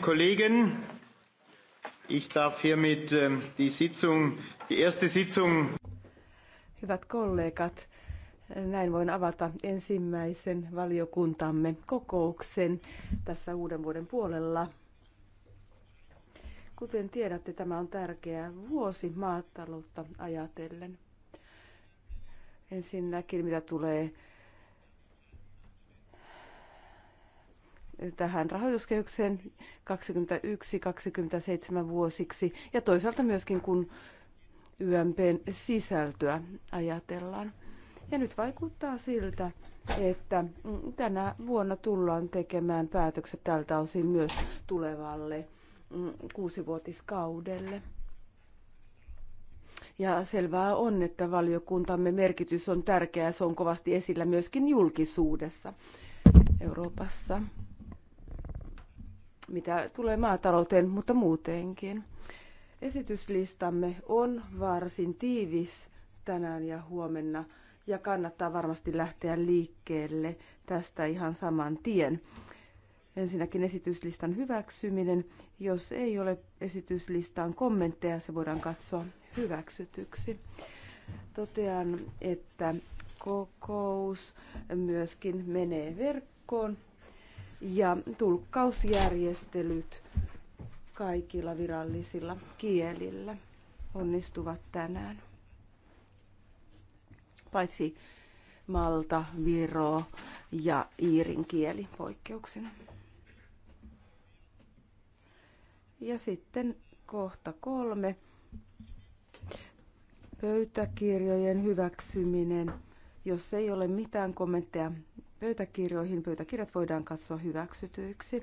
Kollegen, ich darf hiermit ähm, die Sitzung, die erste Sitzung. Hyvät kollegat, näin voin avata ensimmäisen valiokuntamme kokouksen tässä uuden vuoden puolella. Kuten tiedätte, tämä on tärkeä vuosi maataloutta ajatellen. Ensinnäkin mitä tulee tähän rahoituskehykseen 21-27 vuosiksi ja toisaalta myöskin kun YMPn sisältöä ajatellaan. Ja nyt vaikuttaa siltä, että tänä vuonna tullaan tekemään päätökset tältä osin myös tulevalle mm, kuusivuotiskaudelle. Ja selvää on, että valiokuntamme merkitys on tärkeä ja se on kovasti esillä myöskin julkisuudessa Euroopassa mitä tulee maatalouteen, mutta muutenkin. Esityslistamme on varsin tiivis tänään ja huomenna ja kannattaa varmasti lähteä liikkeelle tästä ihan saman tien. Ensinnäkin esityslistan hyväksyminen. Jos ei ole esityslistaan kommentteja, se voidaan katsoa hyväksytyksi. Totean, että kokous myöskin menee verkkoon ja tulkkausjärjestelyt kaikilla virallisilla kielillä onnistuvat tänään. Paitsi malta, viro ja iirin kieli poikkeuksena. Ja sitten kohta kolme. Pöytäkirjojen hyväksyminen. Jos ei ole mitään kommentteja pöytäkirjoihin. Pöytäkirjat voidaan katsoa hyväksytyiksi.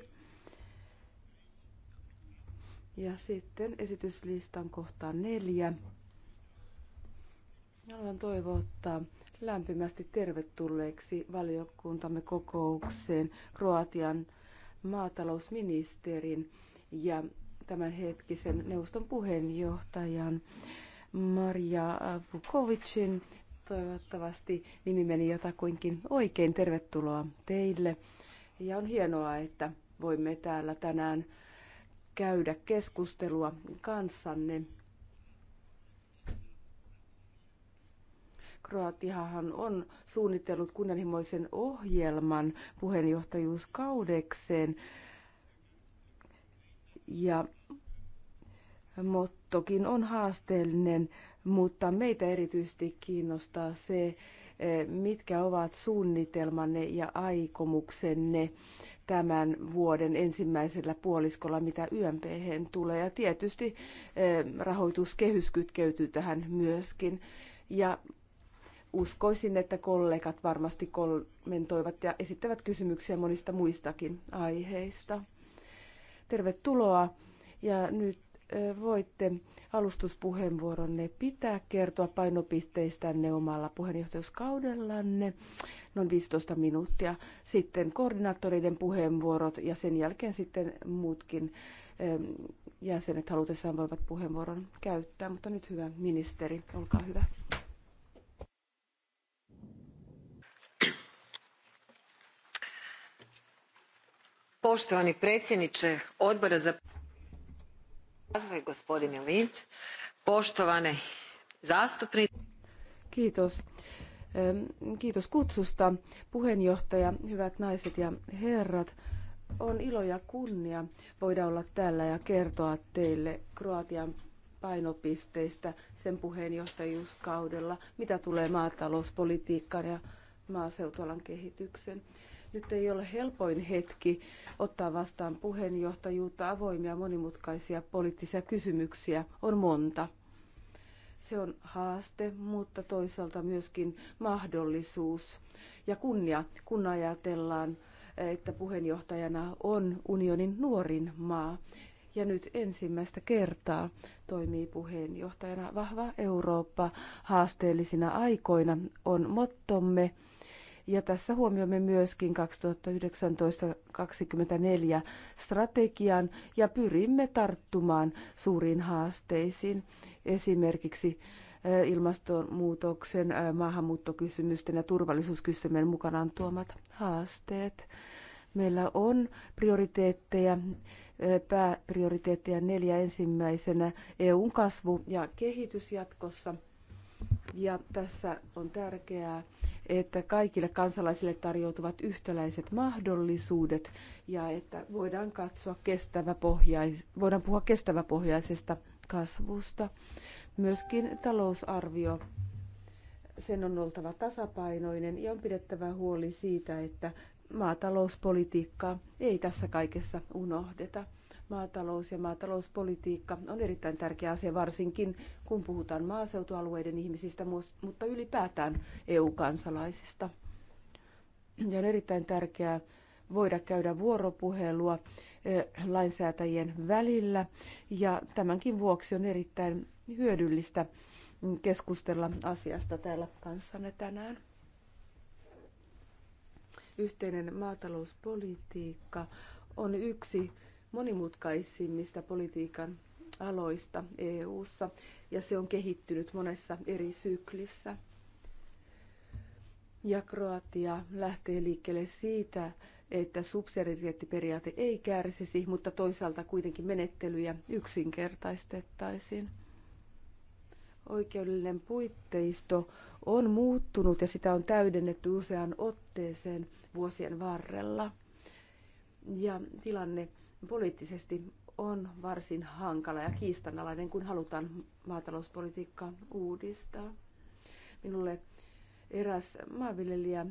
Ja sitten esityslistan kohta neljä. Haluan toivottaa lämpimästi tervetulleeksi valiokuntamme kokoukseen Kroatian maatalousministerin ja tämänhetkisen neuvoston puheenjohtajan Maria Vukovicin Toivottavasti nimi meni jotakuinkin oikein. Tervetuloa teille. Ja on hienoa, että voimme täällä tänään käydä keskustelua kanssanne. Kroatiahan on suunnitellut kunnianhimoisen ohjelman puheenjohtajuuskaudekseen. Ja mottokin on haasteellinen mutta meitä erityisesti kiinnostaa se, eh, mitkä ovat suunnitelmanne ja aikomuksenne tämän vuoden ensimmäisellä puoliskolla, mitä ymp tulee. Ja tietysti eh, rahoituskehys kytkeytyy tähän myöskin. Ja uskoisin, että kollegat varmasti kommentoivat ja esittävät kysymyksiä monista muistakin aiheista. Tervetuloa. Ja nyt voitte alustuspuheenvuoronne pitää, kertoa painopisteistänne omalla puheenjohtajuuskaudellanne noin 15 minuuttia. Sitten koordinaattoreiden puheenvuorot ja sen jälkeen sitten muutkin jäsenet halutessaan voivat puheenvuoron käyttää. Mutta nyt hyvä ministeri, olkaa hyvä. Poštovani predsjedniče odbora za Kasvoi gospodine Lind, poštovane Kiitos. Kiitos kutsusta, puheenjohtaja, hyvät naiset ja herrat. On ilo ja kunnia voida olla täällä ja kertoa teille Kroatian painopisteistä sen puheenjohtajuuskaudella, mitä tulee maatalouspolitiikkaan ja maaseutualan kehityksen. Nyt ei ole helpoin hetki ottaa vastaan puheenjohtajuutta avoimia monimutkaisia poliittisia kysymyksiä. On monta. Se on haaste, mutta toisaalta myöskin mahdollisuus ja kunnia, kun ajatellaan, että puheenjohtajana on unionin nuorin maa. Ja nyt ensimmäistä kertaa toimii puheenjohtajana Vahva Eurooppa haasteellisina aikoina on mottomme ja tässä huomioimme myöskin 2019-2024 strategian ja pyrimme tarttumaan suuriin haasteisiin, esimerkiksi ilmastonmuutoksen, maahanmuuttokysymysten ja turvallisuuskysymysten mukanaan tuomat haasteet. Meillä on prioriteetteja, pääprioriteetteja neljä ensimmäisenä EUn kasvu ja kehitys jatkossa. Ja tässä on tärkeää että kaikille kansalaisille tarjoutuvat yhtäläiset mahdollisuudet ja että voidaan katsoa kestävä pohjais, voidaan puhua kestäväpohjaisesta kasvusta. Myöskin talousarvio sen on oltava tasapainoinen ja on pidettävä huoli siitä, että maatalouspolitiikkaa ei tässä kaikessa unohdeta maatalous ja maatalouspolitiikka on erittäin tärkeä asia, varsinkin kun puhutaan maaseutualueiden ihmisistä, mutta ylipäätään EU-kansalaisista. Ja on erittäin tärkeää voida käydä vuoropuhelua eh, lainsäätäjien välillä, ja tämänkin vuoksi on erittäin hyödyllistä mm, keskustella asiasta täällä kanssanne tänään yhteinen maatalouspolitiikka on yksi monimutkaisimmista politiikan aloista EU:ssa ja se on kehittynyt monessa eri syklissä. Ja Kroatia lähtee liikkeelle siitä, että subsidiariteettiperiaate ei kärsisi, mutta toisaalta kuitenkin menettelyjä yksinkertaistettaisiin. Oikeudellinen puitteisto on muuttunut ja sitä on täydennetty usean otteeseen vuosien varrella. Ja tilanne poliittisesti on varsin hankala ja kiistanalainen, kun halutaan maatalouspolitiikkaa uudistaa. Minulle eräs maanviljelijä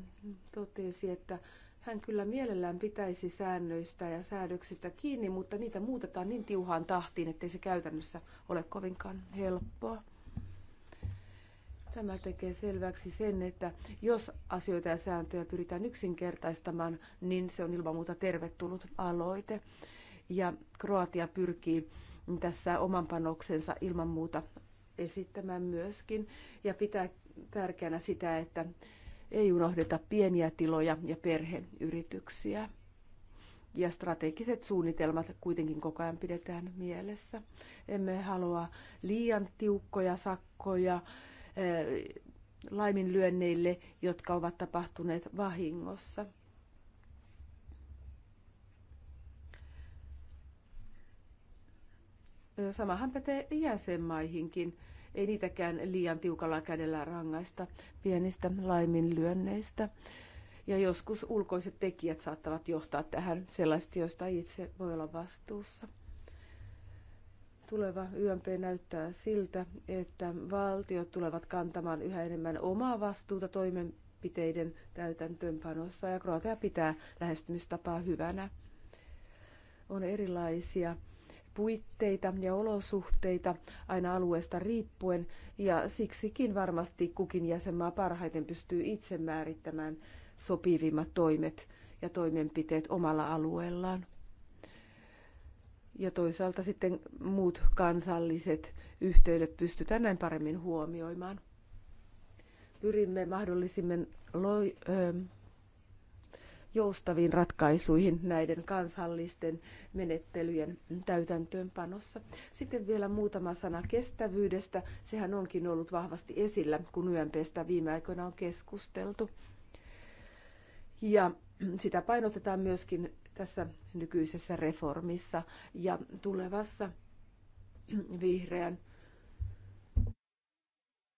totesi, että hän kyllä mielellään pitäisi säännöistä ja säädöksistä kiinni, mutta niitä muutetaan niin tiuhaan tahtiin, ettei se käytännössä ole kovinkaan helppoa. Tämä tekee selväksi sen, että jos asioita ja sääntöjä pyritään yksinkertaistamaan, niin se on ilman muuta tervetullut aloite ja Kroatia pyrkii tässä oman panoksensa ilman muuta esittämään myöskin ja pitää tärkeänä sitä, että ei unohdeta pieniä tiloja ja perheyrityksiä. Ja strategiset suunnitelmat kuitenkin koko ajan pidetään mielessä. Emme halua liian tiukkoja sakkoja eh, laiminlyönneille, jotka ovat tapahtuneet vahingossa – Samahan pätee jäsenmaihinkin. Ei niitäkään liian tiukalla kädellä rangaista pienistä laiminlyönneistä. Ja joskus ulkoiset tekijät saattavat johtaa tähän sellaista, joista itse voi olla vastuussa. Tuleva YMP näyttää siltä, että valtiot tulevat kantamaan yhä enemmän omaa vastuuta toimenpiteiden täytäntöönpanossa ja Kroatia pitää lähestymistapaa hyvänä. On erilaisia puitteita ja olosuhteita aina alueesta riippuen, ja siksikin varmasti kukin jäsenmaa parhaiten pystyy itse määrittämään sopivimmat toimet ja toimenpiteet omalla alueellaan. Ja toisaalta sitten muut kansalliset yhteydet pystytään näin paremmin huomioimaan. Pyrimme mahdollisimman loi, ö, joustaviin ratkaisuihin näiden kansallisten menettelyjen täytäntöönpanossa. Sitten vielä muutama sana kestävyydestä. Sehän onkin ollut vahvasti esillä, kun YMPstä viime aikoina on keskusteltu. Ja sitä painotetaan myöskin tässä nykyisessä reformissa ja tulevassa vihreän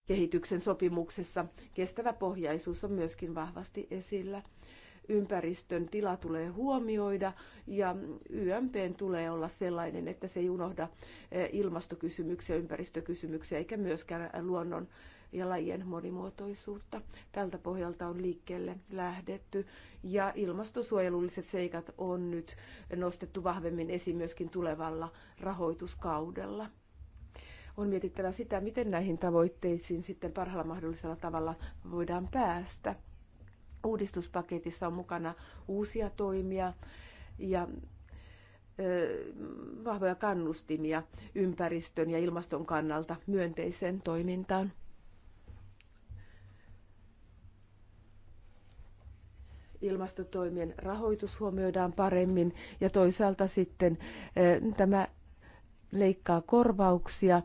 kehityksen sopimuksessa kestävä pohjaisuus on myöskin vahvasti esillä ympäristön tila tulee huomioida ja YMP tulee olla sellainen, että se ei unohda e, ilmastokysymyksiä, ympäristökysymyksiä eikä myöskään luonnon ja lajien monimuotoisuutta. Tältä pohjalta on liikkeelle lähdetty ja ilmastosuojelulliset seikat on nyt nostettu vahvemmin esiin myöskin tulevalla rahoituskaudella. On mietittävä sitä, miten näihin tavoitteisiin sitten parhaalla mahdollisella tavalla voidaan päästä. Uudistuspaketissa on mukana uusia toimia ja vahvoja kannustimia ympäristön ja ilmaston kannalta myönteiseen toimintaan. Ilmastotoimien rahoitus huomioidaan paremmin ja toisaalta sitten tämä leikkaa korvauksia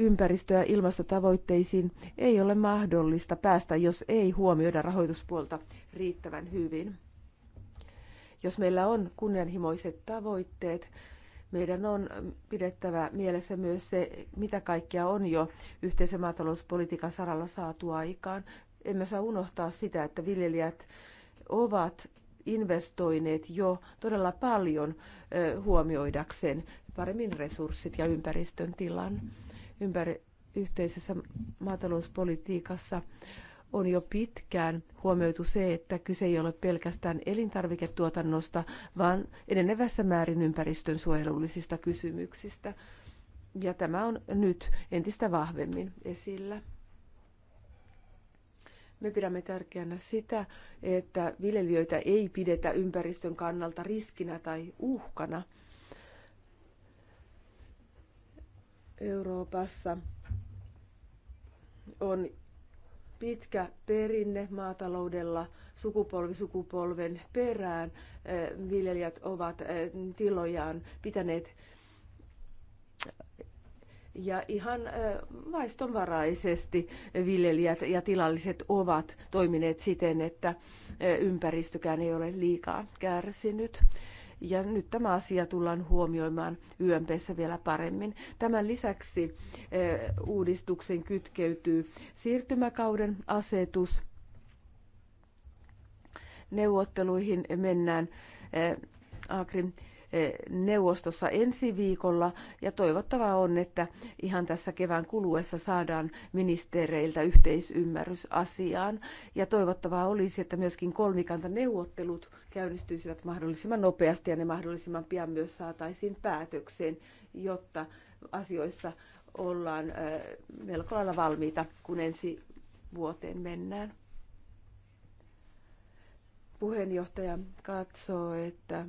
ympäristö- ja ilmastotavoitteisiin ei ole mahdollista päästä, jos ei huomioida rahoituspuolta riittävän hyvin. Jos meillä on kunnianhimoiset tavoitteet, meidän on pidettävä mielessä myös se, mitä kaikkea on jo yhteisen maatalouspolitiikan saralla saatu aikaan. Emme saa unohtaa sitä, että viljelijät ovat investoineet jo todella paljon huomioidakseen paremmin resurssit ja ympäristön tilan ympäri yhteisessä maatalouspolitiikassa on jo pitkään huomioitu se, että kyse ei ole pelkästään elintarviketuotannosta, vaan enenevässä määrin ympäristön suojelullisista kysymyksistä. Ja tämä on nyt entistä vahvemmin esillä. Me pidämme tärkeänä sitä, että viljelijöitä ei pidetä ympäristön kannalta riskinä tai uhkana – Euroopassa on pitkä perinne maataloudella sukupolvi sukupolven perään. Viljelijät ovat tilojaan pitäneet ja ihan vaistonvaraisesti viljelijät ja tilalliset ovat toimineet siten, että ympäristökään ei ole liikaa kärsinyt. Ja nyt tämä asia tullaan huomioimaan YMPssä vielä paremmin. Tämän lisäksi eh, uudistuksen kytkeytyy siirtymäkauden asetus. Neuvotteluihin mennään eh, Agrin neuvostossa ensi viikolla ja toivottavaa on, että ihan tässä kevään kuluessa saadaan ministereiltä yhteisymmärrys asiaan ja toivottavaa olisi, että myöskin kolmikantaneuvottelut käynnistyisivät mahdollisimman nopeasti ja ne mahdollisimman pian myös saataisiin päätökseen, jotta asioissa ollaan melko lailla valmiita, kun ensi vuoteen mennään. Puheenjohtaja katsoo, että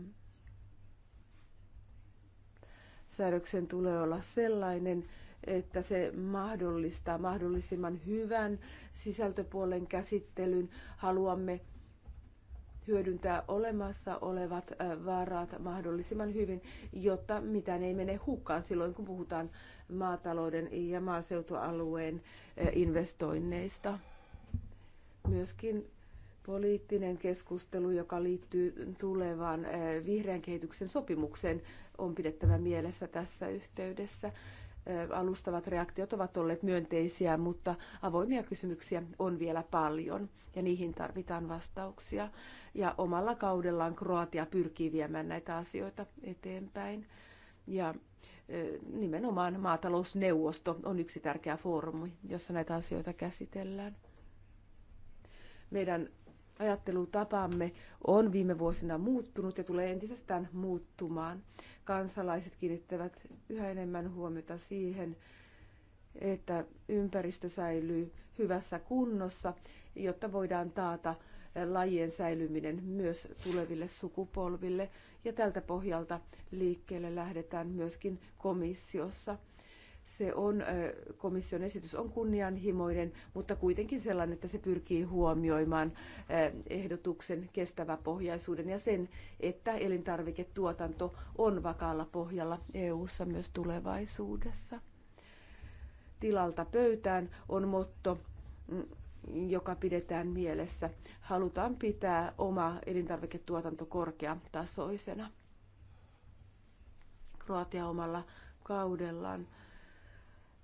säädöksen tulee olla sellainen, että se mahdollistaa mahdollisimman hyvän sisältöpuolen käsittelyn. Haluamme hyödyntää olemassa olevat varat mahdollisimman hyvin, jotta mitään ei mene hukkaan silloin, kun puhutaan maatalouden ja maaseutualueen investoinneista. Myöskin poliittinen keskustelu, joka liittyy tulevaan vihreän kehityksen sopimukseen, on pidettävä mielessä tässä yhteydessä. Alustavat reaktiot ovat olleet myönteisiä, mutta avoimia kysymyksiä on vielä paljon ja niihin tarvitaan vastauksia. Ja omalla kaudellaan Kroatia pyrkii viemään näitä asioita eteenpäin. Ja nimenomaan maatalousneuvosto on yksi tärkeä foorumi, jossa näitä asioita käsitellään. Meidän ajattelutapamme on viime vuosina muuttunut ja tulee entisestään muuttumaan kansalaiset kiinnittävät yhä enemmän huomiota siihen, että ympäristö säilyy hyvässä kunnossa, jotta voidaan taata lajien säilyminen myös tuleville sukupolville. Ja tältä pohjalta liikkeelle lähdetään myöskin komissiossa – se on, komission esitys on kunnianhimoinen, mutta kuitenkin sellainen, että se pyrkii huomioimaan ehdotuksen pohjaisuuden ja sen, että elintarviketuotanto on vakaalla pohjalla EU:ssa myös tulevaisuudessa. Tilalta pöytään on motto, mm, joka pidetään mielessä. Halutaan pitää oma elintarviketuotanto korkeatasoisena. Kroatia omalla kaudellaan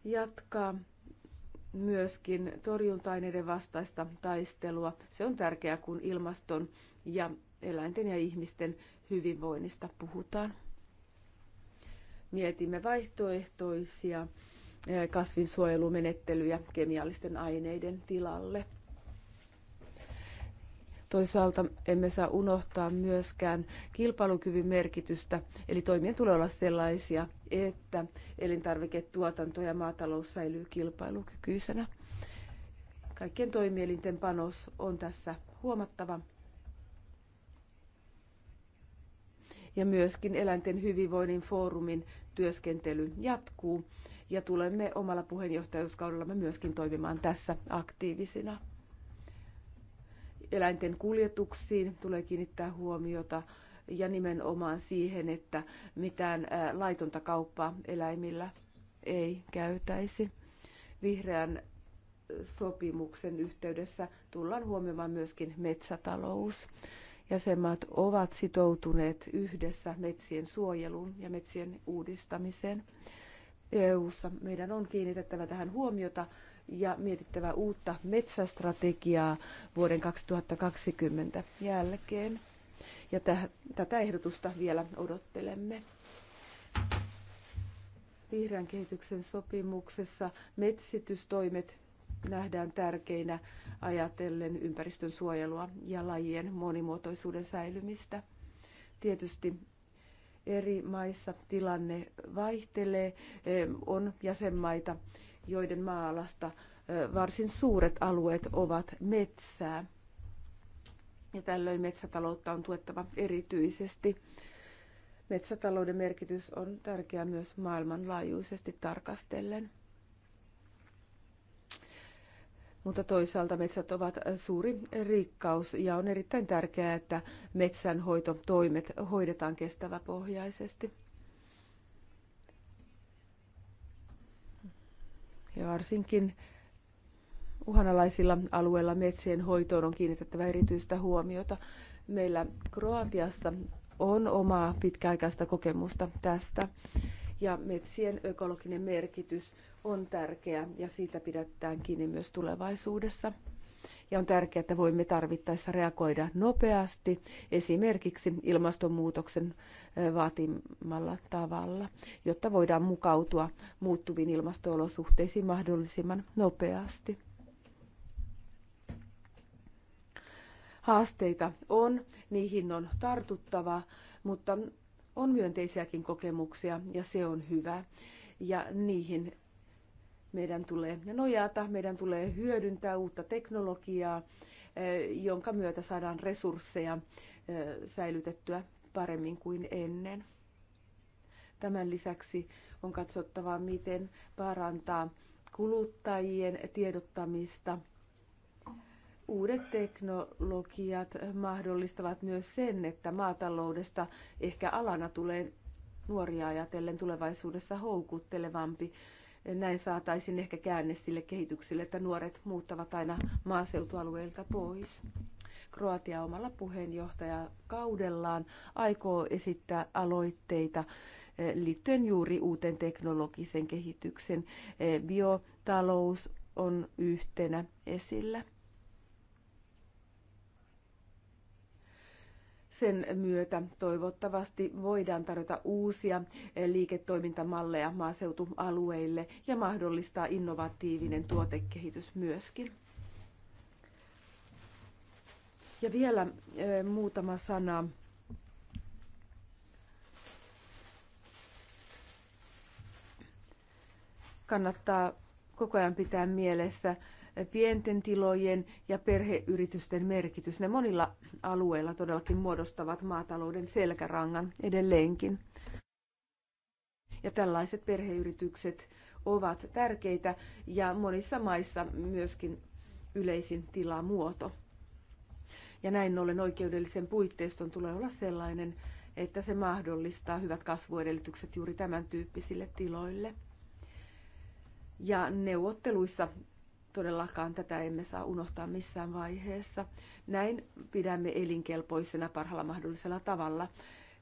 jatkaa myöskin torjunta-aineiden vastaista taistelua. Se on tärkeää, kun ilmaston ja eläinten ja ihmisten hyvinvoinnista puhutaan. Mietimme vaihtoehtoisia eh, kasvinsuojelumenettelyjä kemiallisten aineiden tilalle – Toisaalta emme saa unohtaa myöskään kilpailukyvyn merkitystä, eli toimien tulee olla sellaisia, että elintarviketuotanto ja maatalous säilyy kilpailukykyisenä. Kaikkien toimielinten panos on tässä huomattava. Ja myöskin eläinten hyvinvoinnin foorumin työskentely jatkuu ja tulemme omalla puheenjohtajuuskaudellamme myöskin toimimaan tässä aktiivisina eläinten kuljetuksiin tulee kiinnittää huomiota ja nimenomaan siihen, että mitään laitonta kauppaa eläimillä ei käytäisi. Vihreän sopimuksen yhteydessä tullaan huomioimaan myöskin metsätalous. Jäsenmaat ovat sitoutuneet yhdessä metsien suojeluun ja metsien uudistamiseen. EU:ssa meidän on kiinnitettävä tähän huomiota ja mietittävä uutta metsästrategiaa vuoden 2020 jälkeen. Ja täh, tätä ehdotusta vielä odottelemme. Vihreän kehityksen sopimuksessa metsitystoimet nähdään tärkeinä ajatellen ympäristön suojelua ja lajien monimuotoisuuden säilymistä. Tietysti eri maissa tilanne vaihtelee. On jäsenmaita, joiden maalasta varsin suuret alueet ovat metsää. Ja tällöin metsätaloutta on tuettava erityisesti. Metsätalouden merkitys on tärkeä myös maailmanlaajuisesti tarkastellen. Mutta toisaalta metsät ovat suuri rikkaus ja on erittäin tärkeää, että metsänhoitotoimet hoidetaan kestäväpohjaisesti. Ja varsinkin uhanalaisilla alueilla metsien hoitoon on kiinnitettävä erityistä huomiota. Meillä Kroatiassa on omaa pitkäaikaista kokemusta tästä. Ja metsien ökologinen merkitys on tärkeä ja siitä pidetään kiinni myös tulevaisuudessa ja on tärkeää, että voimme tarvittaessa reagoida nopeasti esimerkiksi ilmastonmuutoksen vaatimalla tavalla, jotta voidaan mukautua muuttuviin ilmastoolosuhteisiin mahdollisimman nopeasti. Haasteita on, niihin on tartuttava, mutta on myönteisiäkin kokemuksia ja se on hyvä. Ja niihin meidän tulee nojata, meidän tulee hyödyntää uutta teknologiaa, eh, jonka myötä saadaan resursseja eh, säilytettyä paremmin kuin ennen. Tämän lisäksi on katsottava, miten parantaa kuluttajien tiedottamista. Uudet teknologiat mahdollistavat myös sen, että maataloudesta ehkä alana tulee nuoria ajatellen tulevaisuudessa houkuttelevampi näin saataisiin ehkä käänne sille kehitykselle, että nuoret muuttavat aina maaseutualueelta pois. Kroatia omalla puheenjohtajakaudellaan aikoo esittää aloitteita eh, liittyen juuri uuteen teknologisen kehityksen. Eh, biotalous on yhtenä esillä. Sen myötä toivottavasti voidaan tarjota uusia liiketoimintamalleja maaseutualueille ja mahdollistaa innovatiivinen tuotekehitys myöskin. Ja vielä eh, muutama sana kannattaa koko ajan pitää mielessä pienten tilojen ja perheyritysten merkitys. Ne monilla alueilla todellakin muodostavat maatalouden selkärangan edelleenkin. Ja tällaiset perheyritykset ovat tärkeitä ja monissa maissa myöskin yleisin tilamuoto. Ja näin ollen oikeudellisen puitteiston tulee olla sellainen, että se mahdollistaa hyvät kasvuedellytykset juuri tämän tyyppisille tiloille. Ja neuvotteluissa todellakaan tätä emme saa unohtaa missään vaiheessa. Näin pidämme elinkelpoisena parhaalla mahdollisella tavalla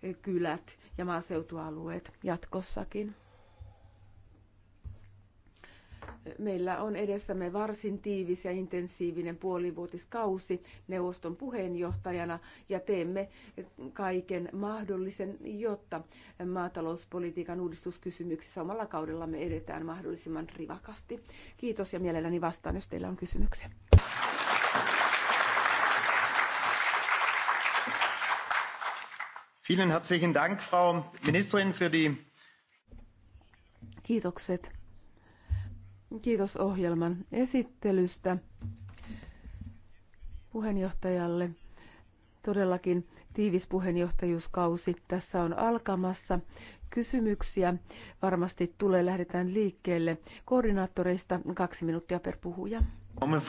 eh, kylät ja maaseutualueet jatkossakin meillä on edessämme varsin tiivis ja intensiivinen puolivuotiskausi neuvoston puheenjohtajana ja teemme kaiken mahdollisen, jotta maatalouspolitiikan uudistuskysymyksissä omalla kaudellamme edetään mahdollisimman rivakasti. Kiitos ja mielelläni vastaan, jos teillä on kysymyksiä. Vielen herzlichen Dank, Frau Ministerin, für die Kiitokset Kiitos ohjelman esittelystä puheenjohtajalle. Todellakin tiivis puheenjohtajuuskausi tässä on alkamassa. Kysymyksiä varmasti tulee, lähdetään liikkeelle koordinaattoreista kaksi minuuttia per puhuja. Äh,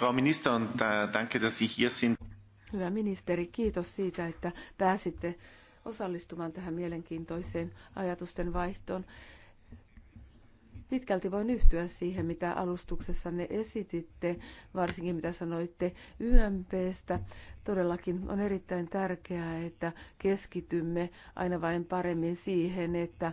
Hyvä ministeri, kiitos siitä, että pääsitte osallistumaan tähän mielenkiintoiseen ajatusten vaihtoon. Pitkälti voin yhtyä siihen, mitä alustuksessanne esititte, varsinkin mitä sanoitte YMPstä. Todellakin on erittäin tärkeää, että keskitymme aina vain paremmin siihen, että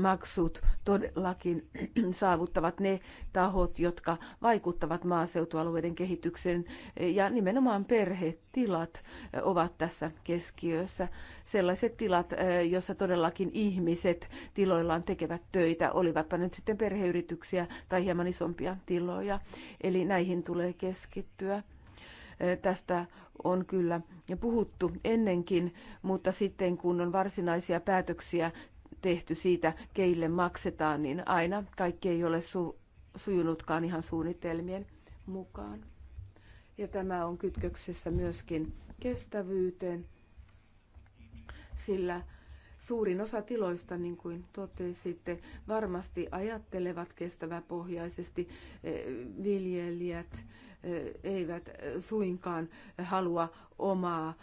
maksut todellakin saavuttavat ne tahot, jotka vaikuttavat maaseutualueiden kehitykseen. Ja nimenomaan perhetilat ovat tässä keskiössä. Sellaiset tilat, joissa todellakin ihmiset tiloillaan tekevät töitä, olivatpa nyt sitten perheyrityksiä tai hieman isompia tiloja. Eli näihin tulee keskittyä Tästä on kyllä puhuttu ennenkin, mutta sitten kun on varsinaisia päätöksiä tehty siitä, keille maksetaan, niin aina kaikki ei ole su- sujunutkaan ihan suunnitelmien mukaan. Ja tämä on kytköksessä myöskin kestävyyteen, sillä suurin osa tiloista, niin kuin totesitte, varmasti ajattelevat kestäväpohjaisesti viljelijät, eivät suinkaan halua omaa,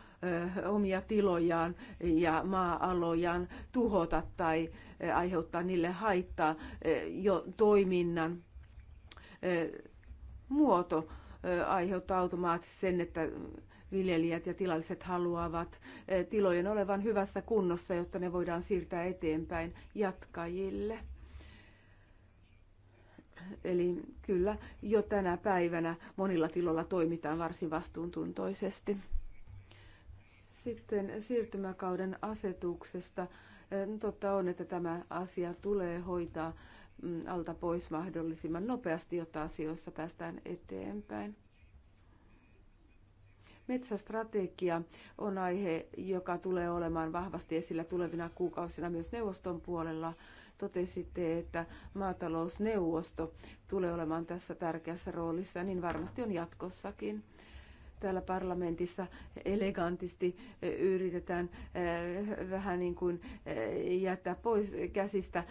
omia tilojaan ja maa-alojaan tuhota tai aiheuttaa niille haittaa jo toiminnan muoto aiheuttaa automaattisesti sen, että viljelijät ja tilalliset haluavat tilojen olevan hyvässä kunnossa, jotta ne voidaan siirtää eteenpäin jatkajille. Eli kyllä jo tänä päivänä monilla tiloilla toimitaan varsin vastuuntuntoisesti. Sitten siirtymäkauden asetuksesta. Totta on, että tämä asia tulee hoitaa mm, alta pois mahdollisimman nopeasti, jotta asioissa päästään eteenpäin. Metsästrategia on aihe, joka tulee olemaan vahvasti esillä tulevina kuukausina myös neuvoston puolella – totesitte, että maatalousneuvosto tulee olemaan tässä tärkeässä roolissa, niin varmasti on jatkossakin. Täällä parlamentissa elegantisti eh, yritetään eh, vähän niin kuin eh, jättää pois käsistä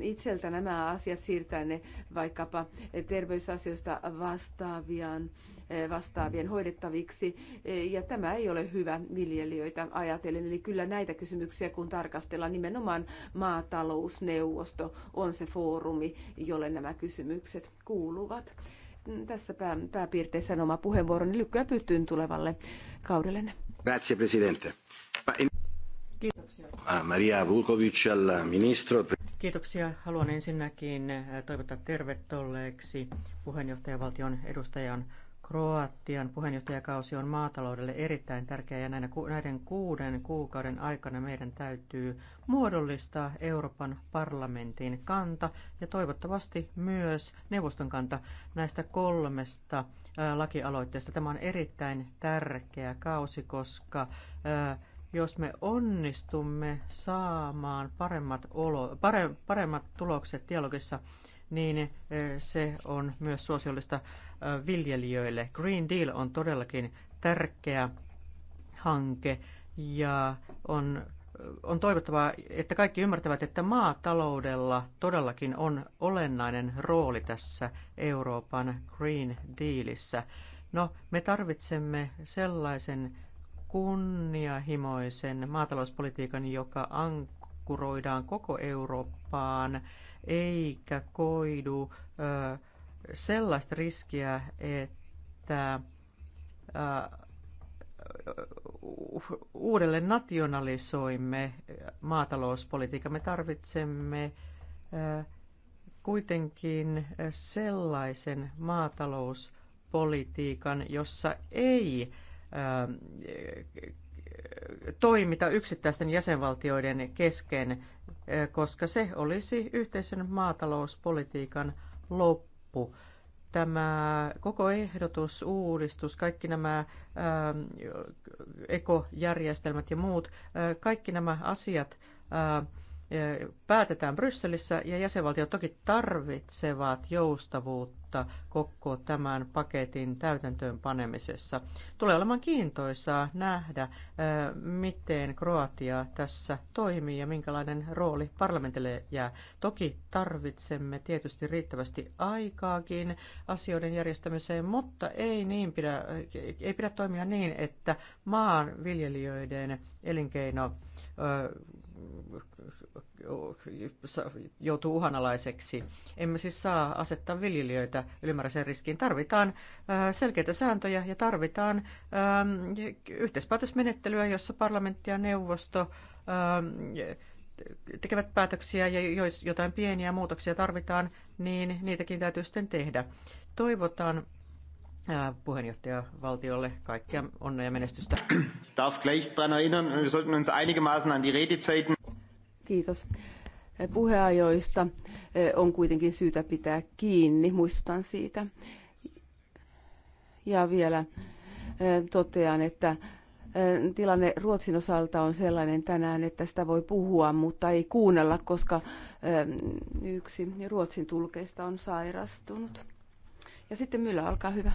itseltä nämä asiat, siirtää ne vaikkapa terveysasioista vastaavian Eh, vastaavien hoidettaviksi, eh, ja tämä ei ole hyvä viljelijöitä ajatellen. Eli kyllä näitä kysymyksiä, kun tarkastellaan, nimenomaan maatalousneuvosto on se foorumi, jolle nämä kysymykset kuuluvat. Mm, tässä pää, pääpiirteissä on oma puheenvuoroni. Lykkyä pyttyyn tulevalle kaudelle. Grazie, Presidente. Kiitoksia. Ah, Maria Vulkovic, ministro. Kiitoksia. Haluan ensinnäkin eh, toivottaa tervetolleeksi puheenjohtajavaltion edustajan Kroatian puheenjohtajakausi on maataloudelle erittäin tärkeä ja näiden kuuden kuukauden aikana meidän täytyy muodollistaa Euroopan parlamentin kanta ja toivottavasti myös neuvoston kanta näistä kolmesta lakialoitteesta. Tämä on erittäin tärkeä kausi, koska jos me onnistumme saamaan paremmat, olo, paremmat tulokset dialogissa niin eh, se on myös suosiollista eh, viljelijöille. Green Deal on todellakin tärkeä hanke ja on, eh, on toivottavaa, että kaikki ymmärtävät, että maataloudella todellakin on olennainen rooli tässä Euroopan Green Dealissa. No, me tarvitsemme sellaisen kunnianhimoisen maatalouspolitiikan, joka ankkuroidaan koko Eurooppaan eikä koidu sellaista riskiä, että uh, uudelleen nationalisoimme maatalouspolitiikan. Me tarvitsemme kuitenkin sellaisen maatalouspolitiikan, jossa ei toimita yksittäisten jäsenvaltioiden kesken Eh, koska se olisi yhteisen maatalouspolitiikan loppu. Tämä koko ehdotus, uudistus, kaikki nämä ä, ähm, ekojärjestelmät ja muut, ä, äh, kaikki nämä asiat ä, äh, päätetään Brysselissä ja jäsenvaltiot toki tarvitsevat joustavuutta koko tämän paketin täytäntöön panemisessa. Tulee olemaan kiintoisaa nähdä, miten Kroatia tässä toimii ja minkälainen rooli parlamentille jää. Toki tarvitsemme tietysti riittävästi aikaakin asioiden järjestämiseen, mutta ei, niin pidä, ei pidä toimia niin, että maanviljelijöiden elinkeino joutuu uhanalaiseksi. Emme siis saa asettaa viljelijöitä ylimääräiseen riskiin. Tarvitaan äh, selkeitä sääntöjä ja tarvitaan ähm, yhteispäätösmenettelyä, jossa parlamentti ja neuvosto ähm, tekevät päätöksiä ja jos jotain pieniä muutoksia tarvitaan, niin niitäkin täytyy sitten tehdä. Toivotan äh, valtiolle kaikkia onnea ja menestystä. darf gleich daran erinnern, wir sollten uns einigermaßen an die Redezeiten Kiitos. Eh, puheajoista eh, on kuitenkin syytä pitää kiinni, muistutan siitä. Ja vielä eh, totean, että tilanne Ruotsin osalta on sellainen tänään, että sitä voi puhua, mutta ei kuunnella, koska yksi Ruotsin tulkeista on sairastunut. Ja sitten Myllä, olkaa hyvä.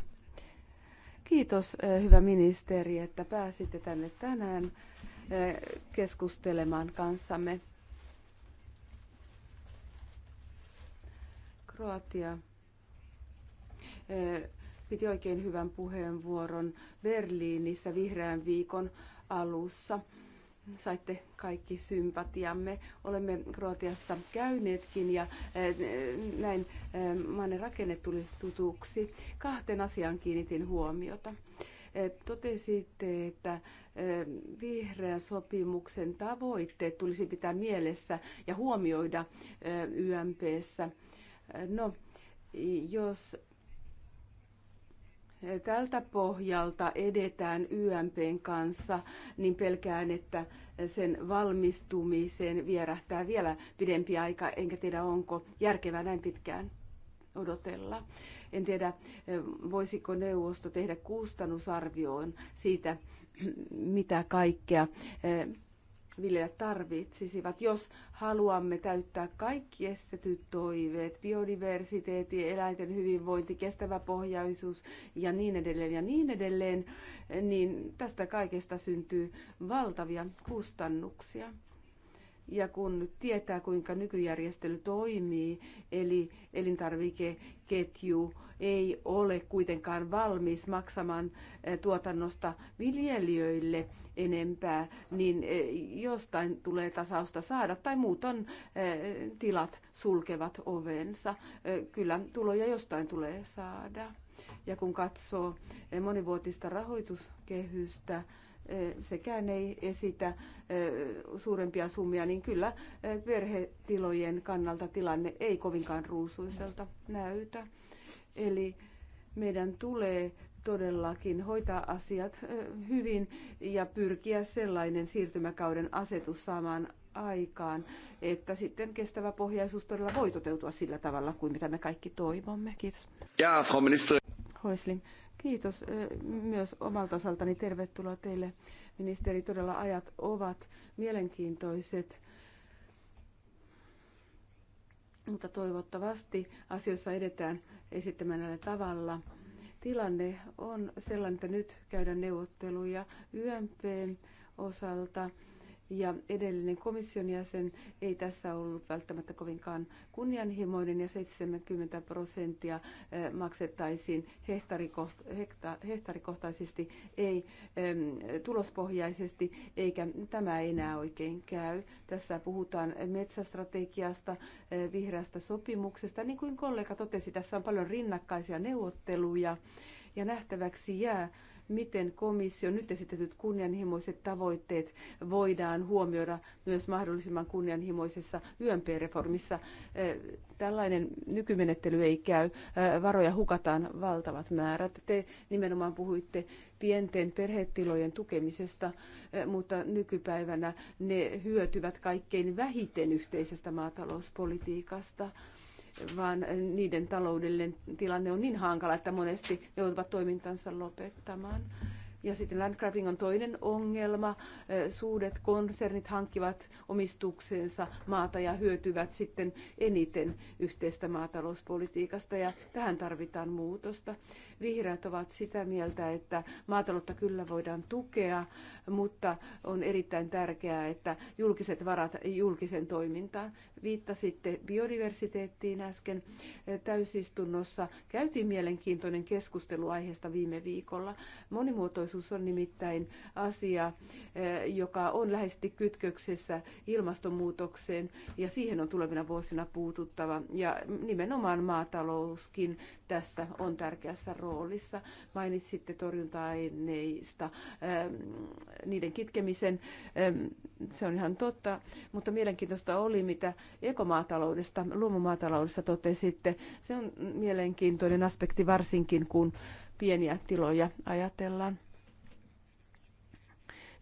Kiitos, hyvä ministeri, että pääsitte tänne tänään keskustelemaan kanssamme Kroatia eh, piti oikein hyvän puheenvuoron Berliinissä vihreän viikon alussa. Saitte kaikki sympatiamme. Olemme Kroatiassa käyneetkin ja eh, näin eh, maanne rakenne tuli tutuksi. Kahteen asiaan kiinnitin huomiota totesitte, että vihreän sopimuksen tavoitteet tulisi pitää mielessä ja huomioida YMPssä – No, jos tältä pohjalta edetään YMPn kanssa, niin pelkään, että sen valmistumiseen vierähtää vielä pidempi aika, enkä tiedä onko järkevää näin pitkään odotella. En tiedä, voisiko neuvosto tehdä kustannusarvioon siitä, mitä kaikkea viljelijät tarvitsisivat, jos haluamme täyttää kaikki estetyt toiveet, biodiversiteetti, eläinten hyvinvointi, kestävä pohjaisuus ja niin edelleen ja niin edelleen, niin tästä kaikesta syntyy valtavia kustannuksia. Ja kun nyt tietää, kuinka nykyjärjestely toimii, eli elintarvikeketju ei ole kuitenkaan valmis maksamaan eh, tuotannosta viljelijöille enempää, niin eh, jostain tulee tasausta saada tai muuton eh, tilat sulkevat ovensa. Kyllä tuloja jostain tulee saada. Ja kun katsoo monivuotista rahoituskehystä, sekään ei esitä suurempia summia, niin kyllä perhetilojen kannalta tilanne ei kovinkaan ruusuiselta näytä. Eli meidän tulee todellakin hoitaa asiat hyvin ja pyrkiä sellainen siirtymäkauden asetus saamaan aikaan, että sitten kestävä pohjaisuus todella voi toteutua sillä tavalla kuin mitä me kaikki toivomme. Kiitos. Ja, Frau Ministeri. Häusling. Kiitos myös omalta osaltani. Tervetuloa teille, ministeri. Todella ajat ovat mielenkiintoiset, mutta toivottavasti asioissa edetään esittämällä tavalla. Tilanne on sellainen, että nyt käydään neuvotteluja YMPn osalta ja edellinen komission jäsen ei tässä ollut välttämättä kovinkaan kunnianhimoinen ja 70 prosenttia eh, maksettaisiin hehtaarikohtaisesti, ei tulospohjaisesti, eikä tämä enää oikein käy. Tässä puhutaan metsästrategiasta, eh, vihreästä sopimuksesta. Niin kuin kollega totesi, tässä on paljon rinnakkaisia neuvotteluja ja nähtäväksi jää, miten komission nyt esitetyt kunnianhimoiset tavoitteet voidaan huomioida myös mahdollisimman kunnianhimoisessa YMP-reformissa. Eh, tällainen nykymenettely ei käy. Eh, varoja hukataan valtavat määrät. Te nimenomaan puhuitte pienten perhetilojen tukemisesta, eh, mutta nykypäivänä ne hyötyvät kaikkein vähiten yhteisestä maatalouspolitiikasta vaan niiden taloudellinen tilanne on niin hankala, että monesti joutuvat toimintansa lopettamaan. Ja sitten landgrabbing on toinen ongelma. Suuret konsernit hankkivat omistuksensa maata ja hyötyvät sitten eniten yhteistä maatalouspolitiikasta ja tähän tarvitaan muutosta. Vihreät ovat sitä mieltä, että maataloutta kyllä voidaan tukea, mutta on erittäin tärkeää, että julkiset varat julkisen toimintaan. Viittasitte biodiversiteettiin äsken täysistunnossa. Käytiin mielenkiintoinen keskustelu aiheesta viime viikolla. Monimuotoisuus monimuotoisuus on nimittäin asia, eh, joka on läheisesti kytköksessä ilmastonmuutokseen ja siihen on tulevina vuosina puututtava. Ja nimenomaan maatalouskin tässä on tärkeässä roolissa. Mainitsitte torjunta-aineista, eh, niiden kitkemisen, eh, se on ihan totta, mutta mielenkiintoista oli, mitä ekomaataloudesta, luomumaataloudesta totesitte. Se on mielenkiintoinen aspekti varsinkin, kun pieniä tiloja ajatellaan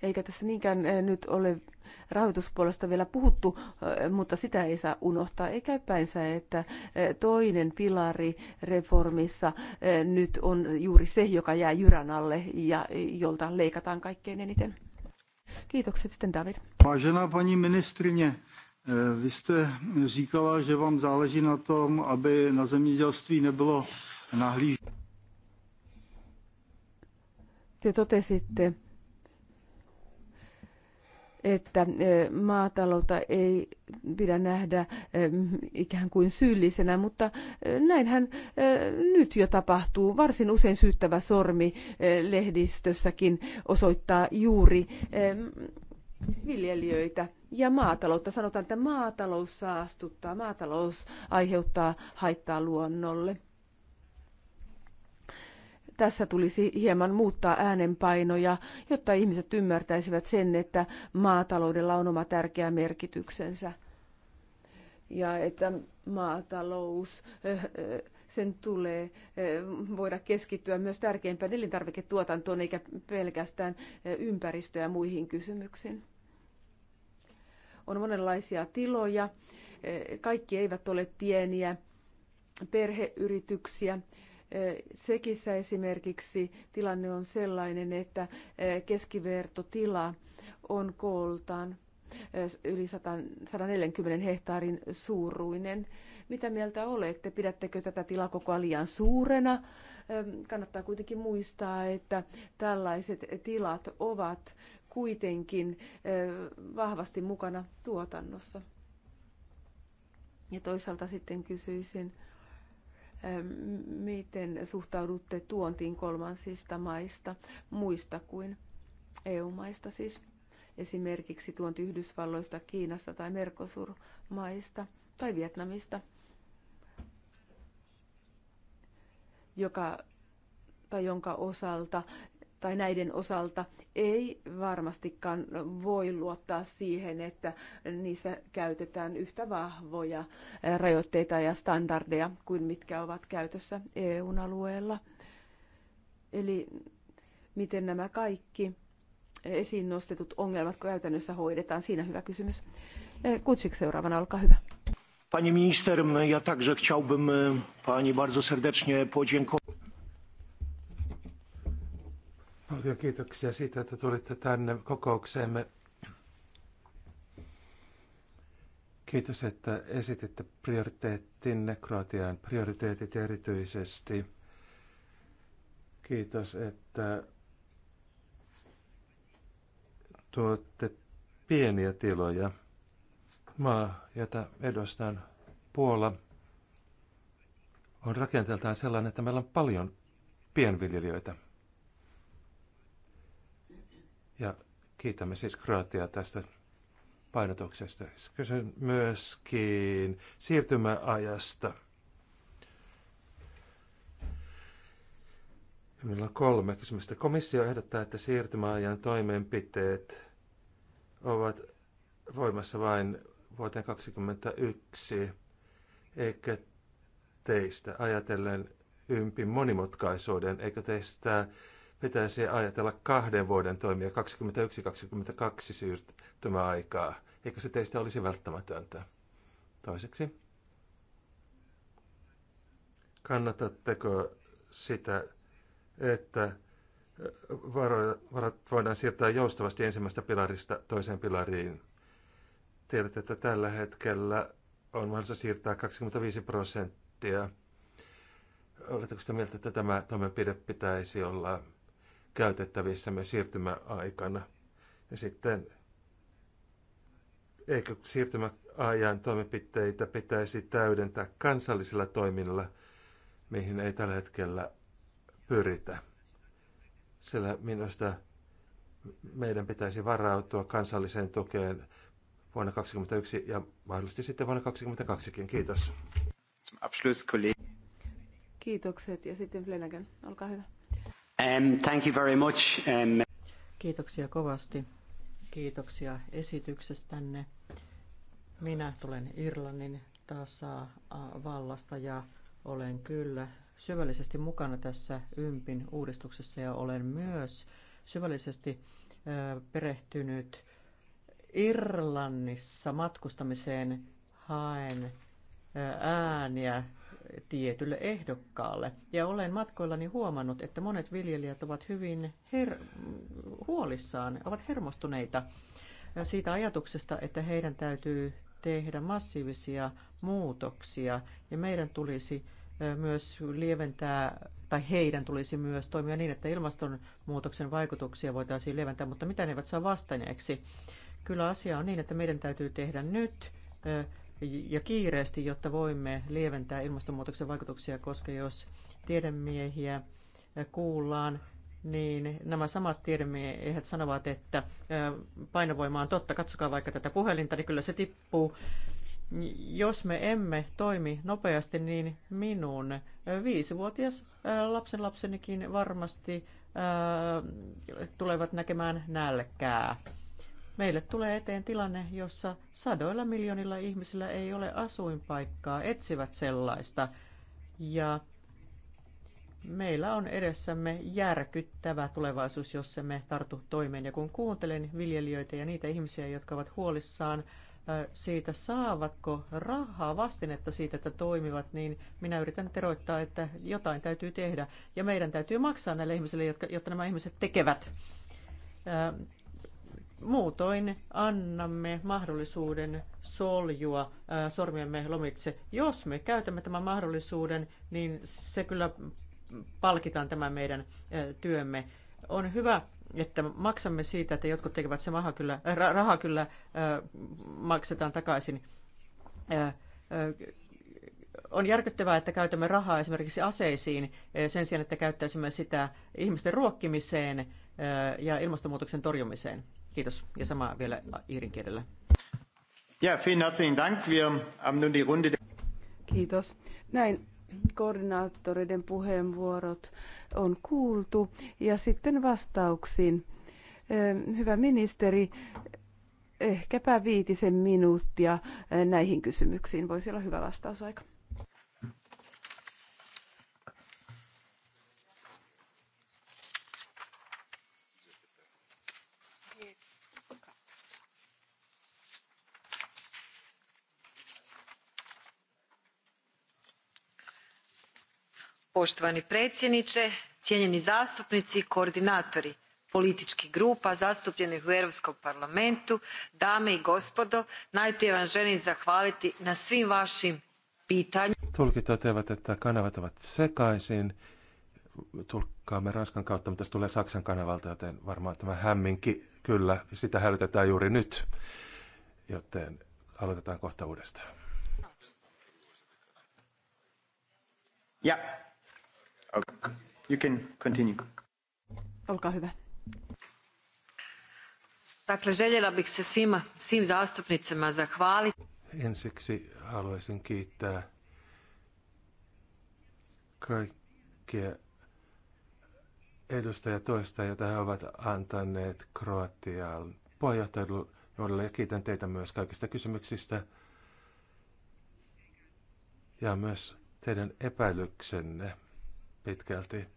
eikä tässä niinkään eh, nyt ole rahoituspuolesta vielä puhuttu, eh, mutta sitä ei saa unohtaa. Eikä päinsä, että eh, toinen pilari reformissa nyt on juuri se, joka jää jyrän alle ja jolta leikataan kaikkein eniten. Kiitokset sitten David. Vážená paní ministrině, vy jste říkala, že vám záleží na tom, aby na zemědělství nebylo nahlíženo. Te totesitte, että maataloutta ei pidä nähdä ikään kuin syyllisenä, mutta näinhän nyt jo tapahtuu. Varsin usein syyttävä sormi lehdistössäkin osoittaa juuri viljelijöitä ja maataloutta. Sanotaan, että maatalous saastuttaa, maatalous aiheuttaa haittaa luonnolle. Tässä tulisi hieman muuttaa äänenpainoja, jotta ihmiset ymmärtäisivät sen, että maataloudella on oma tärkeä merkityksensä. Ja että maatalous, eh, eh, sen tulee eh, voida keskittyä myös tärkeimpään elintarviketuotantoon eikä pelkästään ympäristöä ja muihin kysymyksiin. On monenlaisia tiloja. Kaikki eivät ole pieniä perheyrityksiä Tsekissä esimerkiksi tilanne on sellainen, että keskivertotila on kooltaan yli 140 hehtaarin suuruinen. Mitä mieltä olette? Pidättekö tätä tilakokoa liian suurena? Kannattaa kuitenkin muistaa, että tällaiset tilat ovat kuitenkin vahvasti mukana tuotannossa. Ja toisaalta sitten kysyisin, Ähm, miten suhtaudutte tuontiin kolmansista maista, muista kuin EU-maista siis, esimerkiksi tuonti Yhdysvalloista, Kiinasta tai Mercosur-maista tai Vietnamista, joka tai jonka osalta tai näiden osalta ei varmastikaan voi luottaa siihen, että niissä käytetään yhtä vahvoja rajoitteita ja standardeja kuin mitkä ovat käytössä eu alueella. Eli miten nämä kaikki esiin nostetut ongelmat käytännössä hoidetaan, siinä hyvä kysymys. Kutsik seuraavana, olkaa hyvä. Pani minister, ja także chciałbym e, pani bardzo serdecznie podziękować. Paljon kiitoksia siitä, että tulitte tänne kokoukseemme. Kiitos, että esititte prioriteettinne, Kroatian prioriteetit erityisesti. Kiitos, että tuotte pieniä tiloja. Maa, jota edustan, Puola, on rakenteeltaan sellainen, että meillä on paljon pienviljelijöitä. Ja kiitämme siis Kroatiaa tästä painotuksesta. Kysyn myöskin siirtymäajasta. Meillä on kolme kysymystä. Komissio ehdottaa, että siirtymäajan toimenpiteet ovat voimassa vain vuoteen 2021, eikä teistä ajatellen ympin monimutkaisuuden, eikä teistä pitäisi ajatella kahden vuoden toimia 21-22 siirtymäaikaa. Eikö se teistä olisi välttämätöntä? Toiseksi, kannatatteko sitä, että varat voidaan siirtää joustavasti ensimmäistä pilarista toiseen pilariin? Tiedät, että tällä hetkellä on mahdollista siirtää 25 prosenttia. Oletteko sitä mieltä, että tämä toimenpide pitäisi olla käytettävissämme siirtymäaikana. Ja sitten eikö siirtymäajan toimenpiteitä pitäisi täydentää kansallisilla toiminnalla, mihin ei tällä hetkellä pyritä. Sillä minusta meidän pitäisi varautua kansalliseen tukeen vuonna 2021 ja mahdollisesti sitten vuonna 2022. Kiitos. Kiitokset ja sitten Flenagen, olkaa hyvä. Um, thank you very much. Um... Kiitoksia kovasti. Kiitoksia esityksestänne. Minä tulen Irlannin vallasta ja olen kyllä syvällisesti mukana tässä ympin uudistuksessa ja olen myös syvällisesti perehtynyt Irlannissa matkustamiseen haen ääniä tietylle ehdokkaalle. Ja olen matkoillani huomannut, että monet viljelijät ovat hyvin her- huolissaan, ovat hermostuneita siitä ajatuksesta, että heidän täytyy tehdä massiivisia muutoksia ja meidän tulisi myös lieventää, tai heidän tulisi myös toimia niin, että ilmastonmuutoksen vaikutuksia voitaisiin lieventää, mutta mitä ne eivät saa vastaneeksi. Kyllä asia on niin, että meidän täytyy tehdä nyt ja kiireesti, jotta voimme lieventää ilmastonmuutoksen vaikutuksia, koska jos tiedemiehiä kuullaan, niin nämä samat tiedemiehet sanovat, että painovoima on totta, katsokaa vaikka tätä puhelinta, niin kyllä se tippuu. Jos me emme toimi nopeasti, niin minun viisivuotias lapsenlapsenikin varmasti tulevat näkemään nälkää. Meille tulee eteen tilanne, jossa sadoilla miljoonilla ihmisillä ei ole asuinpaikkaa, etsivät sellaista. Ja meillä on edessämme järkyttävä tulevaisuus, jos me tartu toimeen. Ja kun kuuntelen viljelijöitä ja niitä ihmisiä, jotka ovat huolissaan siitä, saavatko rahaa vastinetta siitä, että toimivat, niin minä yritän teroittaa, että jotain täytyy tehdä. Ja meidän täytyy maksaa näille ihmisille, jotka, jotta nämä ihmiset tekevät. Muutoin annamme mahdollisuuden soljua ää, sormiemme lomitse. Jos me käytämme tämän mahdollisuuden, niin se kyllä palkitaan tämä meidän ää, työmme. On hyvä, että maksamme siitä, että jotkut tekevät se maha kyllä, raha kyllä ää, maksetaan takaisin. Ää, ää, on järkyttävää, että käytämme rahaa esimerkiksi aseisiin sen sijaan, että käyttäisimme sitä ihmisten ruokkimiseen ja ilmastonmuutoksen torjumiseen. Kiitos. Ja sama vielä Iirin kielellä. Ja, vielen herzlichen Dank. Wir haben nun die Runde. Kiitos. Näin koordinaattoreiden puheenvuorot on kuultu ja sitten vastauksiin. Hyvä ministeri, ehkäpä viitisen minuuttia näihin kysymyksiin voisi olla hyvä vastausaika. Poštovani predsjedniče, cijenjeni zastupnici, koordinatori političkih grupa zastupljenih u Europskom parlamentu, dame i gospodo, najprije vam želim zahvaliti na svim vašim pitanjima. toteavat, että kanavat ovat sekaisin. Tulkkaamme Ranskan kautta, mutta se tulee Saksan kanavalta, joten varmaan tämä hämminki, kyllä, sitä hälytetään juuri nyt. Joten aloitetaan kohta uudestaan. Ja You can continue. Olkaa hyvä. Dakle, željela bih se svima, svim zastupnicima zahvaliti. Ensiksi haluaisin kiittää kaikkia edustajia toista, joita he ovat antaneet Kroatian puheenjohtajalle ja kiitän teitä myös kaikista kysymyksistä ja myös teidän epäilyksenne pitkälti,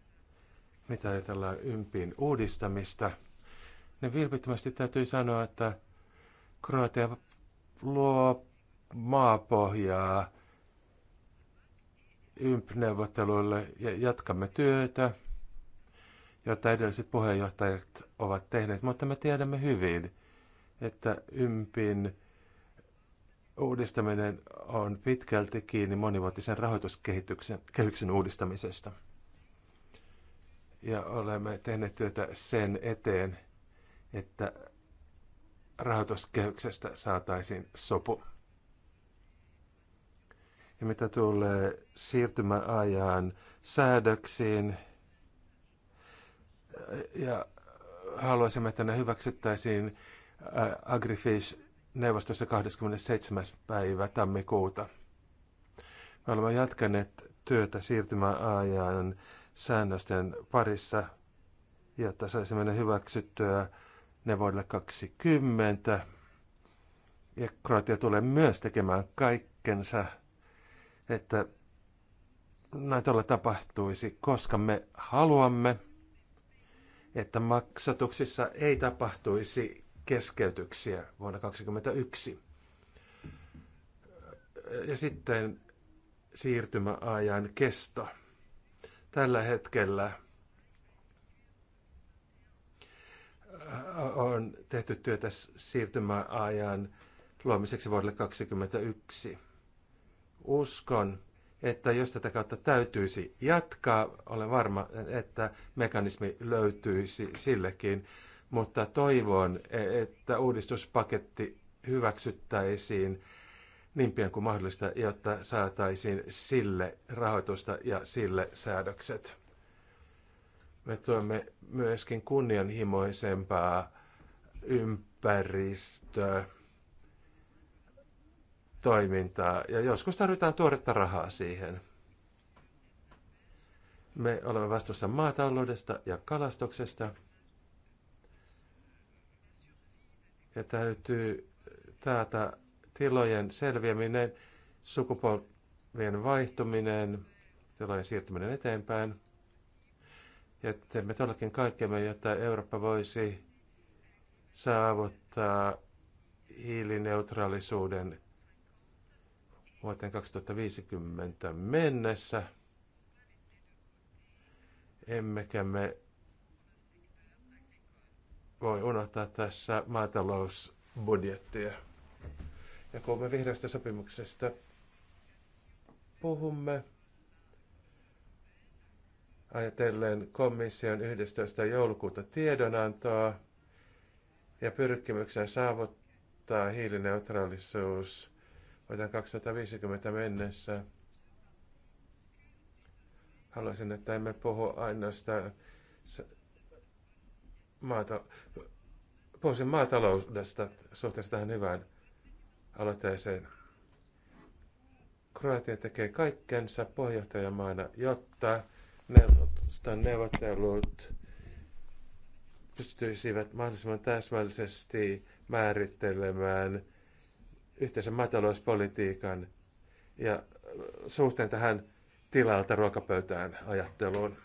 mitä ajatellaan ympin uudistamista, niin vilpittömästi täytyy sanoa, että Kroatia luo maapohjaa ympneuvotteluille ja jatkamme työtä, jota edelliset puheenjohtajat ovat tehneet, mutta me tiedämme hyvin, että YMPin uudistaminen on pitkälti kiinni monivuotisen rahoituskehityksen kehyksen uudistamisesta ja olemme tehneet työtä sen eteen, että rahoituskehyksestä saataisiin sopu. Ja mitä tulee siirtymäajan säädöksiin, ja haluaisimme, että ne hyväksyttäisiin äh, Agrifish neuvostossa 27. päivä tammikuuta. Me olemme jatkaneet työtä siirtymäajan säännösten parissa, jotta saisimme ne hyväksyttyä ne vuodelle 2020. Ja Kroatia tulee myös tekemään kaikkensa, että näitä tapahtuisi, koska me haluamme, että maksatuksissa ei tapahtuisi keskeytyksiä vuonna 2021. Ja sitten siirtymäajan kesto tällä hetkellä äh, on tehty työtä siirtymäajan luomiseksi vuodelle 2021. Uskon, että jos tätä kautta täytyisi jatkaa, olen varma, että mekanismi löytyisi sillekin, mutta toivon, e-, että uudistuspaketti hyväksyttäisiin niin pian kuin mahdollista, jotta saataisiin sille rahoitusta ja sille säädökset. Me tuemme myöskin kunnianhimoisempaa ympäristöä toimintaa ja joskus tarvitaan tuoretta rahaa siihen. Me olemme vastuussa maataloudesta ja kalastuksesta. Ja täytyy taata tilojen selviäminen, sukupolvien vaihtuminen, tilojen siirtyminen eteenpäin. Ja teemme todellakin kaikkemme, jotta Eurooppa voisi saavuttaa hiilineutraalisuuden vuoteen 2050 mennessä. Emmekä me voi unohtaa tässä maatalousbudjettia. Ja kun me vihreästä sopimuksesta puhumme ajatellen komission 11. joulukuuta tiedonantoa ja pyrkimyksen saavuttaa hiilineutraalisuus vuoteen 2050 mennessä. Haluaisin, että emme puhu ainoastaan maata, puhuisin maataloudesta suhteessa tähän hyvään aloitteeseen. Kroatia tekee kaikkensa puheenjohtajamaana, jotta neuvoston neuvottelut pystyisivät mahdollisimman täsmällisesti määrittelemään yhteisen maatalouspolitiikan ja suhteen tähän tilalta ruokapöytään ajatteluun.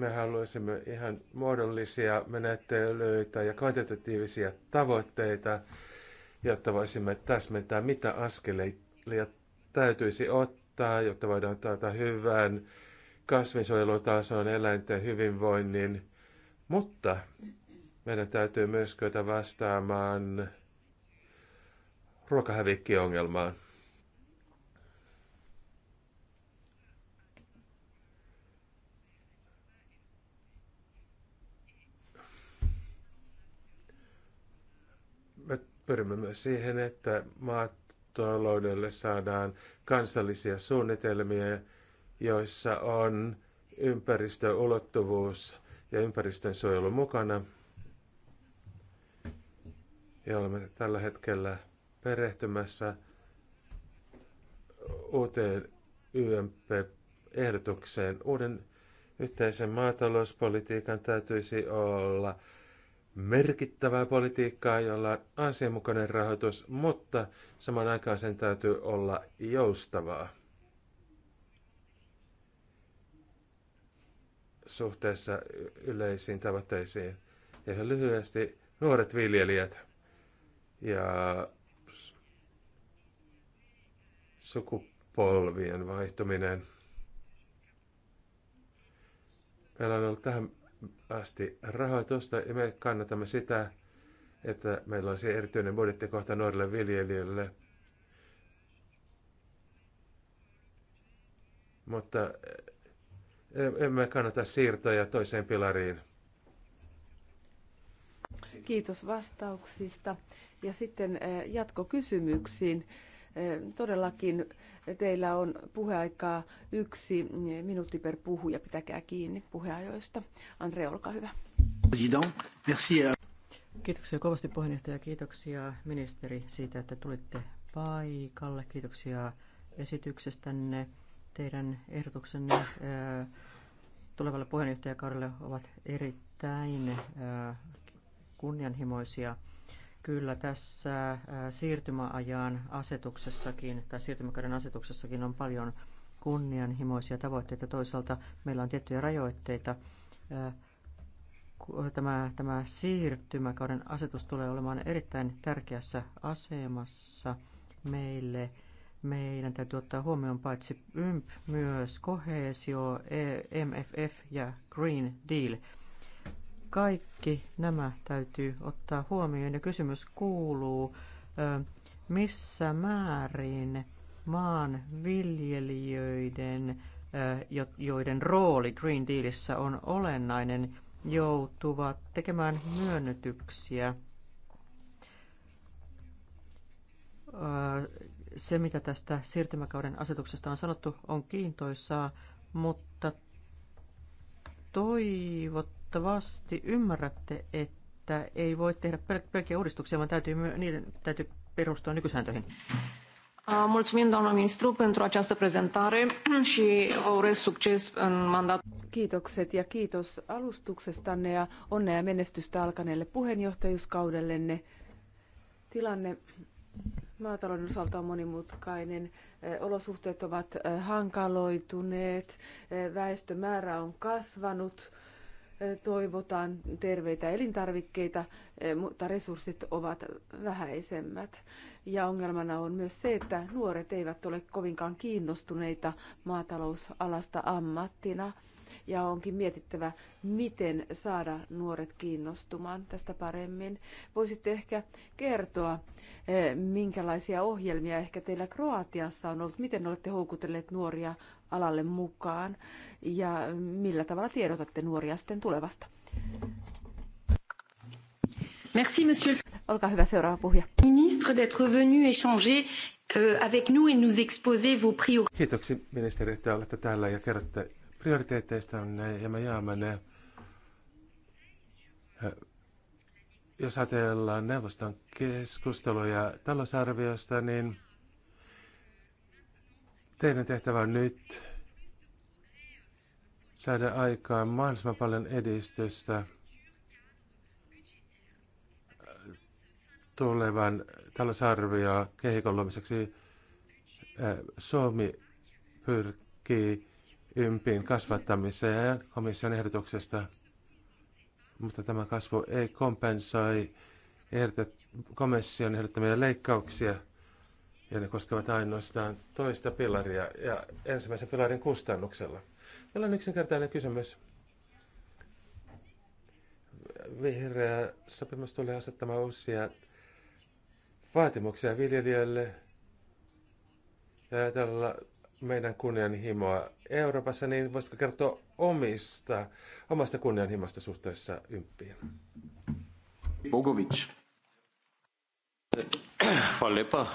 Me haluaisimme ihan muodollisia menettelyitä ja kvantitatiivisia tavoitteita, jotta voisimme täsmentää, mitä askeleita täytyisi ottaa, jotta voidaan taata hyvän kasvinsuojelutason, eläinten hyvinvoinnin. Mutta meidän täytyy myös kyetä vastaamaan ruokahävikkiongelmaan. Pyrimme myös siihen, että maataloudelle saadaan kansallisia suunnitelmia, joissa on ympäristöulottuvuus ja ympäristönsuojelu mukana. Ja olemme tällä hetkellä perehtymässä uuteen YMP-ehdotukseen. Uuden yhteisen maatalouspolitiikan täytyisi olla merkittävää politiikkaa, jolla on asianmukainen rahoitus, mutta saman aikaan sen täytyy olla joustavaa. suhteessa yleisiin tavoitteisiin. Ja ihan lyhyesti nuoret viljelijät ja sukupolvien vaihtuminen. Meillä on ollut tähän asti rahoitusta ja me kannatamme sitä, että meillä olisi erityinen budjettikohta nuorille viljelijöille. Mutta eh, emme kannata siirtoja toiseen pilariin. Kiitos vastauksista. Ja sitten eh, jatkokysymyksiin. Todellakin teillä on puheaikaa yksi minuutti per puhuja. Pitäkää kiinni puheajoista. Andre, olkaa hyvä. Euh. Kiitoksia kovasti puheenjohtaja. Kiitoksia ministeri siitä, että tulitte paikalle. Kiitoksia esityksestänne. Teidän ehdotuksenne tulevalle puheenjohtajakaudelle ovat erittäin kunnianhimoisia – Kyllä tässä siirtymäajan asetuksessakin tai siirtymäkauden asetuksessakin on paljon kunnianhimoisia tavoitteita. Toisaalta meillä on tiettyjä rajoitteita. Tämä, tämä siirtymäkauden asetus tulee olemaan erittäin tärkeässä asemassa meille. Meidän täytyy ottaa huomioon paitsi YMP, myös kohesio, e, MFF ja Green Deal – kaikki nämä täytyy ottaa huomioon ja kysymys kuuluu, missä määrin maan viljelijöiden, joiden rooli Green Dealissa on olennainen, joutuvat tekemään myönnytyksiä. Se, mitä tästä siirtymäkauden asetuksesta on sanottu, on kiintoisaa, mutta toivot toivottavasti ymmärrätte, että ei voi tehdä pel- pelkkiä uudistuksia, vaan täytyy, niiden täytyy perustua nykysääntöihin. Ah, mulțumim, doamna ministru, pentru această prezentare și vă urez succes în mandat. Kiitokset ja kiitos alustuksestanne ja onnea ja menestystä alkaneelle puheenjohtajuuskaudellenne. Tilanne maatalouden osalta on monimutkainen. Eh, olosuhteet ovat eh, hankaloituneet, eh, väestömäärä on kasvanut toivotaan terveitä elintarvikkeita, mutta resurssit ovat vähäisemmät. Ja ongelmana on myös se, että nuoret eivät ole kovinkaan kiinnostuneita maatalousalasta ammattina. Ja onkin mietittävä, miten saada nuoret kiinnostumaan tästä paremmin. Voisitte ehkä kertoa, minkälaisia ohjelmia ehkä teillä Kroatiassa on ollut, miten olette houkutelleet nuoria alalle mukaan ja millä tavalla tiedotatte nuoria sitten tulevasta? Merci, monsieur. Olkaa hyvä, seuraava puhuja. Ministre d'être venu échanger euh, avec nous et nous exposer vos priorités. Kiitoksia ministeri, että olette täällä ja kerrotte prioriteetteista ja me jaamme ne. Äh, jos ajatellaan neuvoston keskusteluja talousarviosta, niin Teidän tehtävä on nyt saada aikaan mahdollisimman paljon edistystä tulevan talousarvio kehikon luomiseksi. Äh, Suomi pyrkii ympin kasvattamiseen komission ehdotuksesta, mutta tämä kasvu ei kompensoi komission ehdottamia leikkauksia – ja ne koskevat ainoastaan toista pilaria ja ensimmäisen pilarin kustannuksella. Meillä on yksinkertainen kysymys. Vihreä sopimus tulee asettamaan uusia vaatimuksia viljelijöille ja tällä meidän kunnianhimoa Euroopassa, niin voisitko kertoa omista, omasta kunnianhimosta suhteessa ympiin? Bogovic. Hvala lepa,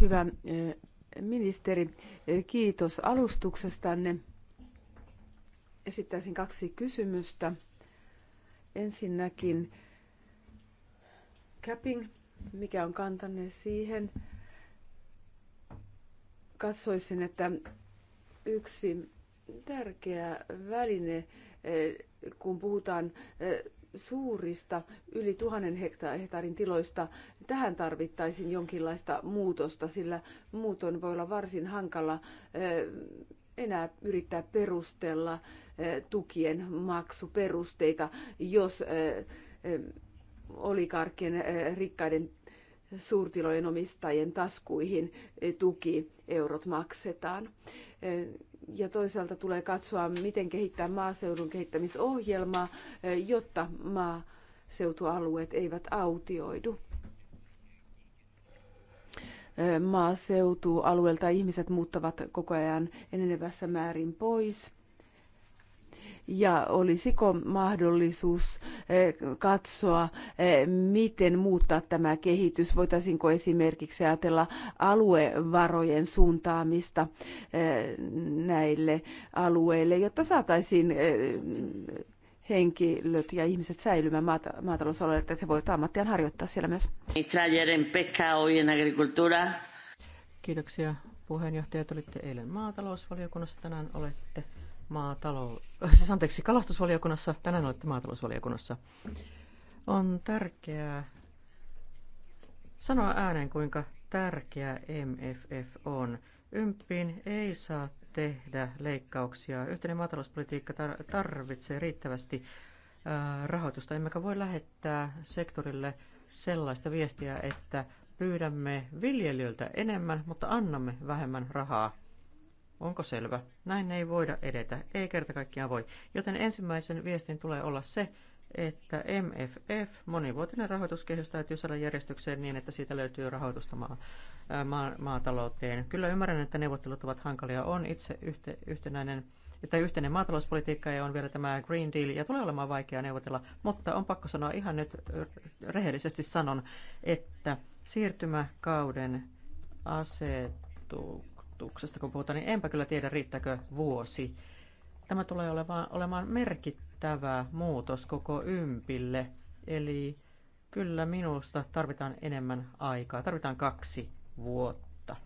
Hyvä ministeri, kiitos alustuksestanne. Esittäisin kaksi kysymystä. Ensinnäkin capping, mikä on kantanne siihen? Katsoisin, että yksi tärkeä väline, kun puhutaan suurista yli tuhannen hehtaarin tiloista. Tähän tarvittaisiin jonkinlaista muutosta, sillä muutoin voi olla varsin hankala eh, enää yrittää perustella eh, tukien maksuperusteita, jos eh, olikarkkien rikkaiden suurtilojen omistajien taskuihin tukieurot maksetaan ja toisaalta tulee katsoa, miten kehittää maaseudun kehittämisohjelmaa, eh, jotta maaseutualueet eivät autioidu. Eh, maaseutualueelta ihmiset muuttavat koko ajan enenevässä määrin pois ja olisiko mahdollisuus eh, katsoa, eh, miten muuttaa tämä kehitys? Voitaisiinko esimerkiksi ajatella aluevarojen suuntaamista eh, näille alueille, jotta saataisiin henkilöt ja ihmiset säilymään maata, että he voivat ammattiaan harjoittaa siellä myös. Kiitoksia puheenjohtaja, tulitte eilen maatalousvaliokunnassa, tänään olette maatalous, siis anteeksi, kalastusvaliokunnassa, tänään olette maatalousvaliokunnassa. On tärkeää sanoa ääneen, kuinka tärkeä MFF on. Ympiin ei saa tehdä leikkauksia. Yhteinen maatalouspolitiikka tarvitsee riittävästi rahoitusta, emmekä voi lähettää sektorille sellaista viestiä, että pyydämme viljelijöiltä enemmän, mutta annamme vähemmän rahaa Onko selvä? Näin ei voida edetä, ei kerta kaikkiaan voi. Joten ensimmäisen viestin tulee olla se, että MFF, monivuotinen rahoituskehys, täytyy saada järjestykseen niin, että siitä löytyy rahoitusta maa, maa, maatalouteen. Kyllä ymmärrän, että neuvottelut ovat hankalia. On itse yhte, yhtenäinen että yhteinen maatalouspolitiikka ja on vielä tämä Green Deal ja tulee olemaan vaikea neuvotella, mutta on pakko sanoa ihan nyt rehellisesti sanon, että siirtymäkauden asetu rahoituksesta kun puhutaan, niin enpä kyllä tiedä, riittääkö vuosi. Tämä tulee olemaan, olemaan merkittävä muutos koko ympille, eli kyllä minusta tarvitaan enemmän aikaa, tarvitaan kaksi vuotta.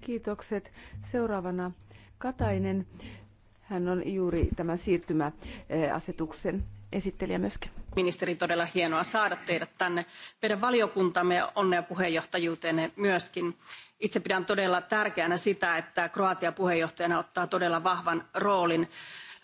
Kiitokset. Seuraavana Katainen. Hän on juuri tämän siirtymäasetuksen esittelijä myöskin. Ministeri, todella hienoa saada teidät tänne meidän valiokuntamme ja onnea puheenjohtajuuteenne myöskin. Itse pidän todella tärkeänä sitä, että Kroatia puheenjohtajana ottaa todella vahvan roolin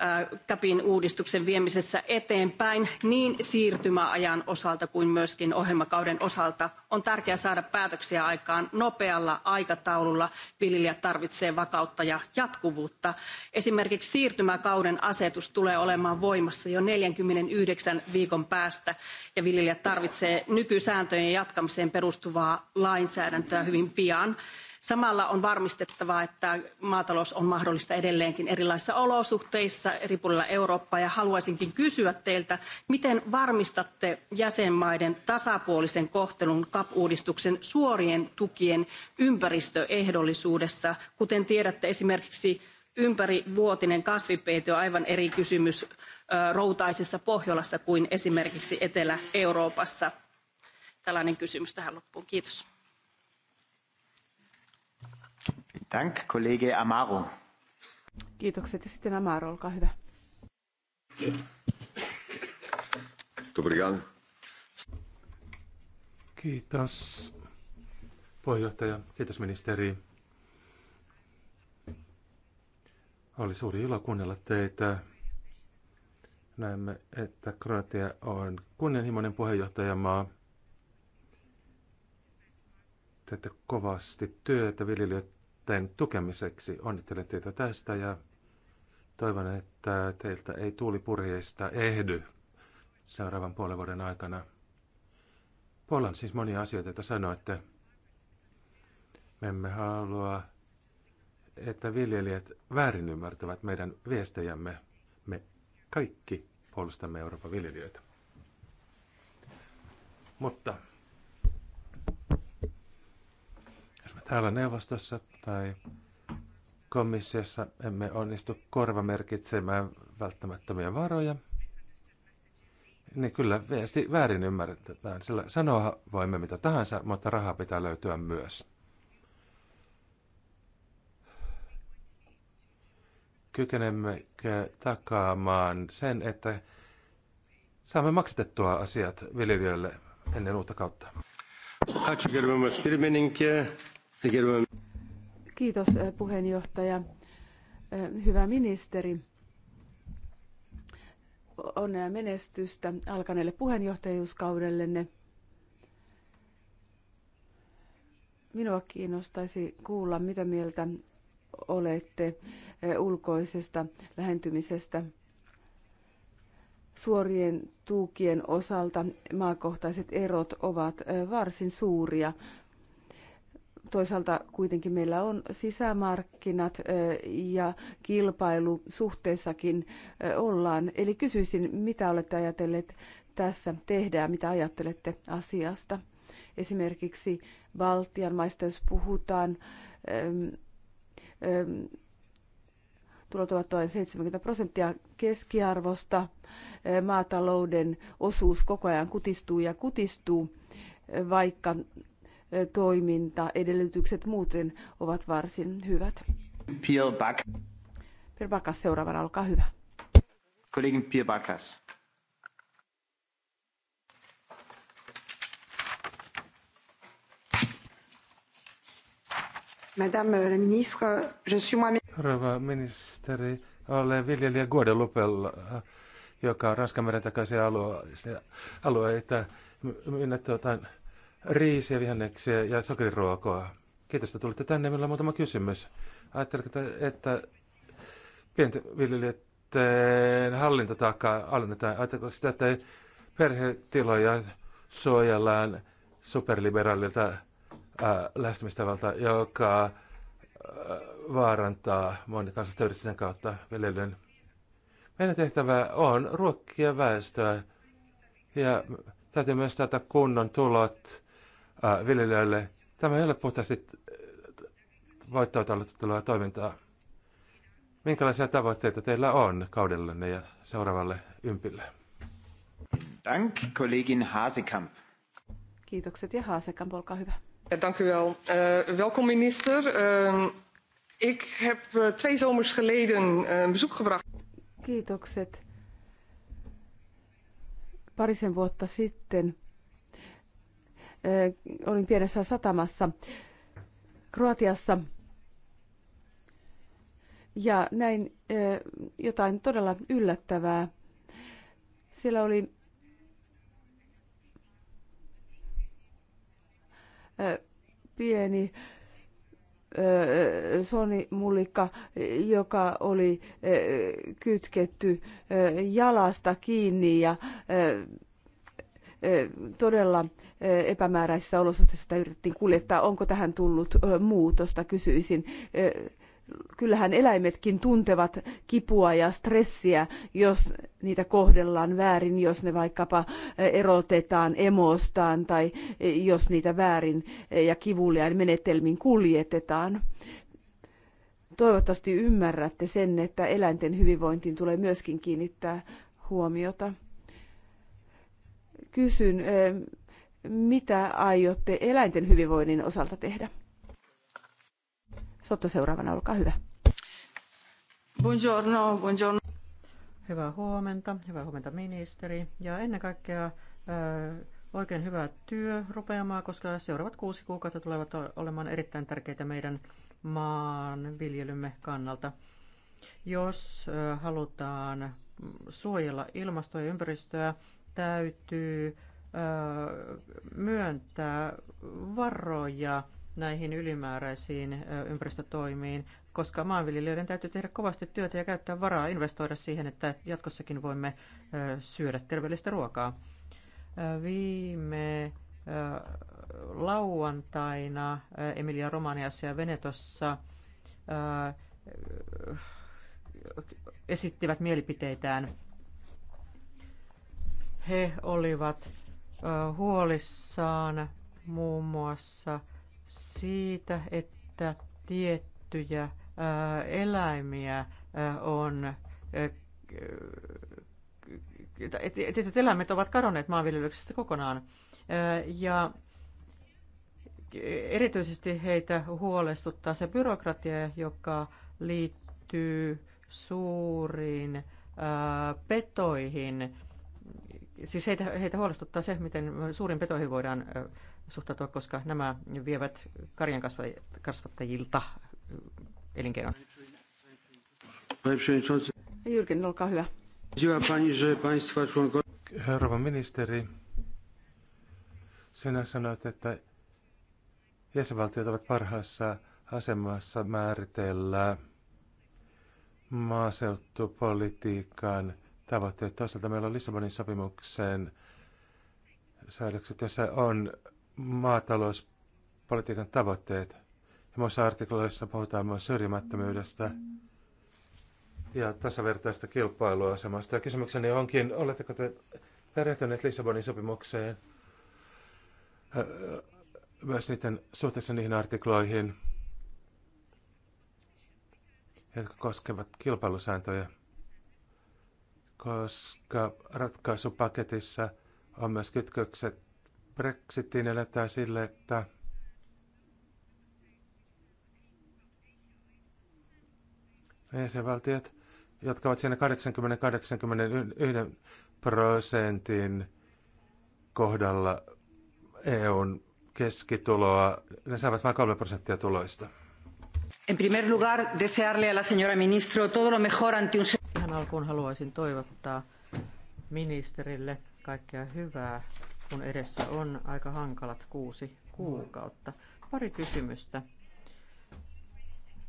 Äh, CAPin uudistuksen viemisessä eteenpäin niin siirtymäajan osalta kuin myöskin ohjelmakauden osalta. On tärkeää saada päätöksiä aikaan nopealla aikataululla. Viljelijät tarvitsevat vakautta ja jatkuvuutta. Esimerkiksi siirtymäkauden asetus tulee olemaan voimassa jo 49 viikon päästä ja viljelijät tarvitsevat nykysääntöjen jatkamiseen perustuvaa lainsäädäntöä hyvin pian. Samalla on varmistettava, että maatalous on mahdollista edelleenkin erilaisissa olosuhteissa eri puolilla Eurooppaa ja haluaisinkin kysyä teiltä, miten varmistatte jäsenmaiden tasapuolisen kohtelun CAP-uudistuksen suorien tukien ympäristöehdollisuudessa. Kuten tiedätte, esimerkiksi ympärivuotinen kasvipeite on aivan eri kysymys routaisessa Pohjolassa kuin esimerkiksi Etelä-Euroopassa. Tällainen kysymys tähän loppuun. Kiitos. Dank, kollege Amaro. Kiitokset ja sitten Amaro, olkaa hyvä. Kiitos puheenjohtaja, kiitos ministeri. Oli suuri ilo kuunnella teitä. Näemme, että Kroatia on kunnianhimoinen puheenjohtajamaa. Teette kovasti työtä viljelijöiden aloitteen tukemiseksi. Onnittelen teitä tästä ja toivon, että teiltä ei tuulipurjeista ehdy seuraavan puolen vuoden aikana. Puolan siis monia asioita, joita sanoitte. Me emme halua, että viljelijät väärin ymmärtävät meidän viestejämme. Me kaikki puolustamme Euroopan viljelijöitä. Mutta Jos me täällä neuvostossa tai komissiossa emme onnistu korvamerkitsemään välttämättömiä varoja, niin kyllä viesti väärin ymmärretään, sillä sanoa voimme mitä tahansa, mutta rahaa pitää löytyä myös. Kykenemmekö takaamaan sen, että saamme maksetettua asiat viljelijöille ennen uutta kautta? Ačiū gerbiamas pirmininkė. Kiitos eh, puheenjohtaja. Eh, hyvä ministeri. Onnea ja menestystä alkaneelle puheenjohtajuuskaudellenne. Minua kiinnostaisi kuulla, mitä mieltä olette eh, ulkoisesta lähentymisestä suorien tuukien osalta maakohtaiset erot ovat varsin suuria toisaalta kuitenkin meillä on sisämarkkinat ja kilpailu suhteessakin ollaan. Eli kysyisin, mitä olette ajatelleet tässä ja mitä ajattelette asiasta. Esimerkiksi Baltian maista, jos puhutaan, tulot ovat vain 70 prosenttia keskiarvosta, maatalouden osuus koko ajan kutistuu ja kutistuu, vaikka toimintaedellytykset muuten ovat varsin hyvät. Pierre Back. Pierre Bakas seuraavana, olkaa hyvä. Kollegin Pierre Bakas. Madame la ministre, je suis moi Rouva ministeri, olen viljelijä Guadeloupella, joka on Ranskan meren takaisia alueita. Minä tuotan riisiä, vihanneksia ja sokeriruokoa. Kiitos, että tulitte tänne. Meillä on muutama kysymys. Ajatteliko, että pienten viljelijöiden hallintotaakkaa alennetaan? Ajatteliko sitä, että perhetiloja suojellaan superliberaalilta lähestymistavalta, joka ää, vaarantaa monikansallisten yritysten kautta viljelyn? Meidän tehtävä on ruokkia väestöä ja täytyy myös tätä kunnon tulot viljelijöille. Tämä ei ole puhtaasti voittoa tavoittelua toimintaa. Minkälaisia tavoitteita teillä on kaudellenne ja seuraavalle ympille? Dank, kollegin Haasekamp. Kiitokset ja Haasekamp, olkaa hyvä. Dank u wel. Uh, welkom minister. Uh, ik heb uh, twee zomers geleden uh, bezoek gebracht. Kiitokset. Parisen vuotta sitten olin pienessä satamassa Kroatiassa. Ja näin jotain todella yllättävää. Siellä oli pieni sonimulikka, joka oli kytketty jalasta kiinni ja todella epämääräisissä olosuhteissa sitä yritettiin kuljettaa. Onko tähän tullut muutosta, kysyisin. Kyllähän eläimetkin tuntevat kipua ja stressiä, jos niitä kohdellaan väärin, jos ne vaikkapa erotetaan emostaan tai jos niitä väärin ja kivuliain menetelmin kuljetetaan toivottavasti ymmärrätte sen, että eläinten hyvinvointiin tulee myöskin kiinnittää huomiota kysyn, eh, mitä aiotte eläinten hyvinvoinnin osalta tehdä? Sotto seuraavana, olkaa hyvä. Buongiorno, buongiorno. Hyvää huomenta, hyvää huomenta ministeri ja ennen kaikkea eh, oikein hyvää työ rupeamaan, koska seuraavat kuusi kuukautta tulevat olemaan erittäin tärkeitä meidän maan viljelymme kannalta. Jos eh, halutaan suojella ilmastoa ja ympäristöä, täytyy myöntää varoja näihin ylimääräisiin ympäristötoimiin, koska maanviljelijöiden täytyy tehdä kovasti työtä ja käyttää varaa investoida siihen, että jatkossakin voimme syödä terveellistä ruokaa. Viime lauantaina Emilia Romaniassa ja Venetossa esittivät mielipiteitään he olivat huolissaan muun muassa siitä, että tiettyjä eläimiä on tietyt eläimet ovat kadonneet maanviljelyksestä kokonaan. Ja erityisesti heitä huolestuttaa se byrokratia, joka liittyy suuriin petoihin Siis heitä, heitä huolestuttaa se, miten suurin petoihin voidaan suhtautua, koska nämä vievät karjan kasvattajilta elinkeinon. Jyrkin, olkaa hyvä. Herra ministeri, sinä sanoit, että jäsenvaltiot ovat parhaassa asemassa määritellä maaseutupolitiikan – tavoitteet. Toisaalta meillä on Lissabonin sopimuksen säädökset, joissa on maatalouspolitiikan tavoitteet. Ja muissa artikloissa puhutaan myös syrjimättömyydestä ja tasavertaista kilpailuasemasta. Ja kysymykseni onkin, oletteko te perehtyneet Lissabonin sopimukseen myös niiden suhteessa niihin artikloihin, jotka koskevat kilpailusääntöjä? koska ratkaisupaketissa on myös kytkökset Brexitiin ja sille, että jäsenvaltiot, jotka ovat siinä 80-81 prosentin kohdalla EUn keskituloa, ne saavat vain 3 prosenttia tuloista. En primer lugar, desearle a la señora ministro todo lo mejor ante un... Tähän alkuun haluaisin toivottaa ministerille kaikkea hyvää, kun edessä on aika hankalat kuusi kuukautta. Pari kysymystä.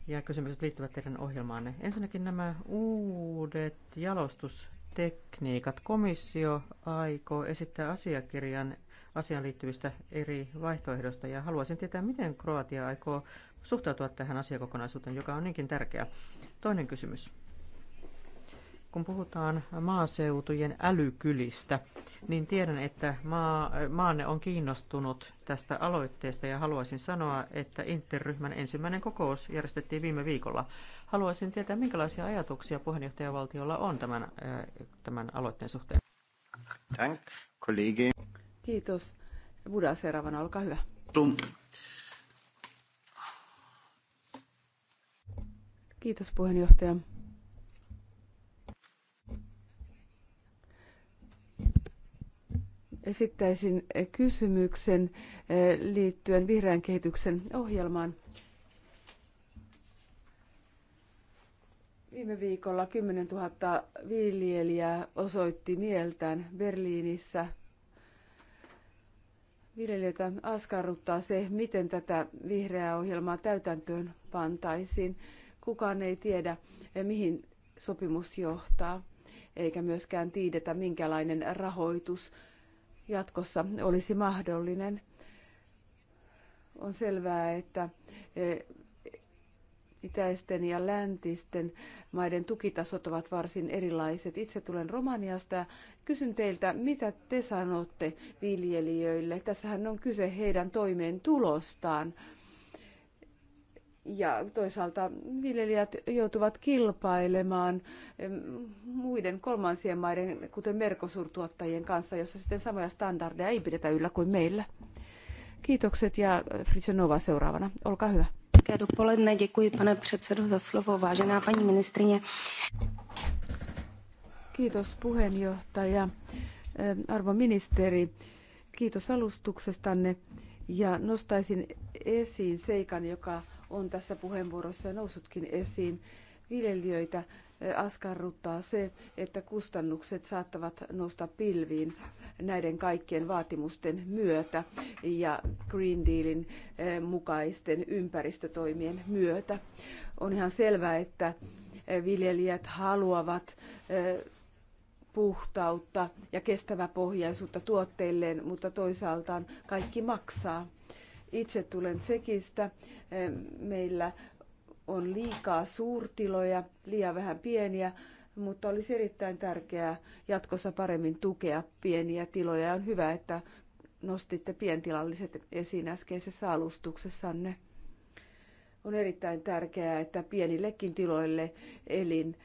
Ja kysymykset liittyvät teidän ohjelmaanne. Ensinnäkin nämä uudet jalostustekniikat. Komissio aikoo esittää asiakirjan asiaan liittyvistä eri vaihtoehdoista ja haluaisin tietää, miten Kroatia aikoo suhtautua tähän asiakokonaisuuteen, joka on niinkin tärkeä. Toinen kysymys. Kun puhutaan maaseutujen älykylistä, niin tiedän, että maa, maanne on kiinnostunut tästä aloitteesta ja haluaisin sanoa, että interryhmän ensimmäinen kokous järjestettiin viime viikolla. Haluaisin tietää, minkälaisia ajatuksia puheenjohtajavaltiolla on tämän, äh, tämän aloitteen suhteen. Thank, Kiitos. Buda seuraavana, olkaa hyvä. Tum. Kiitos puheenjohtaja. Esittäisin eh, kysymyksen eh, liittyen vihreän kehityksen ohjelmaan. Viime viikolla 10 000 viljelijää osoitti mieltään Berliinissä. Viljelijöitä askarruttaa se, miten tätä vihreää ohjelmaa täytäntöön pantaisiin. Kukaan ei tiedä, eh, mihin sopimus johtaa, eikä myöskään tiedetä, minkälainen rahoitus jatkossa olisi mahdollinen. On selvää, että eh, itäisten ja läntisten maiden tukitasot ovat varsin erilaiset. Itse tulen Romaniasta ja kysyn teiltä, mitä te sanotte viljelijöille? Tässähän on kyse heidän toimeentulostaan. tulostaan ja toisaalta viljelijät joutuvat kilpailemaan muiden kolmansien maiden, kuten merkosurtuottajien kanssa, jossa sitten samoja standardeja ei pidetä yllä kuin meillä. Kiitokset ja Fritjo Nova seuraavana. Olkaa hyvä. dopoledne, děkuji pane předsedo za slovo, vážená paní ministrině. Kiitos puheenjohtaja. Arvo ministeri, kiitos alustuksestanne ja nostaisin esiin seikan, joka on tässä puheenvuorossa jo noussutkin esiin. Viljelijöitä askarruttaa se, että kustannukset saattavat nousta pilviin näiden kaikkien vaatimusten myötä ja Green Dealin mukaisten ympäristötoimien myötä. On ihan selvää, että viljelijät haluavat puhtautta ja kestäväpohjaisuutta tuotteilleen, mutta toisaaltaan kaikki maksaa. Itse tulen Tsekistä. Eh, meillä on liikaa suurtiloja, liian vähän pieniä, mutta olisi erittäin tärkeää jatkossa paremmin tukea pieniä tiloja. On hyvä, että nostitte pientilalliset esiin äskeisessä alustuksessanne. On erittäin tärkeää, että pienillekin tiloille elin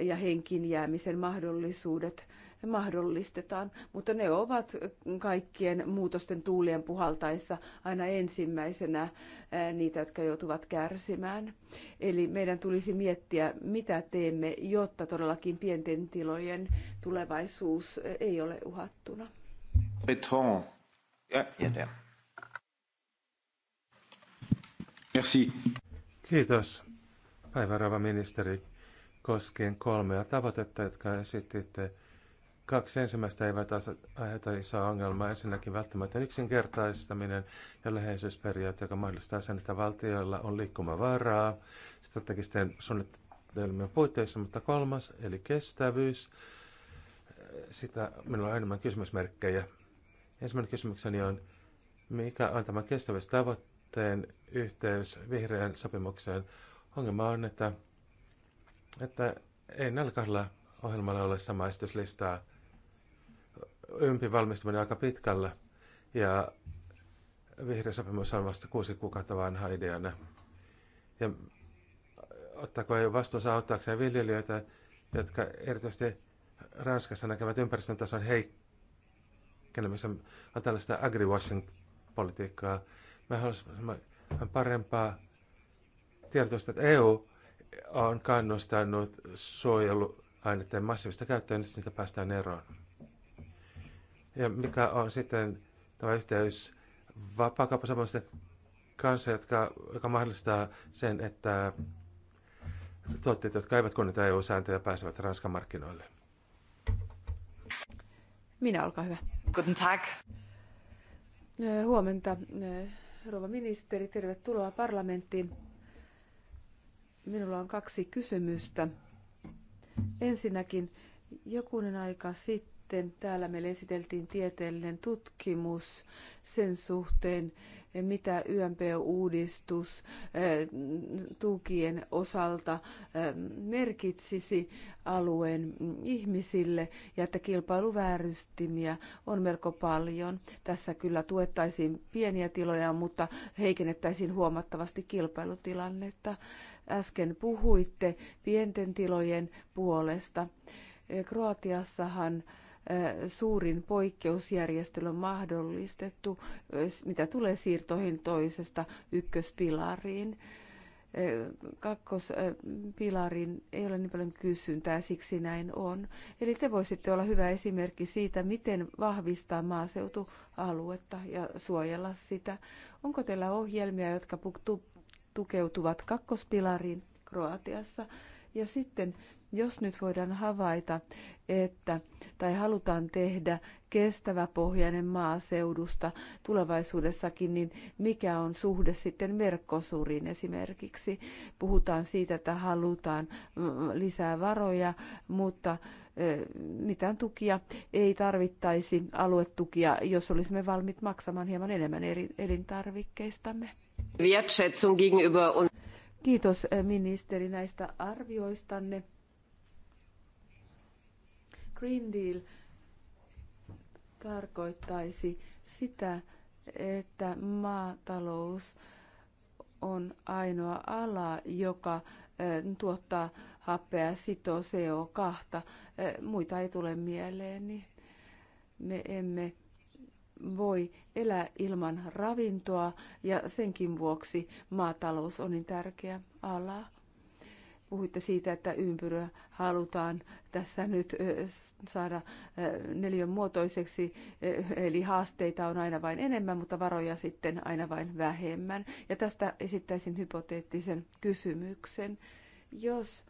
ja henkin jäämisen mahdollisuudet mahdollistetaan, mutta ne ovat kaikkien muutosten tuulien puhaltaessa aina ensimmäisenä niitä, jotka joutuvat kärsimään. Eli meidän tulisi miettiä, mitä teemme, jotta todellakin pienten tilojen tulevaisuus ei ole uhattuna. Beton. Ja, ja Merci. Kiitos, päivärava ministeri, koskien kolmea tavoitetta, jotka esititte Kaksi ensimmäistä eivät aiheuta isoa ongelmaa. Ensinnäkin välttämätön yksinkertaistaminen ja läheisyysperiaate, joka mahdollistaa sen, että valtioilla on liikkumavaraa strategisten suunnitelmien puitteissa. Mutta kolmas, eli kestävyys, sitä minulla on enemmän kysymysmerkkejä. Ensimmäinen kysymykseni on, mikä on tämä kestävyystavoitteen yhteys vihreän sopimukseen? Ongelma on, että, että ei näillä kahdella ohjelmalla ole sama esityslistaa ympin valmistuminen aika pitkällä ja vihreä sopimus on vasta kuusi kuukautta vanha ideana. Ja ottaako ei vastuunsa auttaakseen viljelijöitä, jotka erityisesti Ranskassa näkevät ympäristön tason heikkenemisen, on tällaista agri-washing-politiikkaa. Mä haluaisin parempaa tietoista, että EU on kannustanut suojeluaineiden massiivista käyttöä, niin nyt niitä päästään eroon. Ja mikä on sitten tämä yhteys vapaakauppasopimusten kanssa, jotka, joka mahdollistaa sen, että tuotteet, jotka eivät kunnita EU-sääntöjä, pääsevät Ranskan markkinoille? Minä, olkaa hyvä. Guten Tag. Huomenta, rouva ministeri. Tervetuloa parlamenttiin. Minulla on kaksi kysymystä. Ensinnäkin, jokunen aika sitten sitten täällä meille esiteltiin tieteellinen tutkimus sen suhteen, mitä YMP-uudistus eh, tukien osalta eh, merkitsisi alueen ihmisille ja että kilpailuvääristimiä on melko paljon. Tässä kyllä tuettaisiin pieniä tiloja, mutta heikennettäisiin huomattavasti kilpailutilannetta. Äsken puhuitte pienten tilojen puolesta. Eh, Kroatiassahan suurin poikkeusjärjestely on mahdollistettu, mitä tulee siirtoihin toisesta ykköspilariin. Kakkospilarin ei ole niin paljon kysyntää, siksi näin on. Eli te voisitte olla hyvä esimerkki siitä, miten vahvistaa maaseutualuetta ja suojella sitä. Onko teillä ohjelmia, jotka tukeutuvat kakkospilariin Kroatiassa? Ja sitten jos nyt voidaan havaita, että tai halutaan tehdä kestävä pohjainen maaseudusta tulevaisuudessakin, niin mikä on suhde sitten Merkosuriin esimerkiksi? Puhutaan siitä, että halutaan mm, lisää varoja, mutta mitään tukia ei tarvittaisi, aluetukia, jos olisimme valmiit maksamaan hieman enemmän eri elintarvikkeistamme. Kiitos ministeri näistä arvioistanne. Green Deal tarkoittaisi sitä, että maatalous on ainoa ala, joka tuottaa happea, sitoo CO2. Muita ei tule niin Me emme voi elää ilman ravintoa ja senkin vuoksi maatalous on niin tärkeä ala puhuitte siitä, että ympyrä halutaan tässä nyt saada neljön muotoiseksi, eli haasteita on aina vain enemmän, mutta varoja sitten aina vain vähemmän. Ja tästä esittäisin hypoteettisen kysymyksen. Jos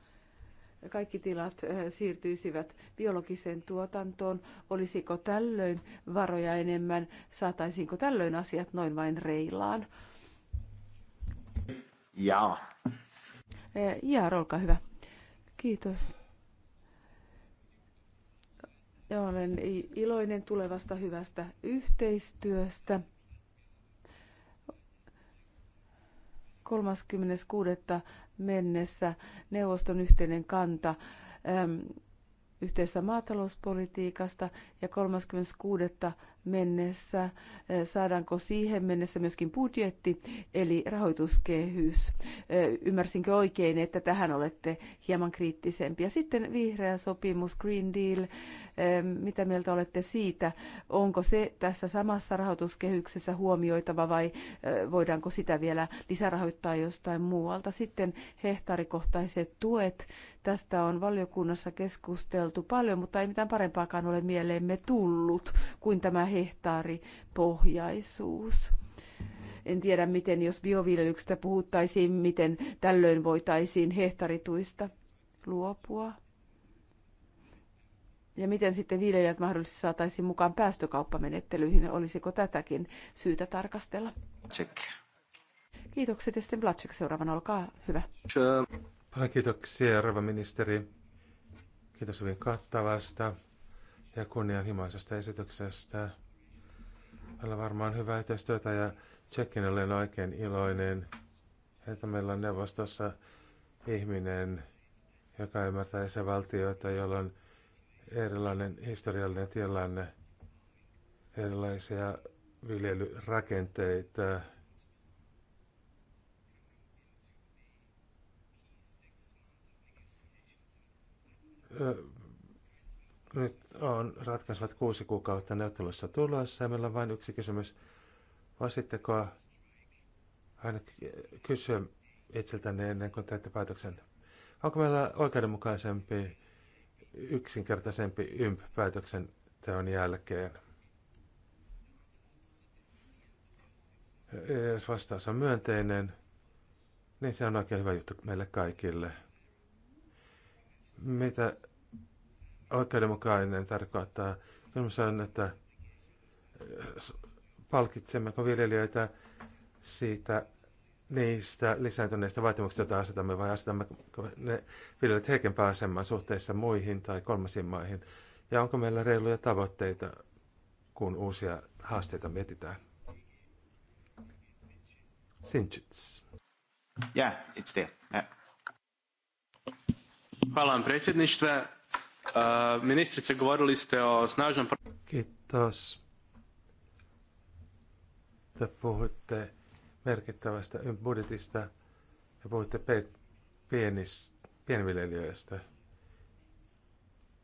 kaikki tilat siirtyisivät biologiseen tuotantoon, olisiko tällöin varoja enemmän, saataisiinko tällöin asiat noin vain reilaan? Jaa. Eh, Jaar, olkaa hyvä. Kiitos. Ja olen iloinen tulevasta hyvästä yhteistyöstä. 36. mennessä neuvoston yhteinen kanta yhteisestä maatalouspolitiikasta ja 36 mennessä, saadaanko siihen mennessä myöskin budjetti, eli rahoituskehys. Ymmärsinkö oikein, että tähän olette hieman kriittisempiä? Sitten vihreä sopimus, Green Deal, mitä mieltä olette siitä? Onko se tässä samassa rahoituskehyksessä huomioitava vai eh, voidaanko sitä vielä lisärahoittaa jostain muualta? Sitten hehtaarikohtaiset tuet. Tästä on valiokunnassa keskusteltu paljon, mutta ei mitään parempaakaan ole mieleemme tullut kuin tämä hehtaaripohjaisuus en tiedä miten, jos bioviljelyksestä puhuttaisiin, miten tällöin voitaisiin hehtarituista luopua. Ja miten sitten viljelijät mahdollisesti saataisiin mukaan päästökauppamenettelyihin? Olisiko tätäkin syytä tarkastella? Check. Kiitokset ja sitten Blatschek seuraavana, olkaa hyvä. Paljon kiitoksia, rouva ministeri. Kiitos hyvin kattavasta ja kunnianhimoisesta esityksestä. Meillä on varmaan hyvää yhteistyötä ja Tsekin olen oikein iloinen, että meillä on neuvostossa ihminen, joka ymmärtää se valtioita, jolla on erilainen historiallinen tilanne, erilaisia viljelyrakenteita, nyt on ratkaisevat kuusi kuukautta neuvottelussa tulossa ja meillä on vain yksi kysymys. Voisitteko aina kysyä itseltänne ennen kuin teette päätöksen? Onko meillä oikeudenmukaisempi yksinkertaisempi YMP-päätöksen teon jälkeen. Jos vastaus on myönteinen, niin se on oikein hyvä juttu meille kaikille. Mitä oikeudenmukainen tarkoittaa? se on, että äh, palkitsemmeko viljelijöitä siitä niistä lisääntyneistä vaatimuksista, joita asetamme, vai asetamme ne viljelijät heikempää asemaan suhteessa muihin tai kolmasiin maihin? Ja onko meillä reiluja tavoitteita, kun uusia haasteita mietitään? Sinchits. Yeah, it's there. Yeah. Hvala vam predsjedništve. Uh, ministrice, govorili ste o snažnom... Kiitos. Te puhutte merkittävästä budjetista ja puhuitte pe- pienis, pienviljelijöistä.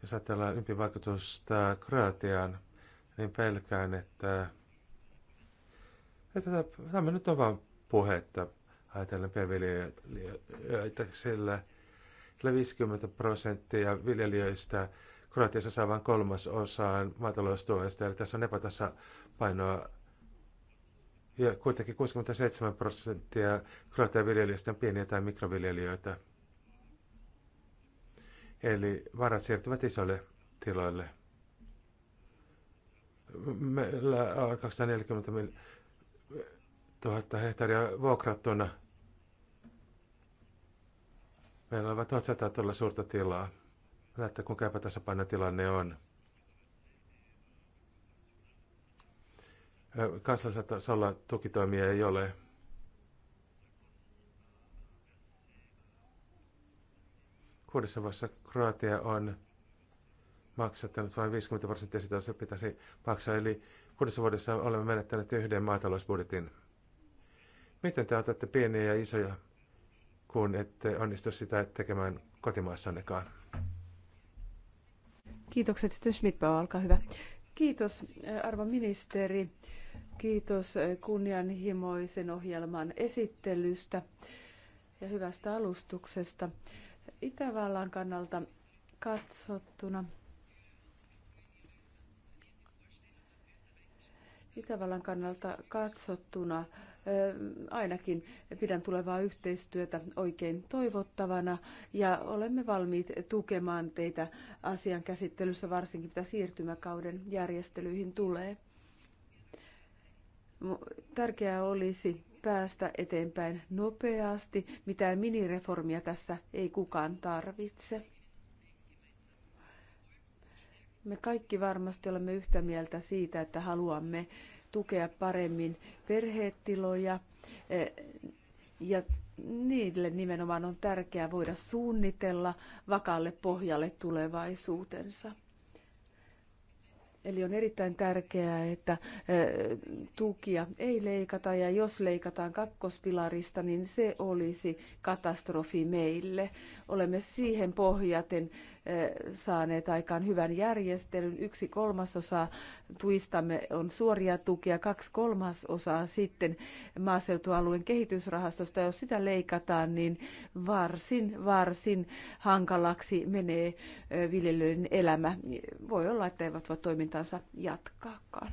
Jos ajatellaan ympivaikutusta Kroatiaan, niin pelkään, että, että tämä nyt on vain puhetta ajatellen pienviljelijöitä, sillä 50 prosenttia viljelijöistä Kroatiassa saa vain kolmas osaan maataloustuesta, eli tässä on epätasapainoa ja kuitenkin 67 prosenttia Kroatian on pieniä tai mikroviljelijöitä. Eli varat siirtyvät isoille tiloille. Meillä on 240 000 hehtaaria vuokrattuna. Meillä on vain 1100 tuolla suurta tilaa. Näette, kuinka epätasapainotilanne on. kansallisella tukitoimia ei ole. Kuudessa vuodessa Kroatia on maksattanut vain 50 prosenttia sitä, se pitäisi maksaa. Eli kuudessa vuodessa olemme menettäneet yhden maatalousbudjetin. Miten te otatte pieniä ja isoja, kun ette onnistu sitä tekemään kotimaassannekaan? Kiitokset. Sitten Schmidbauer, olkaa hyvä. Kiitos, arvon ministeri. Kiitos kunnianhimoisen ohjelman esittelystä ja hyvästä alustuksesta. Itävallan kannalta katsottuna Itävallan kannalta katsottuna eh, ainakin pidän tulevaa yhteistyötä oikein toivottavana ja olemme valmiit tukemaan teitä asian käsittelyssä, varsinkin mitä siirtymäkauden järjestelyihin tulee. Tärkeää olisi päästä eteenpäin nopeasti. Mitään minireformia tässä ei kukaan tarvitse. Me kaikki varmasti olemme yhtä mieltä siitä, että haluamme tukea paremmin perhetiloja e, ja niille nimenomaan on tärkeää voida suunnitella vakaalle pohjalle tulevaisuutensa. Eli on erittäin tärkeää, että tukia ei leikata ja jos leikataan kakkospilarista, niin se olisi katastrofi meille olemme siihen pohjaten eh, saaneet aikaan hyvän järjestelyn. Yksi kolmasosa tuistamme on suoria tukia, kaksi kolmasosaa sitten maaseutualueen kehitysrahastosta. Jos sitä leikataan, niin varsin, varsin hankalaksi menee eh, viljelijöiden elämä. Voi olla, että eivät voi toimintansa jatkaakaan.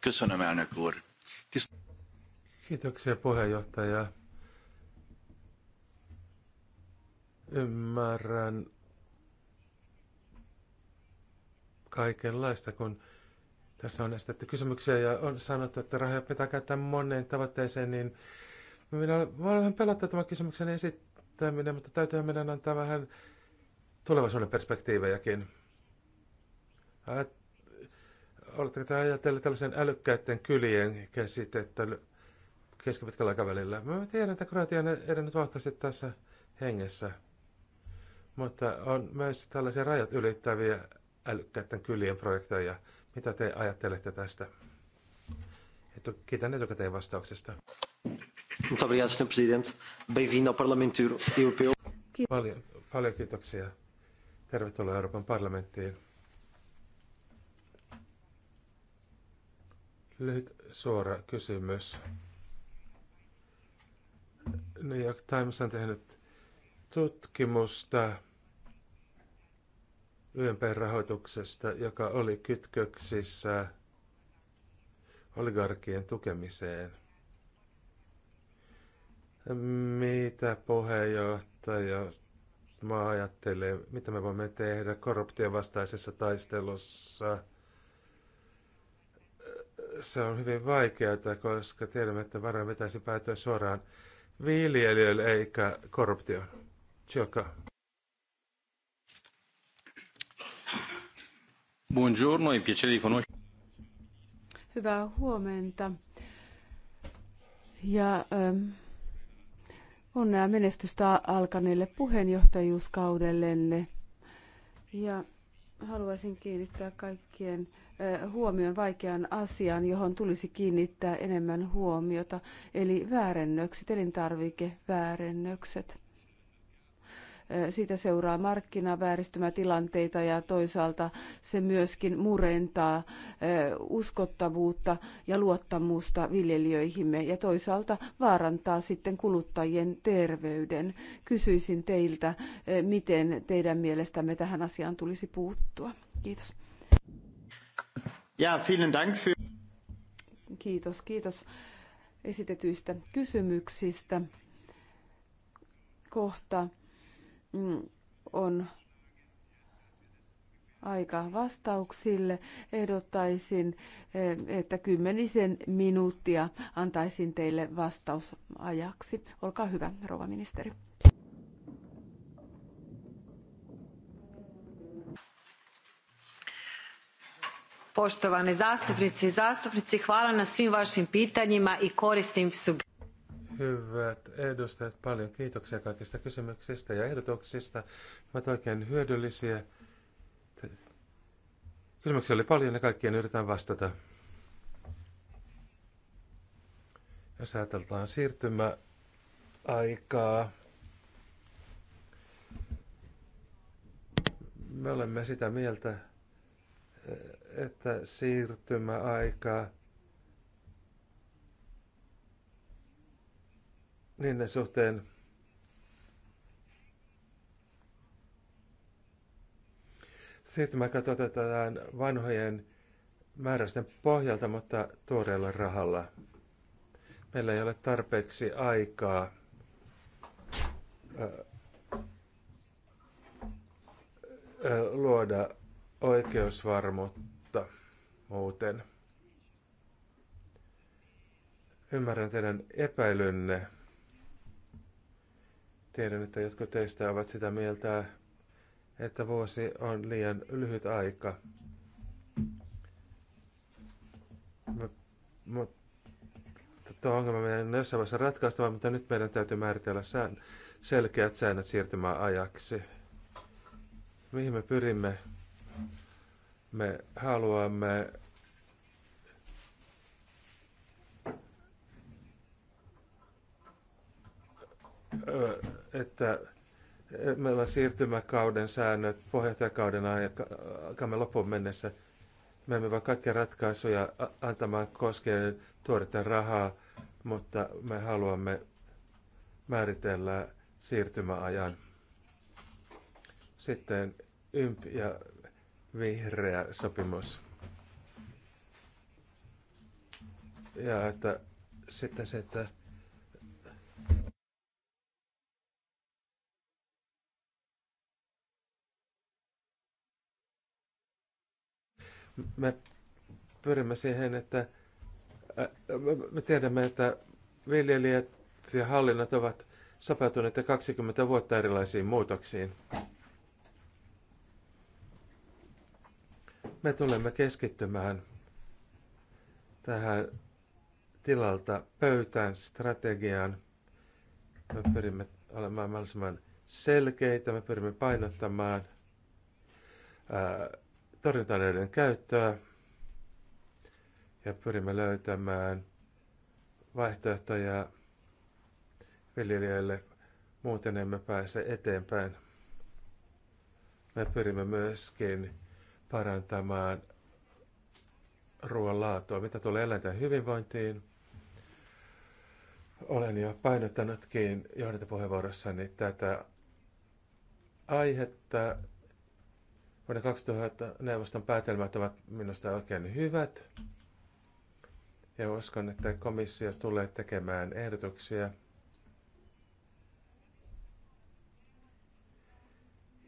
Kysynnämäänä Kiitoksia puheenjohtaja. Ymmärrän kaikenlaista, kun tässä on esitetty kysymyksiä ja on sanottu, että rahoja pitää käyttää moneen tavoitteeseen, niin minä, minä olen vähän pelottaa tämän kysymyksen esittäminen, mutta täytyy meidän antaa vähän tulevaisuuden perspektiivejäkin. Oletteko te ajatelleet tällaisen älykkäiden kylien käsitettä keskipitkällä aikavälillä? Mä tiedän, että Kroatia on edennyt vahvasti tässä hengessä. Mutta on myös tällaisia rajat ylittäviä älykkäiden kylien projekteja. Mitä te ajattelette tästä? Etu, kiitän etukäteen vastauksesta. Paljon, paljon kiitoksia. Tervetuloa Euroopan parlamenttiin. Lyhyt suora kysymys. New York Times on tehnyt tutkimusta YMP-rahoituksesta, joka oli kytköksissä oligarkien tukemiseen. Mitä puheenjohtaja mä ajattelen, mitä me voimme tehdä korruption vastaisessa taistelussa. Se on hyvin vaikeaa, koska tiedämme, että varoja pitäisi päätyä suoraan viljelijöille eikä korruptioon. Cerca. Buongiorno, è piacere di conoscere. Hyvää huomenta. Ja ähm, onnea menestystä alkaneelle puheenjohtajuuskaudellenne. Ja haluaisin kiinnittää kaikkien äh, huomion vaikean asian, johon tulisi kiinnittää enemmän huomiota, eli väärennökset, elintarvikeväärennökset siitä seuraa markkinavääristymätilanteita ja toisaalta se myöskin murentaa uskottavuutta ja luottamusta viljelijöihimme ja toisaalta vaarantaa sitten kuluttajien terveyden. Kysyisin teiltä, miten teidän mielestämme tähän asiaan tulisi puuttua. Kiitos. Ja, vielen Dank für... Kiitos, kiitos esitetyistä kysymyksistä. Kohta Mm, on aika vastauksille. Ehdottaisin, e, että kymmenisen minuuttia antaisin teille vastausajaksi. Olkaa hyvä, rouva ministeri. Poštovane zastupnice i zastupnici, hvala na svim vašim pitanjima i korisnim sugestijama. Hyvät edustajat, paljon kiitoksia kaikista kysymyksistä ja ehdotuksista. Ne ovat oikein hyödyllisiä. Kysymyksiä oli paljon ja kaikkien yritän vastata. Jos ajatellaan siirtymäaikaa, me olemme sitä mieltä, että siirtymäaikaa niiden suhteen mä katsotaan vanhojen määräisten pohjalta, mutta tuoreella rahalla. Meillä ei ole tarpeeksi aikaa ö, ö, luoda oikeusvarmuutta muuten. Ymmärrän teidän epäilynne. Tiedän, että jotkut teistä ovat sitä mieltä, että vuosi on liian lyhyt aika. Mutta tuo ongelma meidän jossain vaiheessa ratkaistava, mutta nyt meidän täytyy määritellä sään, selkeät säännöt siirtymään ajaksi. Mihin me pyrimme? Me haluamme uh, että eh, meillä on siirtymäkauden säännöt puheenjohtajakauden aikamme loppuun mennessä. Me emme voi kaikkia ratkaisuja antamaan koskien tuoretta rahaa, mutta me haluamme määritellä siirtymäajan. Sitten YMP ja vihreä sopimus. Ja että sitten se, että me pyrimme siihen, että äh, me tiedämme, että viljelijät ja hallinnat ovat sopeutuneet 20 vuotta erilaisiin muutoksiin. Me tulemme keskittymään tähän tilalta pöytään strategiaan. Me pyrimme olemaan mahdollisimman selkeitä, me pyrimme painottamaan ää, äh, torjuntaneiden käyttöä ja pyrimme löytämään vaihtoehtoja viljelijöille, muuten emme pääse eteenpäin. Me pyrimme myöskin parantamaan ruoan laatua. Mitä tulee eläinten hyvinvointiin, olen jo painottanutkin johdantapuheenvuorossani tätä aihetta Vuoden 2000 neuvoston päätelmät ovat minusta oikein hyvät. Ja uskon, että komissio tulee tekemään ehdotuksia,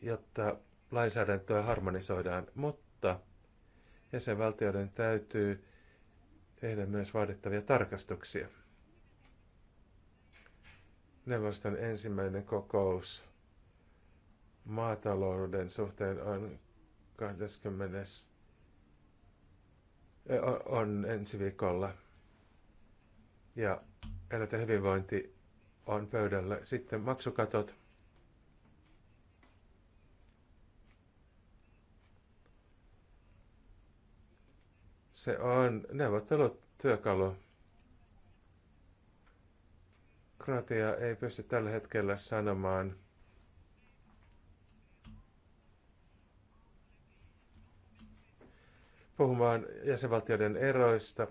jotta lainsäädäntöä harmonisoidaan, mutta jäsenvaltioiden täytyy tehdä myös vaadittavia tarkastuksia. Neuvoston ensimmäinen kokous maatalouden suhteen on 20. on ensi viikolla. Ja eläinten hyvinvointi on pöydällä. Sitten maksukatot. Se on neuvottelutyökalu. Kroatia ei pysty tällä hetkellä sanomaan – puhumaan jäsenvaltioiden eroista.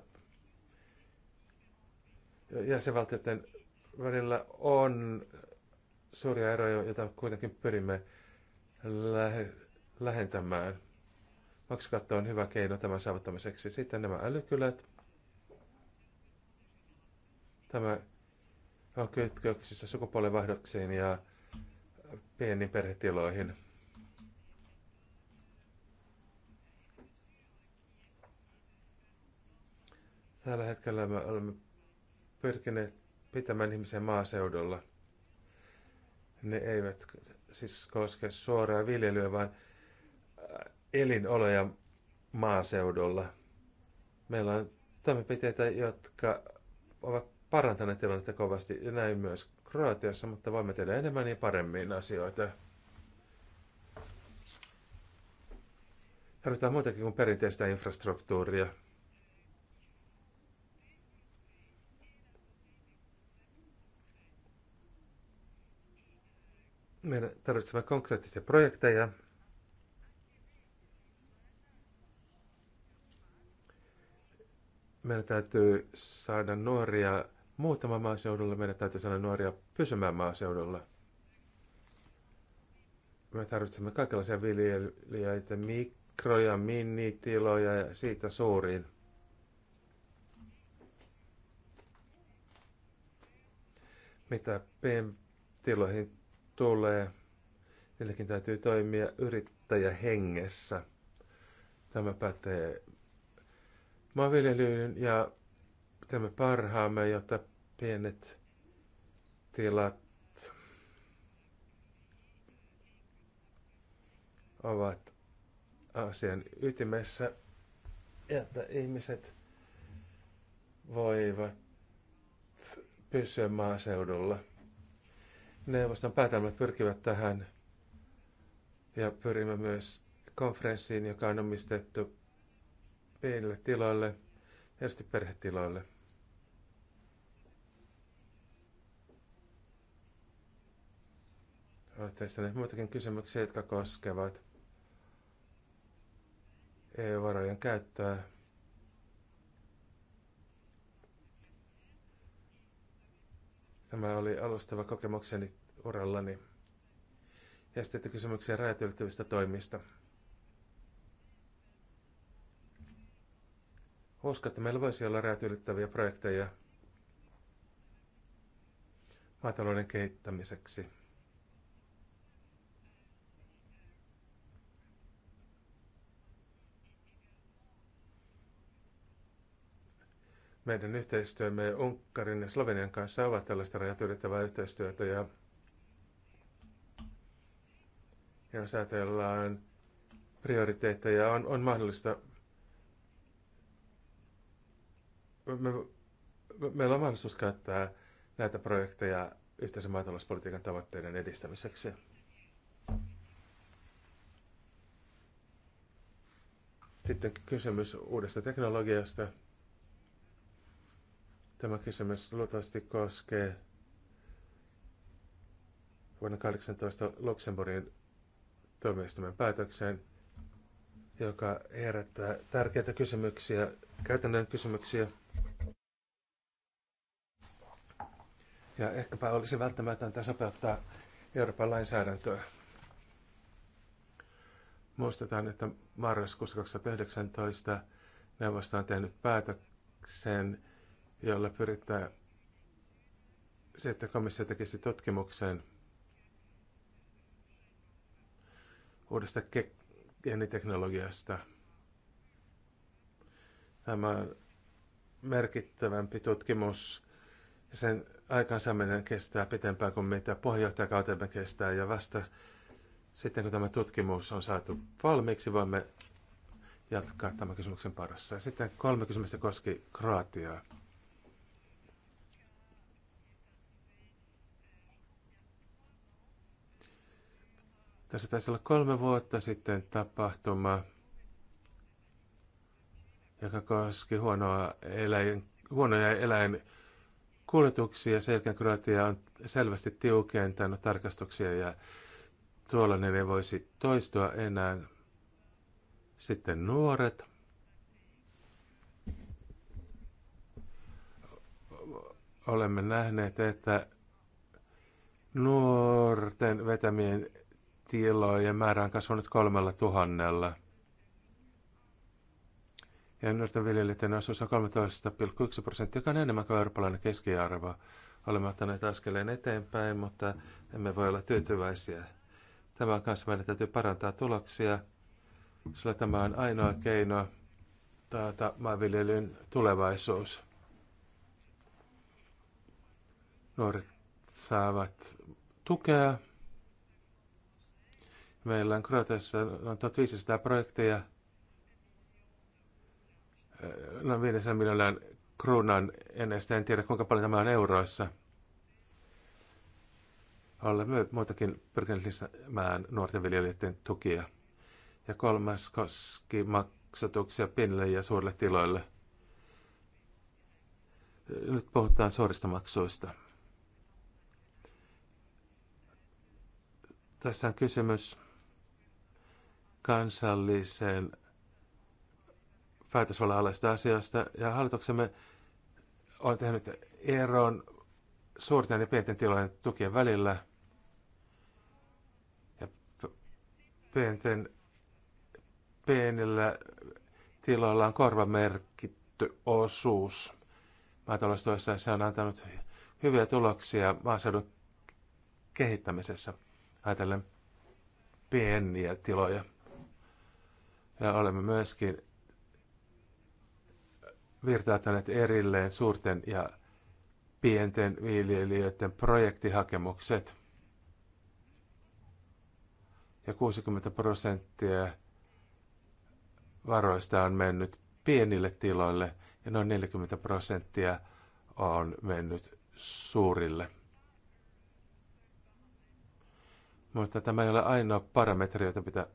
Jäsenvaltioiden välillä on suuria eroja, joita kuitenkin pyrimme lähe, lähentämään. Maksukatto on hyvä keino tämän saavuttamiseksi. Sitten nämä älykylät. Tämä on kytköksissä sukupuolenvaihdoksiin ja pieniin perhetiloihin. Tällä hetkellä me olemme pyrkineet pitämään ihmisen maaseudulla. Ne eivät siis koske suoraa viljelyä, vaan äh, elinoloja maaseudulla. Meillä on toimenpiteitä, jotka ovat parantaneet tilannetta kovasti ja näin myös Kroatiassa, mutta voimme tehdä enemmän ja paremmin asioita. Tarvitaan muitakin kuin perinteistä infrastruktuuria. meidän tarvitsemme konkreettisia projekteja. Meidän täytyy saada nuoria muutama maaseudulle, meidän täytyy saada nuoria pysymään maaseudulla. Me tarvitsemme kaikenlaisia viljelijöitä, mikroja, minitiloja ja siitä suuriin. Mitä PM-tiloihin tulee, niilläkin täytyy toimia yrittäjähengessä. Tämä pätee maanviljelyyn ja teemme parhaamme, jotta pienet tilat ovat asian ytimessä, että ihmiset voivat pysyä maaseudulla – Neuvoston päätelmät pyrkivät tähän ja pyrimme myös konferenssiin, joka on omistettu pienille tiloille, erityisesti perhetiloille. Olette muitakin kysymyksiä, jotka koskevat EU-varojen käyttöä Tämä oli alustava kokemukseni urallani. Ja sitten kysymyksiä rajat ylittävistä toimista. Uskon, että meillä voisi olla rajat ylittäviä projekteja maatalouden kehittämiseksi. Meidän yhteistyömme Unkarin ja Slovenian kanssa ovat tällaista rajat ylittävää yhteistyötä ja, ja jos ajatellaan prioriteetteja, on, on mahdollista me, me, meillä on mahdollisuus käyttää näitä projekteja yhteisen maatalouspolitiikan tavoitteiden edistämiseksi. Sitten kysymys uudesta teknologiasta. Tämä kysymys luultavasti koskee vuonna 18 Luxemburgin tuomioistuimen päätökseen, joka herättää tärkeitä kysymyksiä, käytännön kysymyksiä. Ja ehkäpä olisi välttämätöntä sopeuttaa Euroopan lainsäädäntöä. Muistetaan, että marraskuussa 2019 neuvosto on tehnyt päätöksen jolla pyritään se, että komissio tekisi tutkimuksen uudesta geeniteknologiasta. Tämä merkittävämpi tutkimus ja sen aikaansaaminen kestää pitempään kuin mitä puheenjohtajakautemme kestää ja vasta sitten kun tämä tutkimus on saatu valmiiksi, voimme jatkaa tämän kysymyksen parassa. Ja sitten kolme kysymystä koski Kroatiaa. Tässä taisi olla kolme vuotta sitten tapahtuma, joka koski huonoa eläin, huonoja eläinkuljetuksia. Sen jälkeen Kroatia on selvästi tiukentanut tarkastuksia ja tuollainen ei voisi toistua enää. Sitten nuoret. Olemme nähneet, että nuorten vetämien tilojen määrä on kasvanut kolmella tuhannella. Ja nuorten viljelijöiden osuus on 13,1 prosenttia, joka on enemmän kuin eurooppalainen keskiarvo. Olemme ottaneet askeleen eteenpäin, mutta emme voi olla tyytyväisiä. Tämän kanssa meidän täytyy parantaa tuloksia, sillä tämä on ainoa keino taata maanviljelyn tulevaisuus. Nuoret saavat tukea Meillä on Kroatiassa noin 1500 projekteja, noin 500 miljoonan kruunan ennestä. En tiedä, kuinka paljon tämä on euroissa. Olemme muitakin pyrkineet lisäämään nuorten viljelijöiden tukia. Ja kolmas koski maksatuksia pienille ja suurille tiloille. Nyt puhutaan suorista maksuista. Tässä on kysymys kansalliseen päätösvallan alaisista asioista ja hallituksemme on tehnyt eron suurten ja pienten tilojen tukien välillä ja pienten, pienillä tiloilla on korvamerkitty osuus maataloustuessa se on antanut hyviä tuloksia maaseudun kehittämisessä ajatellen pieniä tiloja. Ja olemme myöskin virtauttaneet erilleen suurten ja pienten viljelijöiden projektihakemukset. Ja 60 prosenttia varoista on mennyt pienille tiloille ja noin 40 prosenttia on mennyt suurille. Mutta tämä ei ole ainoa parametri, jota pitää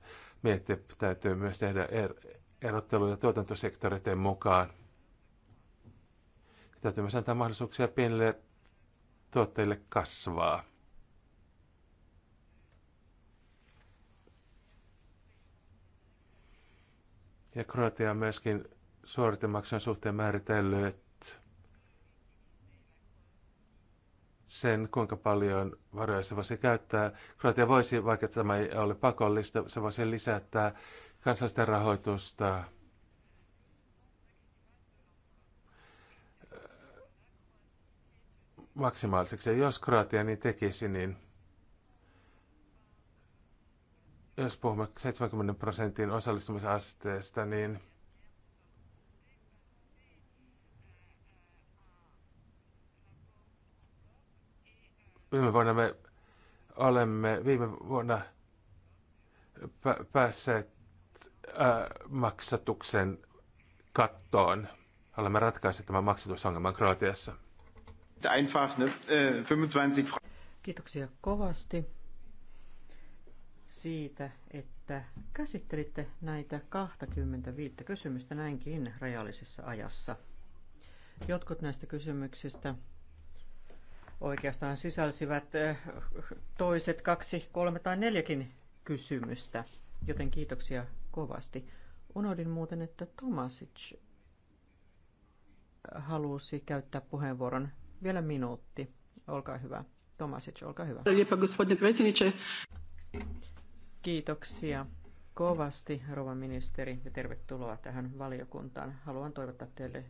miettiä. Täytyy myös tehdä er- erotteluja tuotantosektoreiden mukaan. Täytyy myös antaa mahdollisuuksia pienille tuotteille kasvaa. Ja Kroatia on myöskin suoritemaksujen suhteen määritellyt, sen, kuinka paljon varoja se voisi käyttää. Kroatia voisi, vaikka tämä ei ole pakollista, se voisi lisätä kansallista rahoitusta maksimaaliseksi. Ja jos Kroatia niin tekisi, niin jos puhumme 70 prosentin osallistumisasteesta, niin Viime vuonna me olemme viime vuonna päässeet maksatuksen kattoon. Olemme ratkaisseet tämän maksatusongelman Kroatiassa. Einfach, ne? 25 äh, Kiitoksia kovasti siitä, että käsittelitte näitä 25 kysymystä näinkin rajallisessa ajassa. Jotkut näistä kysymyksistä oikeastaan sisälsivät toiset kaksi, kolme tai neljäkin kysymystä, joten kiitoksia kovasti. Unohdin muuten, että Tomasic halusi käyttää puheenvuoron. Vielä minuutti. Olkaa hyvä. Tomasic, olkaa hyvä. Kiitoksia kovasti, rouva ministeri, ja tervetuloa tähän valiokuntaan. Haluan toivottaa teille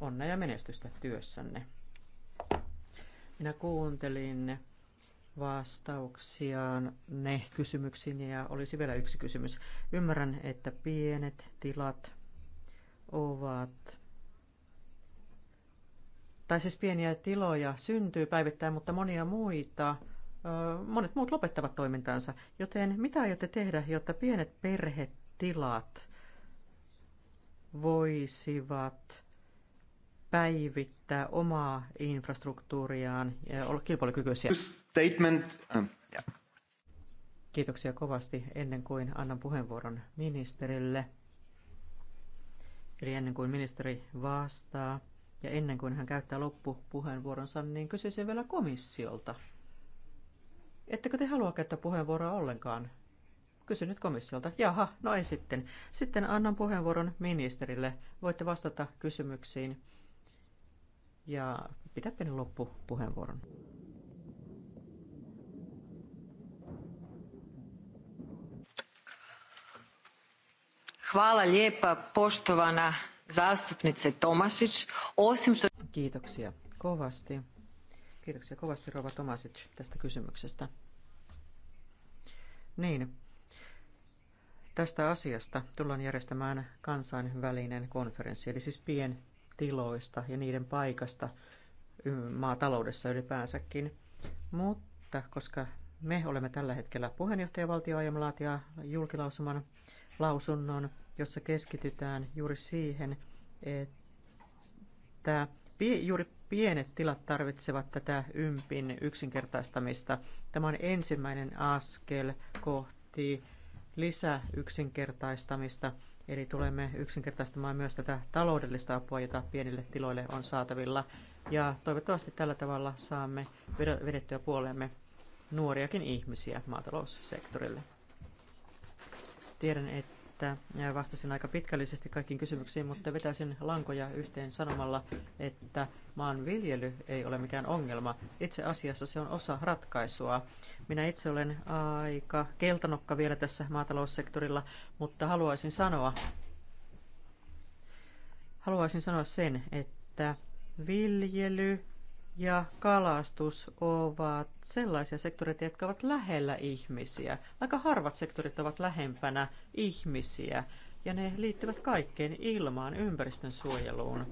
onnea ja menestystä työssänne. Minä kuuntelin vastauksiaan ne kysymyksiin ja olisi vielä yksi kysymys. Ymmärrän, että pienet tilat ovat, tai siis pieniä tiloja syntyy päivittäin, mutta monia muita, monet muut lopettavat toimintansa. Joten mitä aiotte tehdä, jotta pienet perhetilat voisivat päivittää omaa infrastruktuuriaan ja olla kilpailukykyisiä. Statement. Um, yeah. Kiitoksia kovasti ennen kuin annan puheenvuoron ministerille. Eli ennen kuin ministeri vastaa ja ennen kuin hän käyttää loppupuheenvuoronsa, niin kysyisin vielä komissiolta. Ettekö te halua käyttää puheenvuoroa ollenkaan? Kysyn nyt komissiolta. Jaha, no ei sitten. Sitten annan puheenvuoron ministerille. Voitte vastata kysymyksiin ja pidä pieni loppupuheenvuoron. Hvala zastupnice Osim Kiitoksia kovasti. Kiitoksia kovasti Rova Tomasic tästä kysymyksestä. Niin, tästä asiasta tullaan järjestämään kansainvälinen konferenssi, eli siis pien tiloista ja niiden paikasta maataloudessa ylipäänsäkin. Mutta koska me olemme tällä hetkellä puheenjohtajavaltio aiemmin laatia julkilausuman lausunnon, jossa keskitytään juuri siihen, että juuri pienet tilat tarvitsevat tätä ympin yksinkertaistamista. Tämä on ensimmäinen askel kohti lisäyksinkertaistamista Eli tulemme yksinkertaistamaan myös tätä taloudellista apua, jota pienille tiloille on saatavilla. Ja toivottavasti tällä tavalla saamme vedettyä puolemme nuoriakin ihmisiä maataloussektorille. Tiedän, että että vastasin aika pitkällisesti kaikkiin kysymyksiin, mutta vetäisin lankoja yhteen sanomalla, että maanviljely ei ole mikään ongelma. Itse asiassa se on osa ratkaisua. Minä itse olen aika keltanokka vielä tässä maataloussektorilla, mutta haluaisin sanoa, haluaisin sanoa sen, että viljely ja kalastus ovat sellaisia sektoreita, jotka ovat lähellä ihmisiä. Aika harvat sektorit ovat lähempänä ihmisiä ja ne liittyvät kaikkeen ilmaan, ympäristön suojeluun.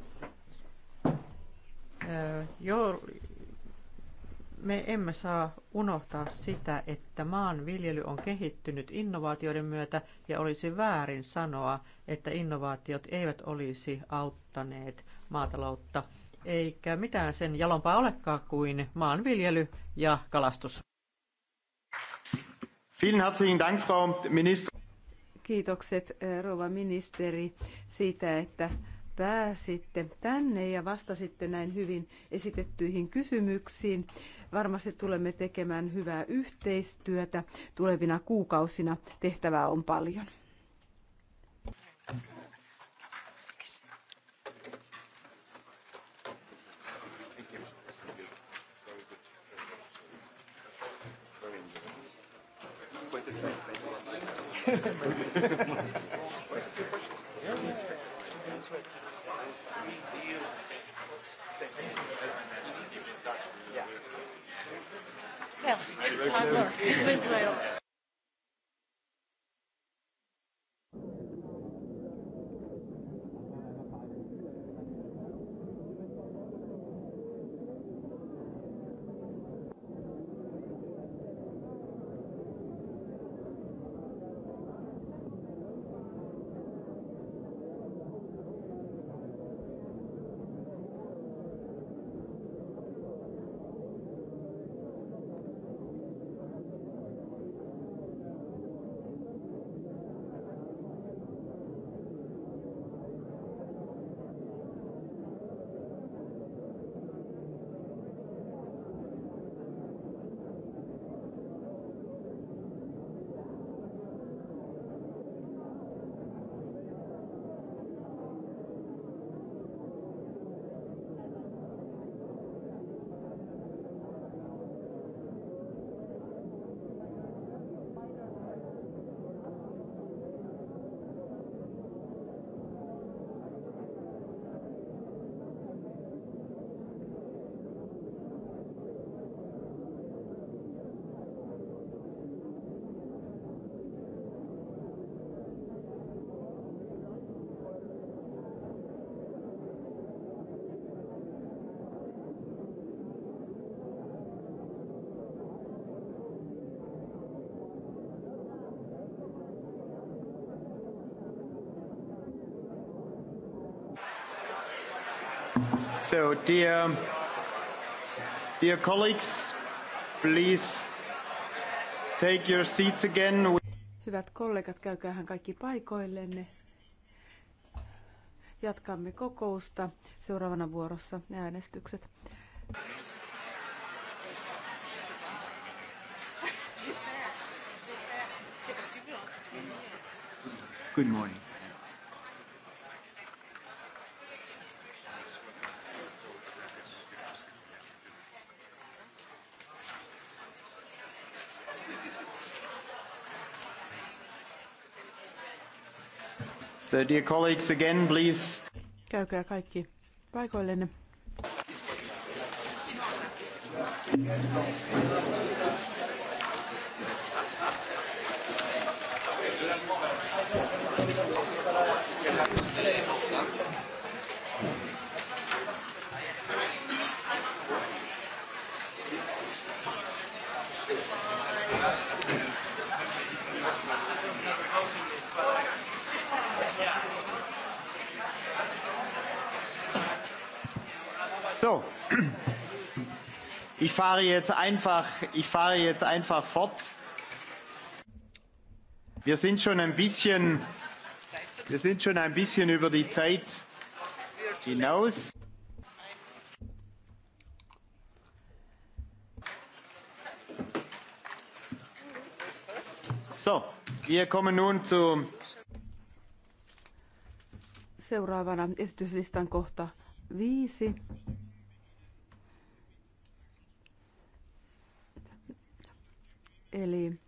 Jo, me emme saa unohtaa sitä, että maanviljely on kehittynyt innovaatioiden myötä ja olisi väärin sanoa, että innovaatiot eivät olisi auttaneet maataloutta – eikä mitään sen jalompaa olekaan kuin maanviljely ja kalastus. Vielen herzlichen Dank, Frau Minister. Kiitokset, eh, rouva ministeri, siitä, että pääsitte tänne ja vastasitte näin hyvin esitettyihin kysymyksiin. Varmasti tulemme tekemään hyvää yhteistyötä tulevina kuukausina. Tehtävää on paljon. Yeah. Yeah, it So, dear, dear colleagues, please take your seats again. Hyvät kollegat, käykäähän kaikki paikoillenne. Jatkamme kokousta. Seuraavana vuorossa äänestykset. Good morning. dear colleagues again, please. Käykää kaikki paikoillenne. Thank you. So, ich fahre jetzt einfach, ich fahre jetzt einfach fort. Wir sind schon ein bisschen, wir sind schon ein bisschen über die Zeit hinaus. So, wir kommen nun zu Seuraavana esityslistan kohta viisi. Eli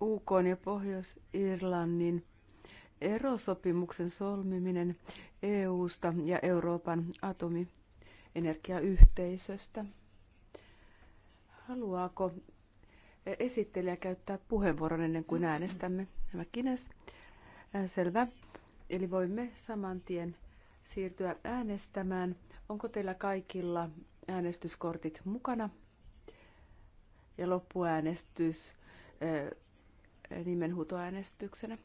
UK ja Pohjois-Irlannin erosopimuksen solmiminen EUsta ja Euroopan atomienergiayhteisöstä. Haluaako esittelijä käyttää puheenvuoron ennen kuin äänestämme? Kines, äh, Selvä. Eli voimme saman tien siirtyä äänestämään. Onko teillä kaikilla äänestyskortit mukana? Ja loppuäänestys eh, nimenhuutoäänestyksenä.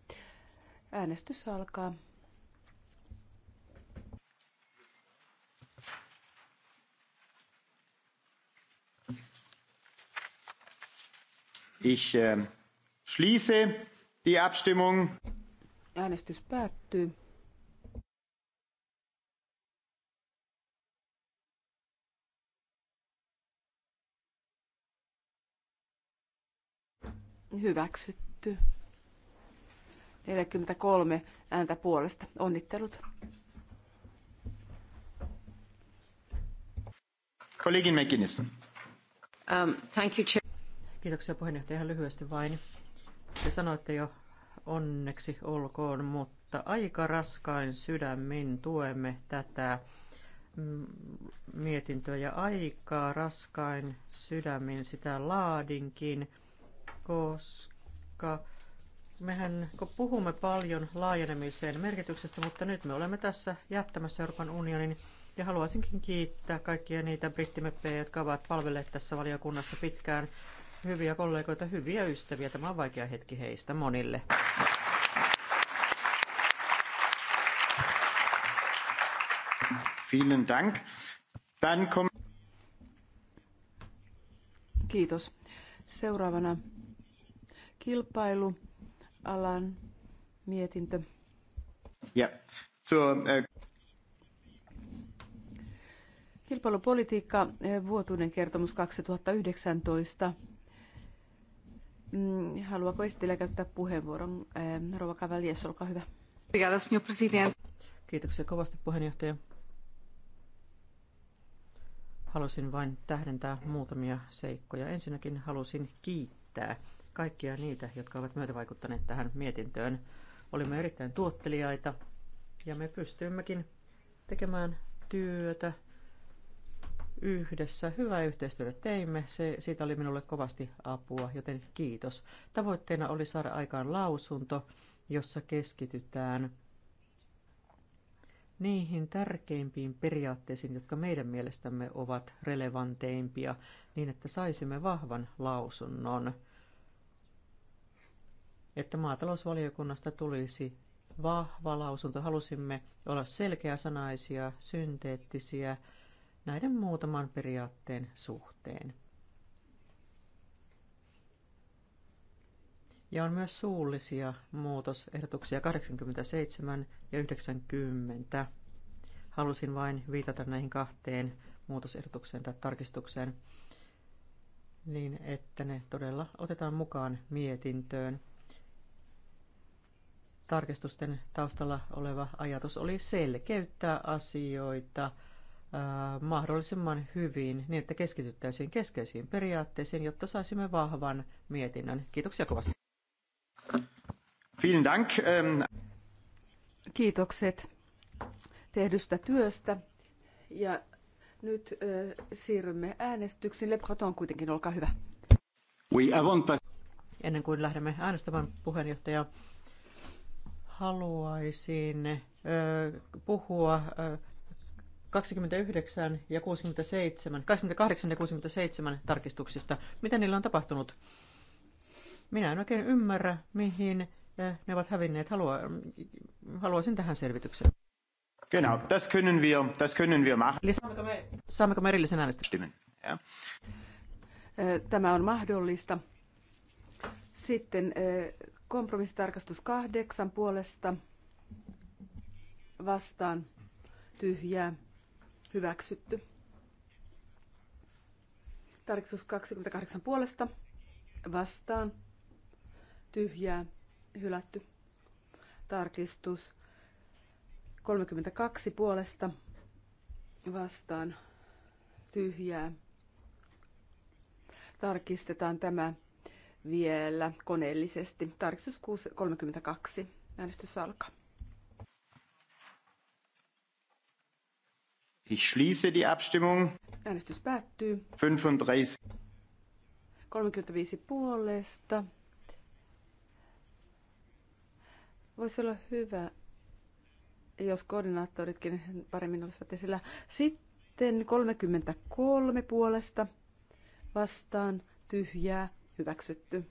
Äänestys alkaa. Ich äh, schließe die Abstimmung. Äänestys päättyy. Hyväksytty. 43 ääntä puolesta. Onnittelut. Kollegin McInnes. Um, thank you, Kiitoksia puheenjohtaja. Ihan lyhyesti vain. Te sanoitte jo onneksi olkoon, mutta aika raskain sydämin tuemme tätä mietintöä ja aikaa raskain sydämin sitä laadinkin, koska mehän kun puhumme paljon laajenemiseen merkityksestä, mutta nyt me olemme tässä jättämässä Euroopan unionin ja haluaisinkin kiittää kaikkia niitä brittimeppejä, jotka ovat palvelleet tässä valiokunnassa pitkään hyviä kollegoita, hyviä ystäviä. Tämä on vaikea hetki heistä monille. Vielen Dank. Dann kom- Kiitos. Seuraavana kilpailualan mietintö. Ja. So, äh... Kilpailupolitiikka, äh, vuotuinen kertomus 2019. Mm, haluaako esittelijä käyttää puheenvuoron? Ehm, Rova Kavalies, olkaa hyvä. Kiitoksia kovasti puheenjohtaja. Halusin vain tähdentää muutamia seikkoja. Ensinnäkin halusin kiittää kaikkia niitä, jotka ovat myötävaikuttaneet tähän mietintöön. Olimme erittäin tuotteliaita ja me pystyimmekin tekemään työtä yhdessä hyvää yhteistyötä teimme. Se, siitä oli minulle kovasti apua, joten kiitos. Tavoitteena oli saada aikaan lausunto, jossa keskitytään niihin tärkeimpiin periaatteisiin, jotka meidän mielestämme ovat relevanteimpia, niin että saisimme vahvan lausunnon, että maatalousvaliokunnasta tulisi vahva lausunto. Halusimme olla selkeäsanaisia, synteettisiä, näiden muutaman periaatteen suhteen. Ja on myös suullisia muutosehdotuksia 87 ja 90. Halusin vain viitata näihin kahteen muutosehdotukseen tai tarkistukseen niin, että ne todella otetaan mukaan mietintöön. Tarkistusten taustalla oleva ajatus oli selkeyttää asioita, Äh, mahdollisimman hyvin niin, että keskityttäisiin keskeisiin periaatteisiin, jotta saisimme vahvan mietinnön. Kiitoksia kovasti. Vielen Dank. Ähm, Kiitokset tehdystä työstä. Ja nyt äh, siirrymme äänestyksiin. Le Breton kuitenkin, olkaa hyvä. Oui, avant Ennen kuin lähdemme äänestämään puheenjohtaja, haluaisin äh, puhua äh, 29 ja 67, 28 ja 67 tarkistuksista. Mitä niillä on tapahtunut? Minä en oikein ymmärrä, mihin eh, ne ovat hävinneet. Halua, haluaisin tähän selvityksen. Genau, das können wir, das können wir machen. Eli saammeko me, saammeko me erillisen äänestyksen? Ja. Eh, tämä on mahdollista. Sitten eh, kompromissitarkastus kahdeksan puolesta vastaan tyhjää Hyväksytty. Tarkistus 28 puolesta. Vastaan. Tyhjää. Hylätty. Tarkistus 32 puolesta. Vastaan. Tyhjää. Tarkistetaan tämä vielä koneellisesti. Tarkistus 32. Äänestys alkaa. Ich schließe die Abstimmung. Äänestys päättyy. 35. 35 puolesta. Voisi olla hyvä, jos koordinaattoritkin paremmin olisivat esillä. Sitten 33 puolesta vastaan tyhjää hyväksytty.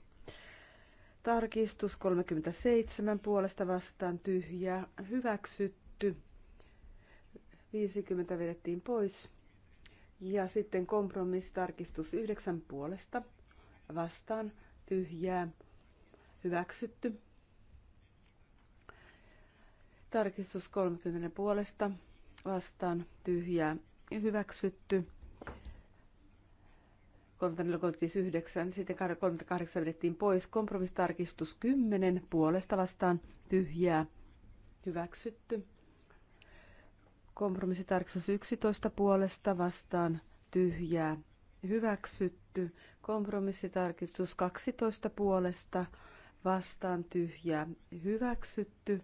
Tarkistus 37 puolesta vastaan tyhjää hyväksytty. 50 vedettiin pois. Ja sitten kompromissitarkistus 9 puolesta vastaan tyhjää hyväksytty. Tarkistus 30 puolesta vastaan tyhjää hyväksytty. 3439, sitten 38 vedettiin pois. Kompromissitarkistus 10 puolesta vastaan tyhjää hyväksytty. Kompromissitarkistus 11 puolesta vastaan tyhjää hyväksytty. Kompromissitarkistus 12 puolesta vastaan tyhjää hyväksytty.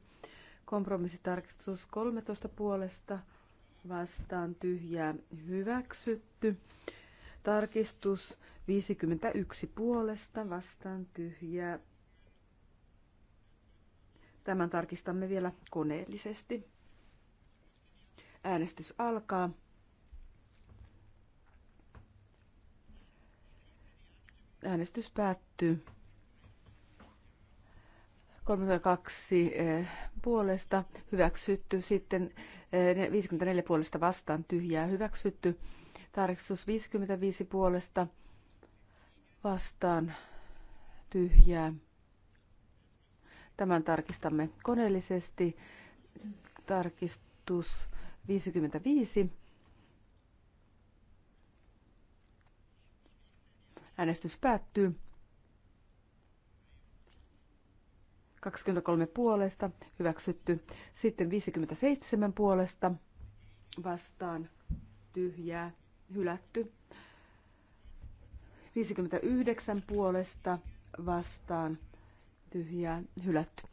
Kompromissitarkistus 13 puolesta vastaan tyhjää hyväksytty. Tarkistus 51 puolesta vastaan tyhjää. Tämän tarkistamme vielä koneellisesti. Äänestys alkaa. Äänestys päättyy. 32 eh, puolesta hyväksytty, sitten 54 eh, puolesta vastaan tyhjää hyväksytty, tarkistus 55 puolesta vastaan tyhjää. Tämän tarkistamme koneellisesti. Tarkistus 55. Äänestys päättyy. 23 puolesta hyväksytty. Sitten 57 puolesta vastaan tyhjää hylätty. 59 puolesta vastaan tyhjää hylätty.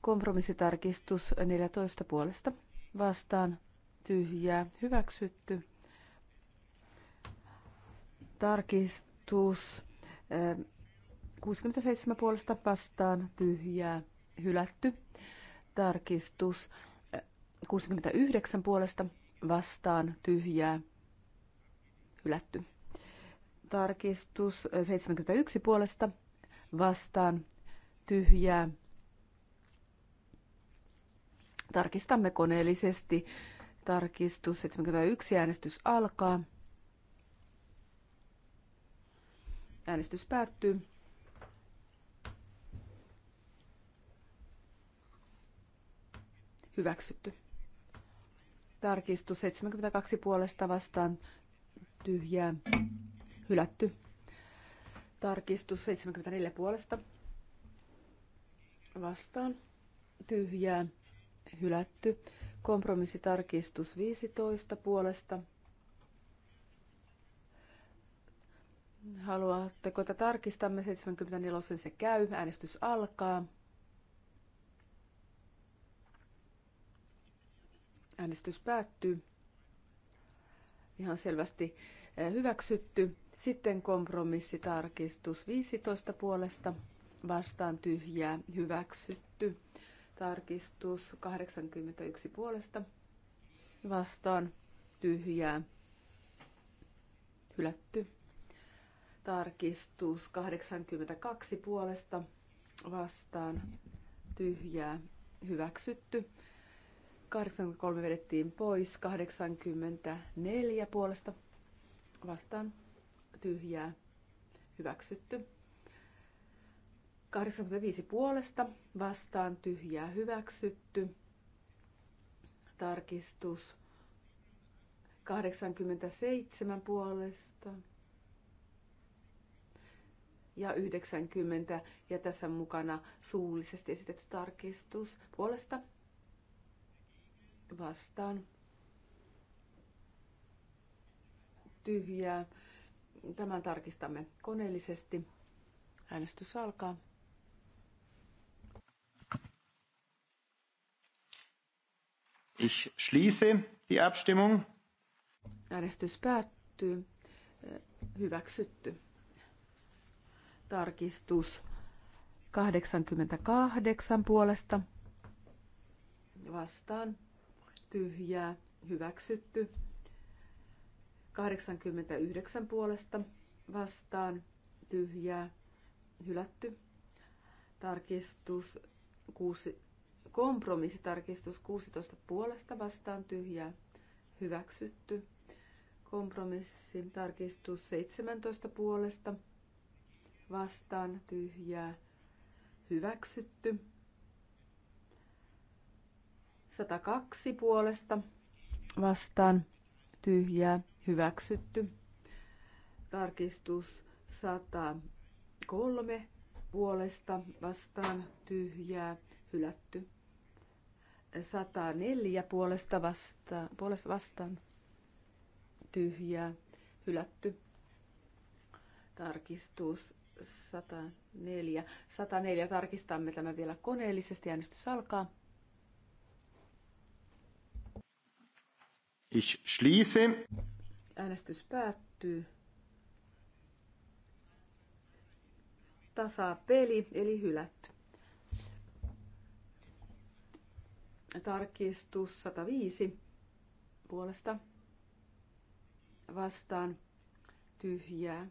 Kompromissitarkistus 14 puolesta vastaan tyhjää hyväksytty. Tarkistus 67 eh, puolesta vastaan tyhjää hylätty. Tarkistus 69 eh, puolesta vastaan tyhjää hylätty. Tarkistus 71 eh, puolesta vastaan tyhjää. Tarkistamme koneellisesti Tarkistus 71. Äänestys alkaa. Äänestys päättyy. Hyväksytty. Tarkistus 72 puolesta vastaan tyhjää. Hylätty. Tarkistus 74 puolesta vastaan tyhjää. Hylätty. Kompromissitarkistus 15 puolesta. Haluatteko, että tarkistamme 74 se käy? Äänestys alkaa. Äänestys päättyy. Ihan selvästi eh, hyväksytty. Sitten kompromissitarkistus 15 puolesta vastaan tyhjää hyväksytty. Tarkistus 81 puolesta vastaan tyhjää hylätty. Tarkistus 82 puolesta vastaan tyhjää hyväksytty. 83 vedettiin pois, 84 puolesta vastaan tyhjää hyväksytty. 85 puolesta vastaan tyhjää hyväksytty. Tarkistus 87 puolesta ja 90 ja tässä mukana suullisesti esitetty tarkistus puolesta vastaan tyhjää. Tämän tarkistamme koneellisesti. Äänestys alkaa. Ich schließe die Abstimmung. Äänestys päättyy. Hyväksytty. Tarkistus 88 puolesta. Vastaan. Tyhjää. Hyväksytty. 89 puolesta. Vastaan. Tyhjää. Hylätty. Tarkistus 6 Kompromissitarkistus 16 puolesta vastaan tyhjää hyväksytty. Kompromissin tarkistus 17 puolesta vastaan tyhjää hyväksytty. 102 puolesta vastaan tyhjää hyväksytty. Tarkistus 103 puolesta vastaan tyhjää hylätty. 104 puolesta, vasta, puolesta vastaan tyhjää, hylätty. Tarkistus 104. 104 tarkistamme tämän vielä koneellisesti. Äänestys alkaa. Ich schließe. Äänestys päättyy. Tasapeli eli hylätty. Tarkistus 105 puolesta vastaan tyhjää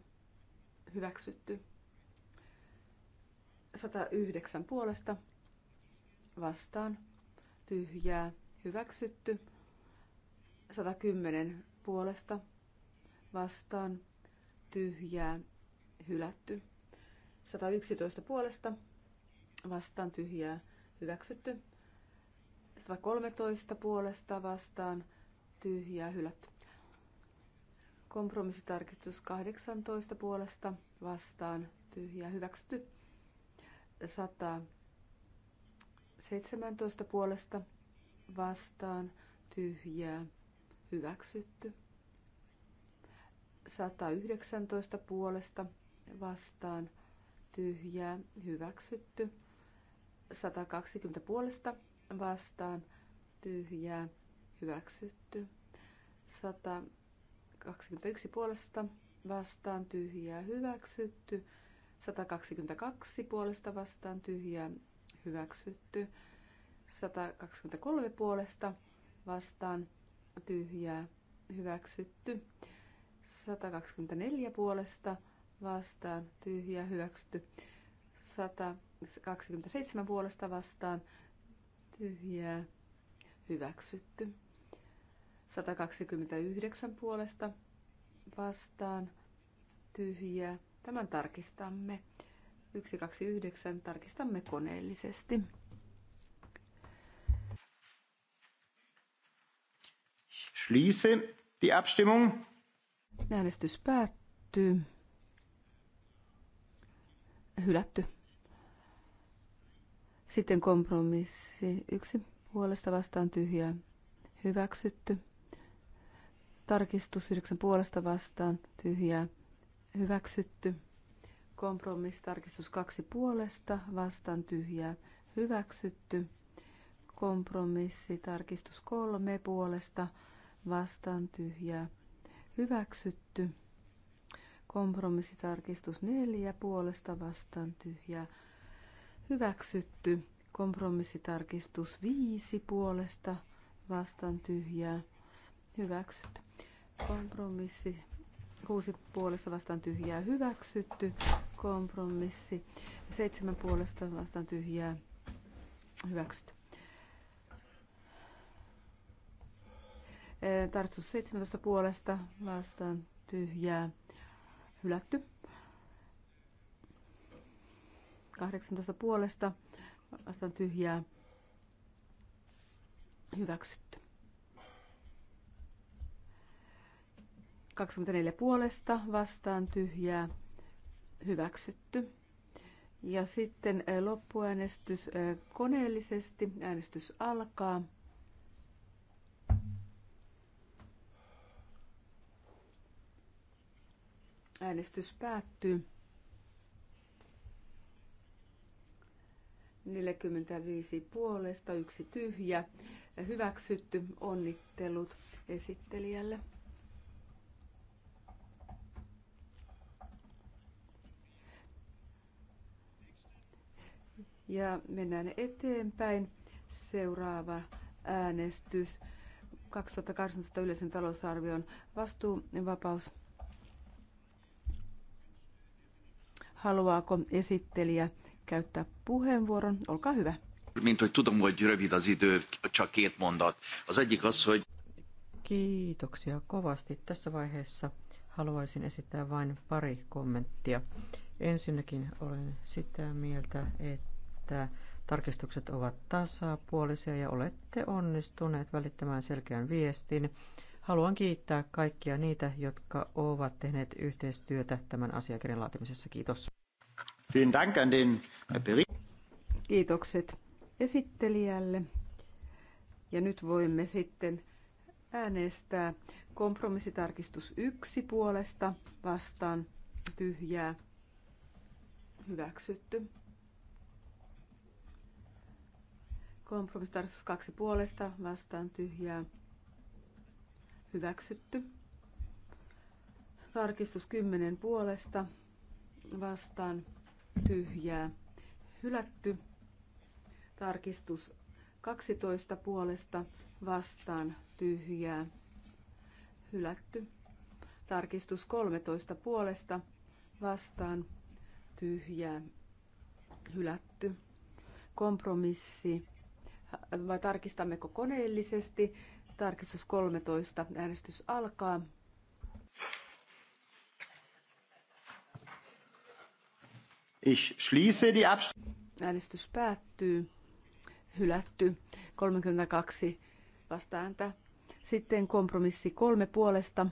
hyväksytty. 109 puolesta vastaan tyhjää hyväksytty. 110 puolesta vastaan tyhjää hylätty. 111 puolesta vastaan tyhjää hyväksytty. 113 puolesta vastaan tyhjää hylätty. Kompromissitarkistus 18 puolesta vastaan tyhjää hyväksytty. 117 puolesta vastaan tyhjää hyväksytty. 119 puolesta vastaan tyhjää hyväksytty. 120 puolesta vastaan tyhjää hyväksytty. 121 puolesta vastaan tyhjää hyväksytty. 122 puolesta vastaan tyhjää hyväksytty. 123 puolesta vastaan tyhjää hyväksytty. 124 puolesta vastaan tyhjää hyväksytty. 127 puolesta vastaan tyhjää, hyväksytty. 129 puolesta vastaan, tyhjää. Tämän tarkistamme. 129 tarkistamme koneellisesti. Schließe die Abstimmung. Äänestys päättyy. Hylätty. Sitten kompromissi. Yksi puolesta vastaan tyhjää. Hyväksytty. Tarkistus yhdeksän puolesta vastaan tyhjää. Hyväksytty. tarkistus kaksi puolesta vastaan tyhjää. Hyväksytty. tarkistus kolme puolesta vastaan tyhjää. Hyväksytty. tarkistus neljä puolesta vastaan tyhjää Hyväksytty. Kompromissitarkistus 5 puolesta vastaan tyhjää. Hyväksytty. Kompromissi 6 puolesta vastaan tyhjää. Hyväksytty. Kompromissi 7 puolesta vastaan tyhjää. Hyväksytty. Tarkistus 17 puolesta vastaan tyhjää. Hylätty. 18 puolesta vastaan tyhjää hyväksytty. 24 puolesta vastaan tyhjää hyväksytty. Ja sitten eh, loppuäänestys eh, koneellisesti. Äänestys alkaa. Äänestys päättyy. 45 puolesta, yksi tyhjä. Hyväksytty. Onnittelut esittelijälle. Ja mennään eteenpäin. Seuraava äänestys. 2018 yleisen talousarvion vastuuvapaus. Haluaako esittelijä käyttää puheenvuoron. Olkaa hyvä. Mint hogy tudom, hogy rövid az idő, csak két mondat. Az egyik az, hogy... Kiitoksia kovasti. Tässä vaiheessa haluaisin esittää vain pari kommenttia. Ensinnäkin olen sitä mieltä, että tarkistukset ovat tasapuolisia ja olette onnistuneet välittämään selkeän viestin. Haluan kiittää kaikkia niitä, jotka ovat tehneet yhteistyötä tämän asiakirjan laatimisessa. Kiitos. Kiitokset esittelijälle. Ja nyt voimme sitten äänestää kompromissitarkistus yksi puolesta vastaan tyhjää hyväksytty. Kompromissitarkistus kaksi puolesta vastaan tyhjää hyväksytty. Tarkistus kymmenen puolesta vastaan tyhjää hylätty. Tarkistus 12 puolesta vastaan tyhjää hylätty. Tarkistus 13 puolesta vastaan tyhjää hylätty. Kompromissi vai tarkistammeko koneellisesti? Tarkistus 13. Äänestys alkaa. Ich schließe die Abstimmung. Äänestys päättyy. Hylätty. 32 vastaanta. Sitten kompromissi kolme puolesta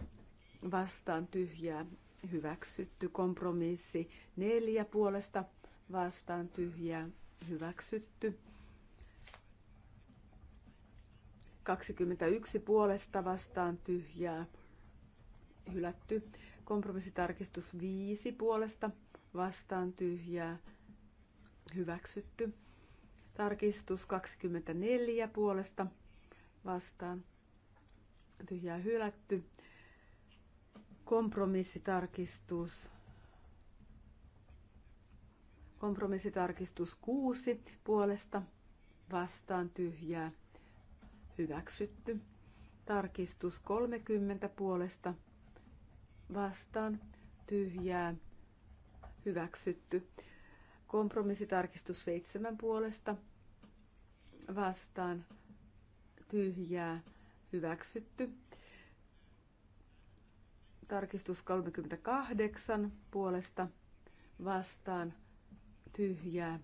vastaan tyhjää. Hyväksytty. Kompromissi neljä puolesta vastaan tyhjää. Hyväksytty. 21 puolesta vastaan tyhjää. Hylätty. Kompromissitarkistus 5 puolesta vastaan tyhjää hyväksytty. Tarkistus 24 puolesta vastaan tyhjää hylätty. Kompromissitarkistus Kompromissitarkistus 6 puolesta vastaan tyhjää hyväksytty. Tarkistus 30 puolesta vastaan tyhjää hyväksytty. Kompromissitarkistus seitsemän puolesta vastaan tyhjää hyväksytty. Tarkistus 38 puolesta vastaan tyhjää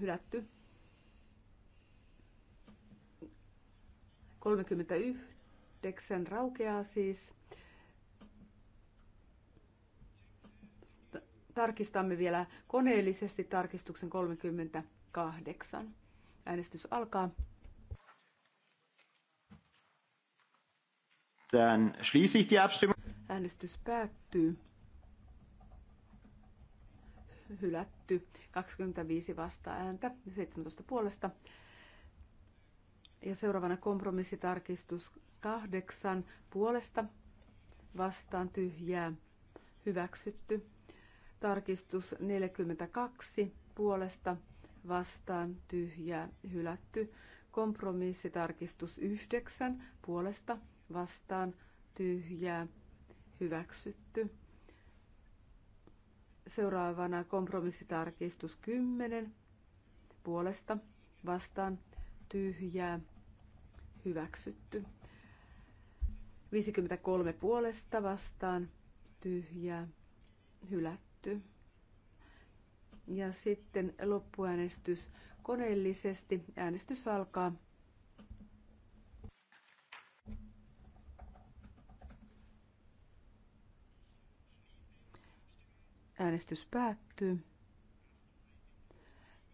hylätty. 39 raukeaa siis. tarkistamme vielä koneellisesti tarkistuksen 38. Äänestys alkaa. Dann schließe ich die Abstimmung. Äänestys päättyy. Hylätty. 25 vasta ääntä 17 puolesta. Ja seuraavana kompromissitarkistus kahdeksan puolesta vastaan tyhjää hyväksytty. Tarkistus 42 puolesta vastaan tyhjää hylätty. Kompromissitarkistus 9 puolesta vastaan tyhjää hyväksytty. Seuraavana kompromissitarkistus 10 puolesta vastaan tyhjää hyväksytty. 53 puolesta vastaan tyhjää hylätty. Hyväksytty. Ja sitten loppuäänestys koneellisesti. Äänestys alkaa. Äänestys päättyy.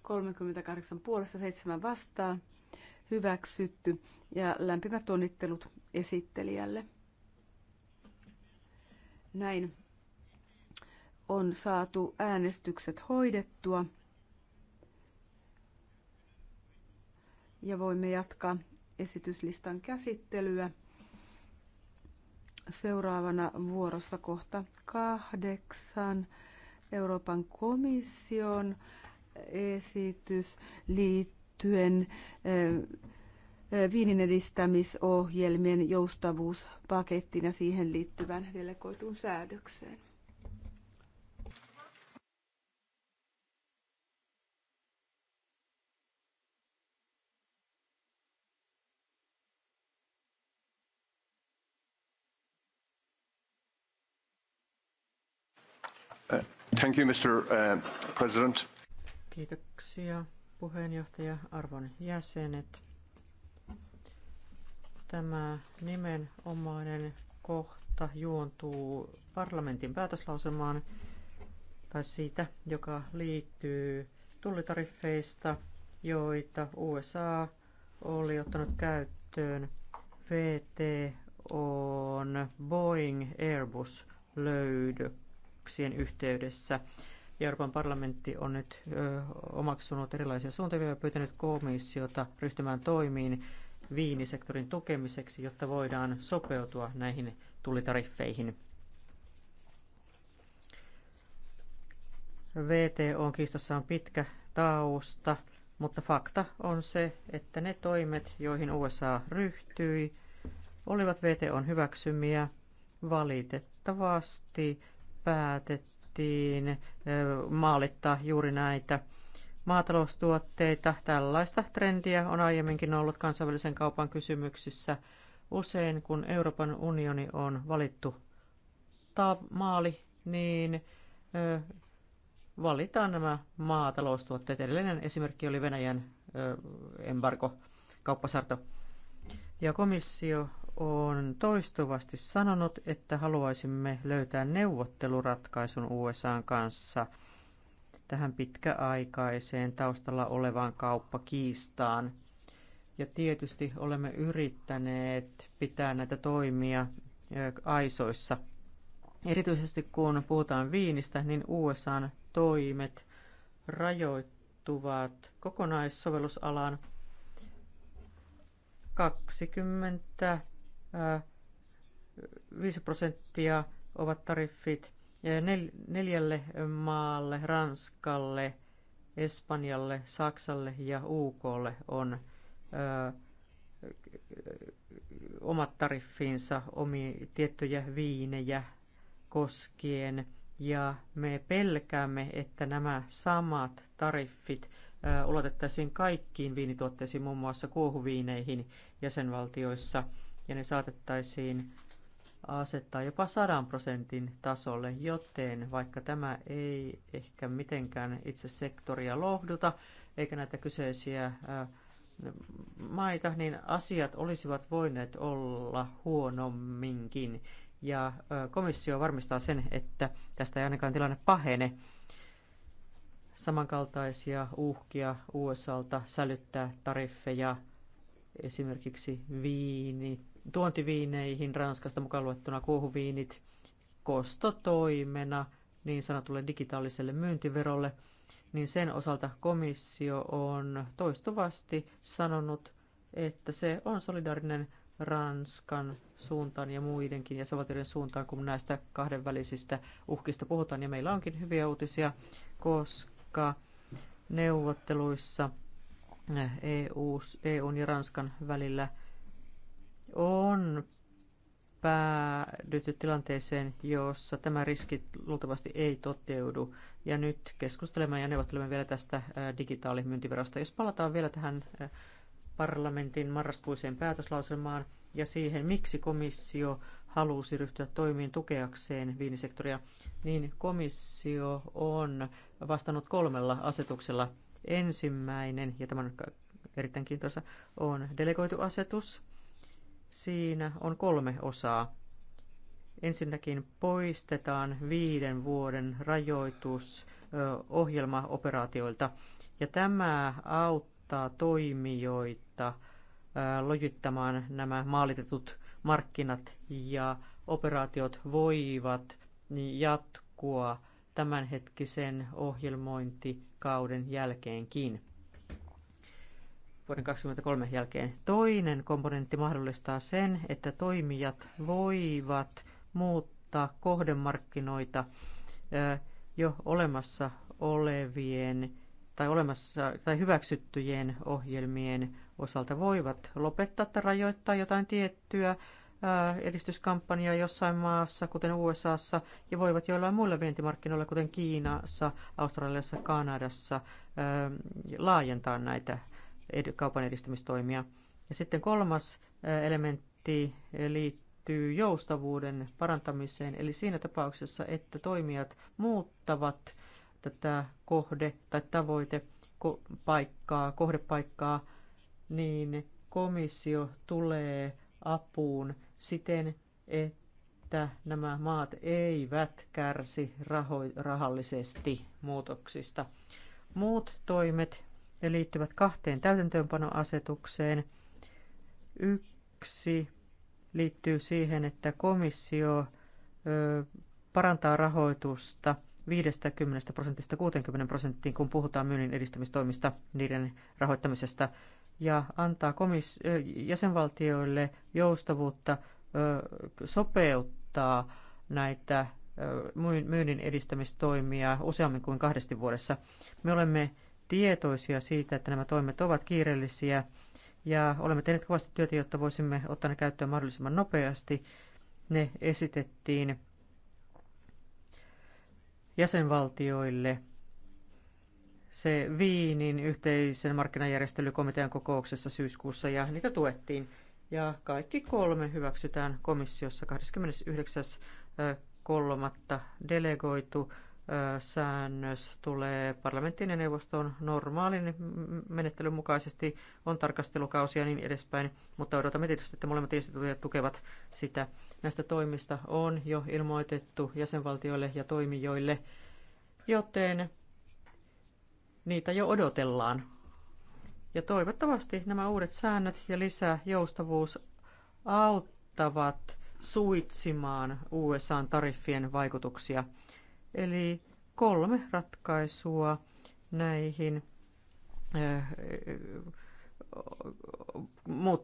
38 puolesta 7 vastaan. Hyväksytty. Ja lämpimät onnittelut esittelijälle. Näin on saatu äänestykset hoidettua. Ja voimme jatkaa esityslistan käsittelyä. Seuraavana vuorossa kohta kahdeksan Euroopan komission esitys liittyen eh, eh, viinin edistämisohjelmien joustavuuspakettiin ja siihen liittyvän delegoituun säädökseen. Thank you, Mr. Uh, President. Kiitoksia puheenjohtaja, arvon jäsenet. Tämä nimenomainen kohta juontuu parlamentin päätöslausemaan tai siitä, joka liittyy tullitariffeista, joita USA oli ottanut käyttöön on Boeing Airbus löydök kokouksien yhteydessä. Euroopan parlamentti on nyt omaksunut erilaisia suuntavia ja pyytänyt komissiota ryhtymään toimiin viinisektorin tukemiseksi, jotta voidaan sopeutua näihin tulitariffeihin. on kiistassa on pitkä tausta, mutta fakta on se, että ne toimet, joihin USA ryhtyi, olivat VTOn hyväksymiä valitettavasti päätettiin maalittaa juuri näitä maataloustuotteita. Tällaista trendiä on aiemminkin ollut kansainvälisen kaupan kysymyksissä usein, kun Euroopan unioni on valittu maali, niin valitaan nämä maataloustuotteet. Edellinen esimerkki oli Venäjän embargo, kauppasarto. Ja komissio on toistuvasti sanonut, että haluaisimme löytää neuvotteluratkaisun USAn kanssa tähän pitkäaikaiseen taustalla olevaan kauppakiistaan. Ja tietysti olemme yrittäneet pitää näitä toimia aisoissa. Erityisesti kun puhutaan viinistä, niin USAn toimet rajoittuvat kokonaissovellusalaan 20 5 prosenttia ovat tariffit neljälle maalle, Ranskalle, Espanjalle, Saksalle ja UKlle on omat tariffiinsa omi tiettyjä viinejä koskien. Ja me pelkäämme, että nämä samat tariffit ulotettaisiin kaikkiin viinituotteisiin, muun muassa kuohuviineihin jäsenvaltioissa – ja ne saatettaisiin asettaa jopa 100 prosentin tasolle, joten vaikka tämä ei ehkä mitenkään itse sektoria lohduta, eikä näitä kyseisiä maita, niin asiat olisivat voineet olla huonomminkin. Ja komissio varmistaa sen, että tästä ei ainakaan tilanne pahene. Samankaltaisia uhkia USAlta sälyttää tariffeja esimerkiksi viinit tuontiviineihin Ranskasta mukaan luettuna kuohuviinit kostotoimena niin sanotulle digitaaliselle myyntiverolle, niin sen osalta komissio on toistuvasti sanonut, että se on solidaarinen Ranskan suuntaan ja muidenkin Savatirin suuntaan, kun näistä kahdenvälisistä uhkista puhutaan. Ja meillä onkin hyviä uutisia, koska neuvotteluissa EU, EUn ja Ranskan välillä – on päädytty tilanteeseen, jossa tämä riski luultavasti ei toteudu. Ja nyt keskustelemme ja neuvottelemme vielä tästä digitaalimyyntiverosta. Jos palataan vielä tähän parlamentin marraskuiseen päätöslauselmaan ja siihen, miksi komissio halusi ryhtyä toimiin tukeakseen viinisektoria, niin komissio on vastannut kolmella asetuksella. Ensimmäinen, ja tämä on erittäin kiintoisa, on delegoitu asetus – Siinä on kolme osaa. Ensinnäkin poistetaan viiden vuoden rajoitus ohjelmaoperaatioilta, ja tämä auttaa toimijoita lojittamaan nämä maalitetut markkinat, ja operaatiot voivat jatkua tämänhetkisen ohjelmointikauden jälkeenkin vuoden 2023 jälkeen. Toinen komponentti mahdollistaa sen, että toimijat voivat muuttaa kohdemarkkinoita jo olemassa olevien tai, olemassa, tai hyväksyttyjen ohjelmien osalta voivat lopettaa tai rajoittaa jotain tiettyä edistyskampanjaa jossain maassa, kuten USAssa, ja voivat joillain muilla vientimarkkinoilla, kuten Kiinassa, Australiassa, Kanadassa, laajentaa näitä kaupan edistämistoimia. Ja sitten kolmas elementti liittyy joustavuuden parantamiseen, eli siinä tapauksessa, että toimijat muuttavat tätä kohde- tai tavoitepaikkaa, kohdepaikkaa, niin komissio tulee apuun siten, että nämä maat eivät kärsi raho- rahallisesti muutoksista. Muut toimet liittyvät kahteen täytäntöönpanoasetukseen. Yksi liittyy siihen, että komissio parantaa rahoitusta 50 prosentista 60 prosenttiin, kun puhutaan myynnin edistämistoimista niiden rahoittamisesta, ja antaa jäsenvaltioille joustavuutta sopeuttaa näitä myynnin edistämistoimia useammin kuin kahdesti vuodessa. Me olemme tietoisia siitä, että nämä toimet ovat kiireellisiä ja olemme tehneet kovasti työtä, jotta voisimme ottaa ne käyttöön mahdollisimman nopeasti. Ne esitettiin jäsenvaltioille se Viinin yhteisen markkinajärjestelykomitean kokouksessa syyskuussa ja niitä tuettiin. Ja kaikki kolme hyväksytään komissiossa 29.3. delegoitu säännös tulee parlamenttiin ja neuvostoon normaalin menettelyn mukaisesti, on tarkastelukausia ja niin edespäin, mutta odotamme tietysti, että molemmat instituutiot tukevat sitä. Näistä toimista on jo ilmoitettu jäsenvaltioille ja toimijoille, joten niitä jo odotellaan. Ja toivottavasti nämä uudet säännöt ja lisää joustavuus auttavat suitsimaan USAn tariffien vaikutuksia Eli kolme ratkaisua näihin eh, mut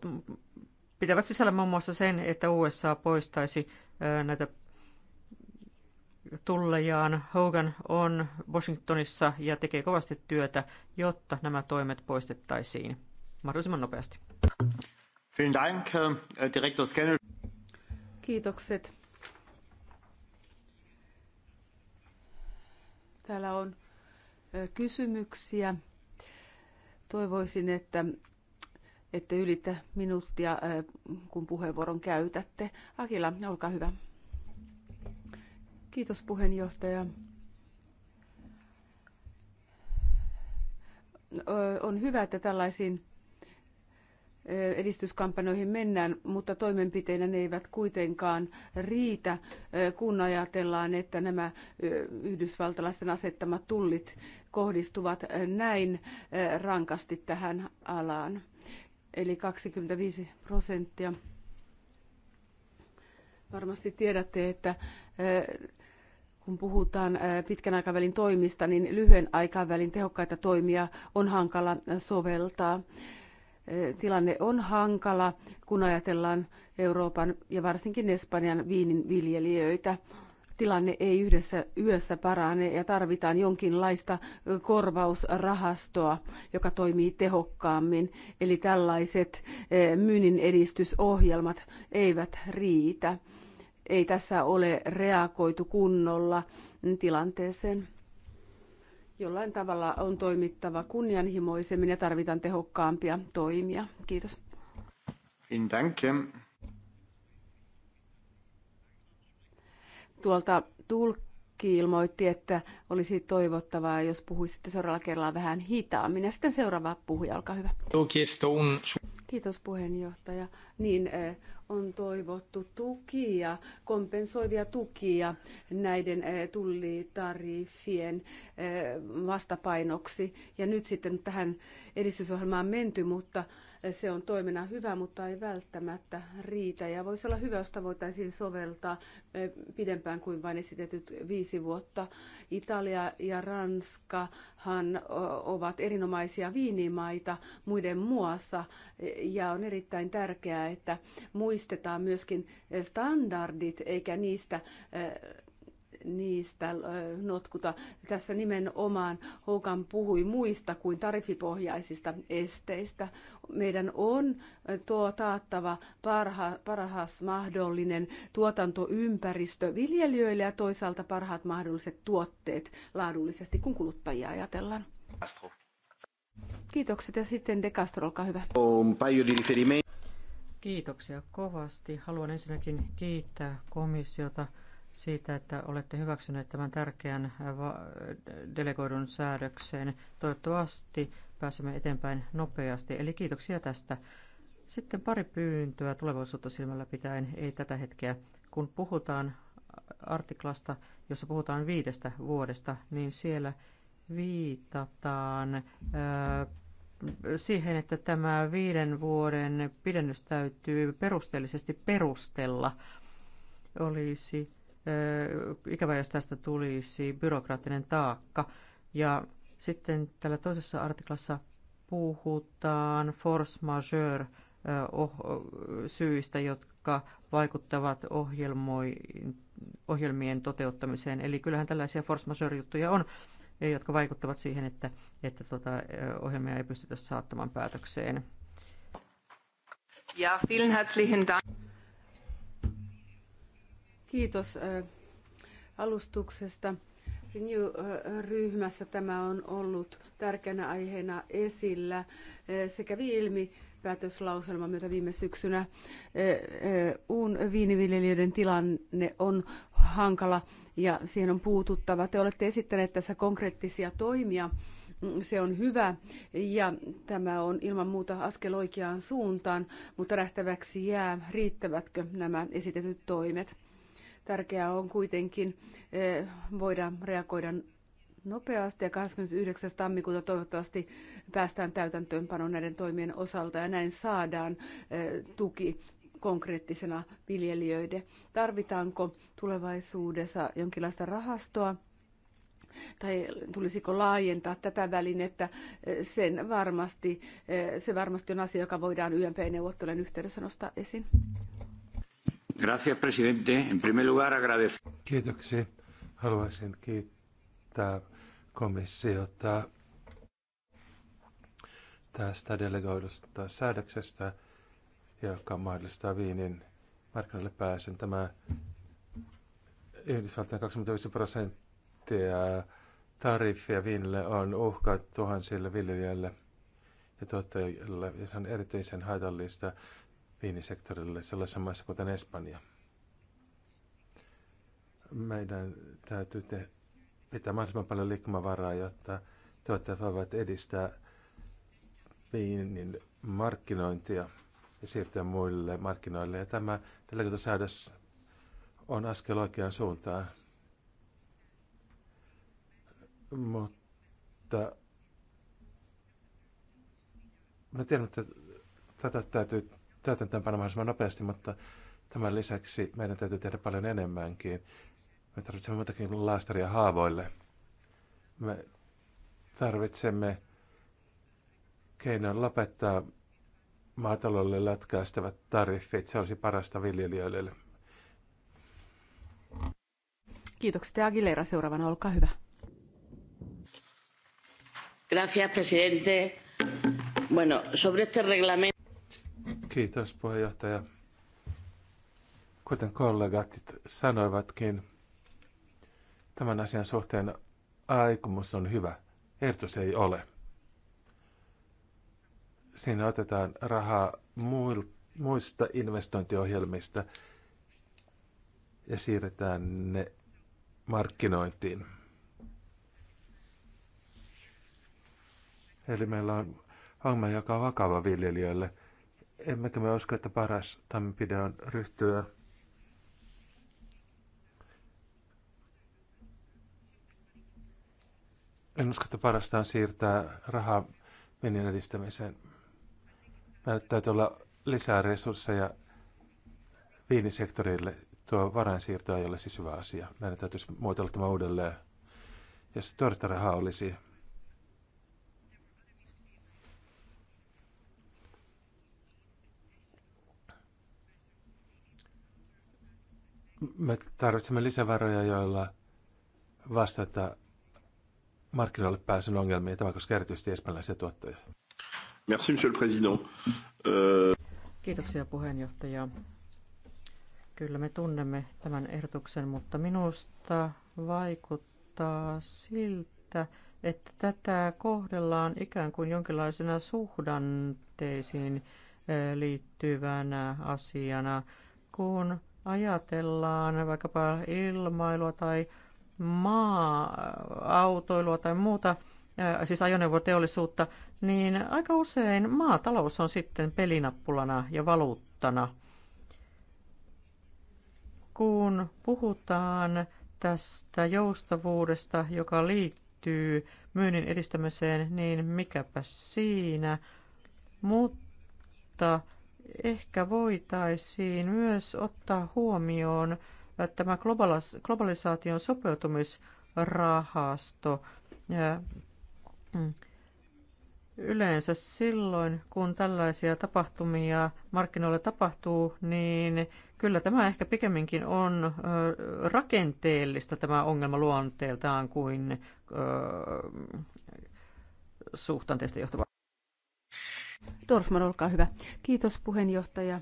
pitävät sisällä muun muassa sen, että USA poistaisi eh, näitä tullejaan. Hogan on Washingtonissa ja tekee kovasti työtä, jotta nämä toimet poistettaisiin mahdollisimman nopeasti. Vielen Dank, Direktor Kiitokset Täällä on kysymyksiä. Toivoisin, että ette ylitä minuuttia, kun puheenvuoron käytätte. Akila, olkaa hyvä. Kiitos puheenjohtaja. On hyvä, että tällaisiin edistyskampanjoihin mennään, mutta toimenpiteinä ne eivät kuitenkaan riitä, kun ajatellaan, että nämä yhdysvaltalaisten asettamat tullit kohdistuvat näin rankasti tähän alaan. Eli 25 prosenttia. Varmasti tiedätte, että kun puhutaan pitkän aikavälin toimista, niin lyhyen aikavälin tehokkaita toimia on hankala soveltaa tilanne on hankala, kun ajatellaan Euroopan ja varsinkin Espanjan viininviljelijöitä. Tilanne ei yhdessä yössä parane ja tarvitaan jonkinlaista korvausrahastoa, joka toimii tehokkaammin. Eli tällaiset myynnin edistysohjelmat eivät riitä. Ei tässä ole reagoitu kunnolla tilanteeseen. Jollain tavalla on toimittava kunnianhimoisemmin ja tarvitaan tehokkaampia toimia. Kiitos. Danke. Tuolta tulkki ilmoitti, että olisi toivottavaa, jos puhuisitte seuraavalla kerralla vähän hitaammin. Ja sitten seuraava puhuja, olkaa hyvä. Kiitos puheenjohtaja. Niin, eh, on toivottu tukia, kompensoivia tukia näiden eh, tullitariffien eh, vastapainoksi. Ja nyt sitten tähän edistysohjelmaan menty, mutta se on toimena hyvä, mutta ei välttämättä riitä. Ja voisi olla hyvä, jos voitaisiin soveltaa eh, pidempään kuin vain esitetyt viisi vuotta. Italia ja Ranskahan ovat erinomaisia viinimaita muiden muassa, eh, ja on erittäin tärkeää, että muistetaan myöskin standardit, eikä niistä eh, niistä äh, notkuta. Tässä nimenomaan Houkan puhui muista kuin tarifipohjaisista esteistä. Meidän on äh, tuo taattava parha, parhaas mahdollinen tuotantoympäristö viljelijöille ja toisaalta parhaat mahdolliset tuotteet laadullisesti, kun kuluttajia ajatellaan. Astro. Kiitokset ja sitten De Castro, olkaa hyvä. Un paio di riferimento. Kiitoksia kovasti. Haluan ensinnäkin kiittää komissiota siitä, että olette hyväksyneet tämän tärkeän äh, delegoidun säädöksen. Toivottavasti pääsemme eteenpäin nopeasti, eli kiitoksia tästä. Sitten pari pyyntöä tulevaisuutta silmällä pitäen, ei tätä hetkeä. Kun puhutaan äh, artiklasta, jossa puhutaan viidestä vuodesta, niin siellä viitataan äh, siihen, että tämä viiden vuoden pidennys täytyy perusteellisesti perustella. Olisi ikävä, jos tästä tulisi byrokraattinen taakka. Ja sitten tällä toisessa artiklassa puhutaan force majeure oh, syistä, jotka vaikuttavat ohjelmien toteuttamiseen. Eli kyllähän tällaisia force majeure-juttuja on, e, jotka vaikuttavat siihen, että, että tuota, ohjelmia ei pystytä saattamaan päätökseen. Ja, vielen herzlichen Dank. Kiitos alustuksesta. Renew-ryhmässä tämä on ollut tärkeänä aiheena esillä. sekä viilmi ilmi päätöslauselman myötä viime syksynä. Uun viiniviljelijöiden tilanne on hankala ja siihen on puututtava. Te olette esittäneet tässä konkreettisia toimia. Se on hyvä ja tämä on ilman muuta askel oikeaan suuntaan, mutta nähtäväksi jää, riittävätkö nämä esitetyt toimet. Tärkeää on kuitenkin eh, voida reagoida nopeasti ja 29. tammikuuta toivottavasti päästään täytäntöönpanon näiden toimien osalta ja näin saadaan eh, tuki konkreettisena viljelijöiden. Tarvitaanko tulevaisuudessa jonkinlaista rahastoa tai tulisiko laajentaa tätä välinettä, eh, sen varmasti, se varmasti on asia, joka voidaan YMP-neuvottelujen yhteydessä nostaa esiin. Gracias, presidente. En primer lugar, Kiitoksia. Haluaisin kiittää komissiota tästä delegoidusta säädöksestä, joka mahdollistaa viinin markkinoille pääsyn. Tämä Yhdysvaltain 25 prosenttia tariffia viinille on uhka tuhansille viljelijöille ja tuottajille, ja se on erityisen haitallista viinisektorille sellaisessa maissa kuten Espanja. Meidän täytyy te- pitää mahdollisimman paljon liikkumavaraa, jotta tuottajat voivat edistää viinin markkinointia ja siirtyä muille markkinoille. Ja tämä delegaatosäädös on askel oikeaan suuntaan. Mutta mä tiedän, että tätä täytyy täytäntöönpano mahdollisimman nopeasti, mutta tämän lisäksi meidän täytyy tehdä paljon enemmänkin. Me tarvitsemme muitakin laastaria haavoille. Me tarvitsemme keinon lopettaa maataloudelle lätkäistävät tariffit. Se olisi parasta viljelijöille. Kiitokset ja Aguilera seuraavana, olkaa hyvä. Gracias, presidente. Bueno, sobre este reglamento... Kiitos puheenjohtaja. Kuten kollegat sanoivatkin, tämän asian suhteen aikomus on hyvä. Ehdotus ei ole. Siinä otetaan rahaa muista investointiohjelmista ja siirretään ne markkinointiin. Eli meillä on homma, joka on vakava viljelijöille. Emmekä me usko, että paras toimenpide on ryhtyä En usko, että parasta on siirtää rahaa menin edistämiseen. Meillä täytyy olla lisää resursseja viinisektorille. Tuo varainsiirto ei ole siis hyvä asia. Meidän täytyisi muotoilla tämä uudelleen. Jos tuoretta rahaa olisi Me tarvitsemme lisävaroja, joilla vastata markkinoille pääsyn ongelmiin. Tämä koskee erityisesti espanjalaisia tuottajia. Merci, monsieur le président. Kiitoksia puheenjohtaja. Kyllä me tunnemme tämän ehdotuksen, mutta minusta vaikuttaa siltä, että tätä kohdellaan ikään kuin jonkinlaisena suhdanteisiin liittyvänä asiana, kun ajatellaan vaikkapa ilmailua tai maa-autoilua tai muuta, äh, siis ajoneuvoteollisuutta, niin aika usein maatalous on sitten pelinappulana ja valuuttana. Kun puhutaan tästä joustavuudesta, joka liittyy myynnin edistämiseen, niin mikäpä siinä. Mutta ehkä voitaisiin myös ottaa huomioon äh, tämä globalisaation sopeutumisrahasto mm, yleensä silloin, kun tällaisia tapahtumia markkinoilla tapahtuu, niin kyllä tämä ehkä pikemminkin on rakenteellista tämä ongelma luonteeltaan kuin suhtanteesta johtuva. Dorfman, olkaa hyvä. Kiitos puheenjohtaja.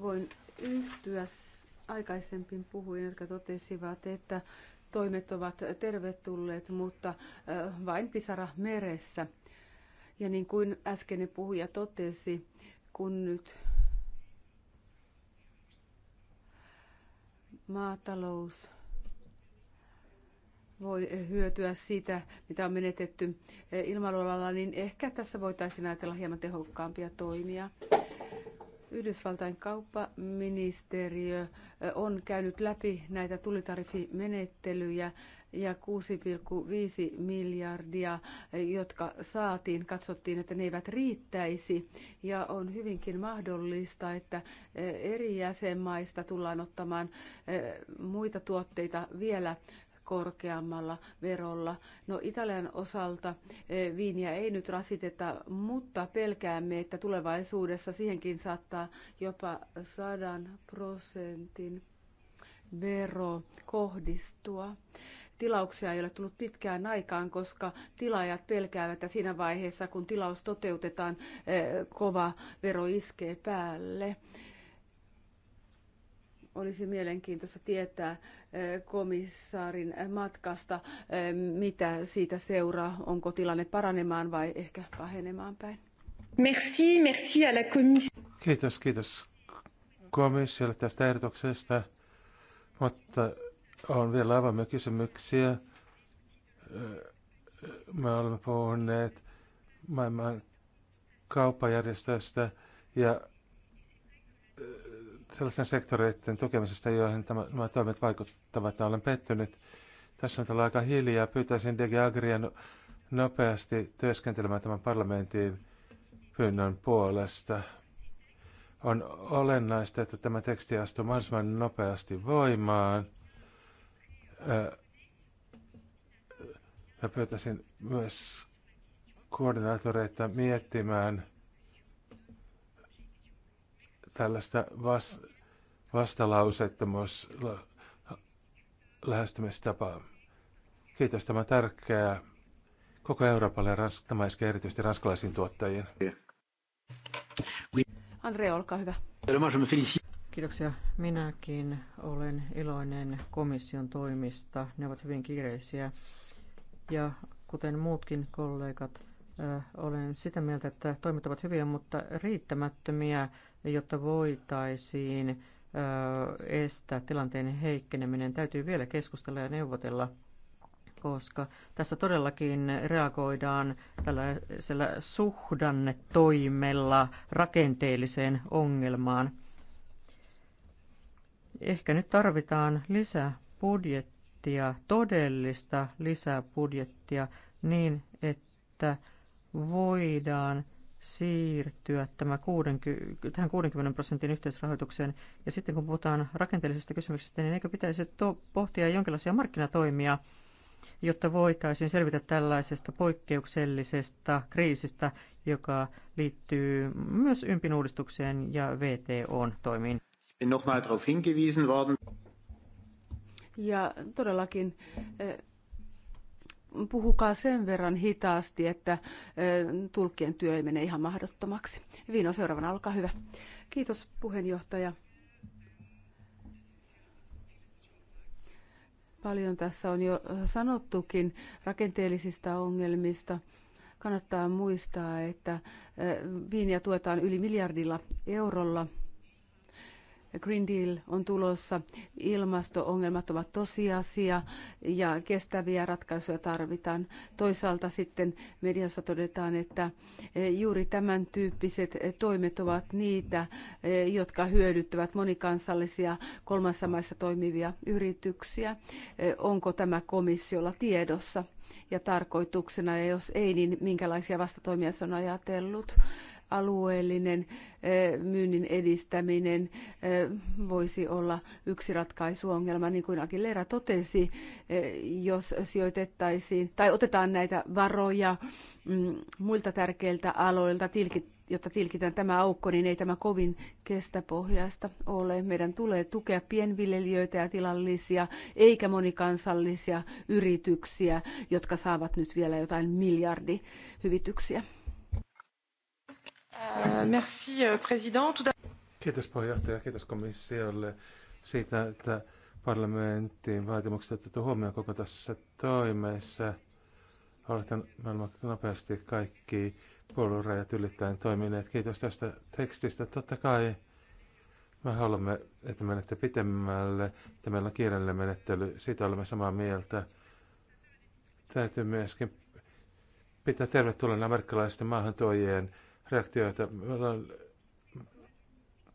Voin yhtyä aikaisempiin puhujiin, jotka totesivat, että toimet ovat tervetulleet, mutta vain pisara meressä. Ja niin kuin äskeinen puhuja totesi, kun nyt maatalous voi hyötyä siitä, mitä on menetetty eh, ilmailualalla, niin ehkä tässä voitaisiin ajatella hieman tehokkaampia toimia. Yhdysvaltain kauppaministeriö eh, on käynyt läpi näitä tulitariffimenettelyjä ja 6,5 miljardia, eh, jotka saatiin, katsottiin, että ne eivät riittäisi. Ja on hyvinkin mahdollista, että eri jäsenmaista tullaan ottamaan muita tuotteita vielä korkeammalla verolla. No Italian osalta eh, viiniä ei nyt rasiteta, mutta pelkäämme, että tulevaisuudessa siihenkin saattaa jopa sadan prosentin vero kohdistua. Tilauksia ei ole tullut pitkään aikaan, koska tilaajat pelkäävät, että siinä vaiheessa kun tilaus toteutetaan, eh, kova vero iskee päälle. Olisi mielenkiintoista tietää eh, komissaarin matkasta, eh, mitä siitä seuraa, onko tilanne paranemaan vai ehkä pahenemaan päin. Merci, merci à la Kiitos, kiitos komissiolle tästä ehdotuksesta, mutta on vielä avoimia kysymyksiä. Eh, me olemme puhuneet maailman kauppajärjestöstä ja sellaisten sektoreiden tukemisesta, joihin tämä, nämä toimet vaikuttavat. Ja olen pettynyt. Tässä on ollut aika hiljaa. Pyytäisin DG Agrian nopeasti työskentelemään tämän parlamentin pyynnön puolesta. On olennaista, että tämä teksti astuu mahdollisimman nopeasti voimaan. Ja pyytäisin myös koordinaattoreita miettimään – tällaista vas, vastalausettomuus lähestymistapaa. Kiitos, tämä on tärkeää koko Euroopalle ja rans, tämä iskee erityisesti ranskalaisiin tuottajiin. Andre, olkaa hyvä. Kiitoksia. Minäkin olen iloinen komission toimista. Ne ovat hyvin kiireisiä. Ja kuten muutkin kollegat, olen sitä mieltä, että toimet ovat hyviä, mutta riittämättömiä jotta voitaisiin estää tilanteen heikkeneminen, täytyy vielä keskustella ja neuvotella, koska tässä todellakin reagoidaan tällaisella suhdannetoimella rakenteelliseen ongelmaan. Ehkä nyt tarvitaan lisäbudjettia, todellista lisäbudjettia niin, että voidaan siirtyä tämä 60, tähän 60 prosentin yhteisrahoitukseen. Ja sitten kun puhutaan rakenteellisesta kysymyksistä, niin eikö pitäisi to- pohtia jonkinlaisia markkinatoimia, jotta voitaisiin selvitä tällaisesta poikkeuksellisesta kriisistä, joka liittyy myös ympin uudistukseen ja VTOn toimiin. Ja todellakin eh, puhukaa sen verran hitaasti, että tulkkien työ ei mene ihan mahdottomaksi. Viino seuraavana, olkaa hyvä. Kiitos puheenjohtaja. Paljon tässä on jo sanottukin rakenteellisista ongelmista. Kannattaa muistaa, että viiniä tuetaan yli miljardilla eurolla – Green Deal on tulossa, ilmasto-ongelmat ovat tosiasia ja kestäviä ratkaisuja tarvitaan. Toisaalta sitten mediassa todetaan, että e, juuri tämän tyyppiset toimet ovat niitä, e, jotka hyödyttävät monikansallisia kolmassa maissa toimivia yrityksiä. E, onko tämä komissiolla tiedossa? ja tarkoituksena, ja jos ei, niin minkälaisia vastatoimia se on ajatellut alueellinen myynnin edistäminen voisi olla yksi ratkaisuongelma, niin kuin Aguilera totesi, jos sijoitettaisiin tai otetaan näitä varoja mm, muilta tärkeiltä aloilta, jotta tilkitään tämä aukko, niin ei tämä kovin kestäpohjaista ole. Meidän tulee tukea pienviljelijöitä ja tilallisia, eikä monikansallisia yrityksiä, jotka saavat nyt vielä jotain miljardihyvityksiä. Euh, euh, kiitos puheenjohtaja, kiitos komissiolle siitä, että parlamentin vaatimukset otettu huomioon koko tässä toimessa. Oletan maailman nopeasti kaikki puoluerajat ylittäen toimineet. Kiitos tästä tekstistä. Totta kai me haluamme, että menette pitemmälle, että meillä on kiireellinen menettely. Siitä olemme samaa mieltä. Täytyy myöskin pitää tervetulleena amerikkalaisten maahantuojien reaktioita. me ollaan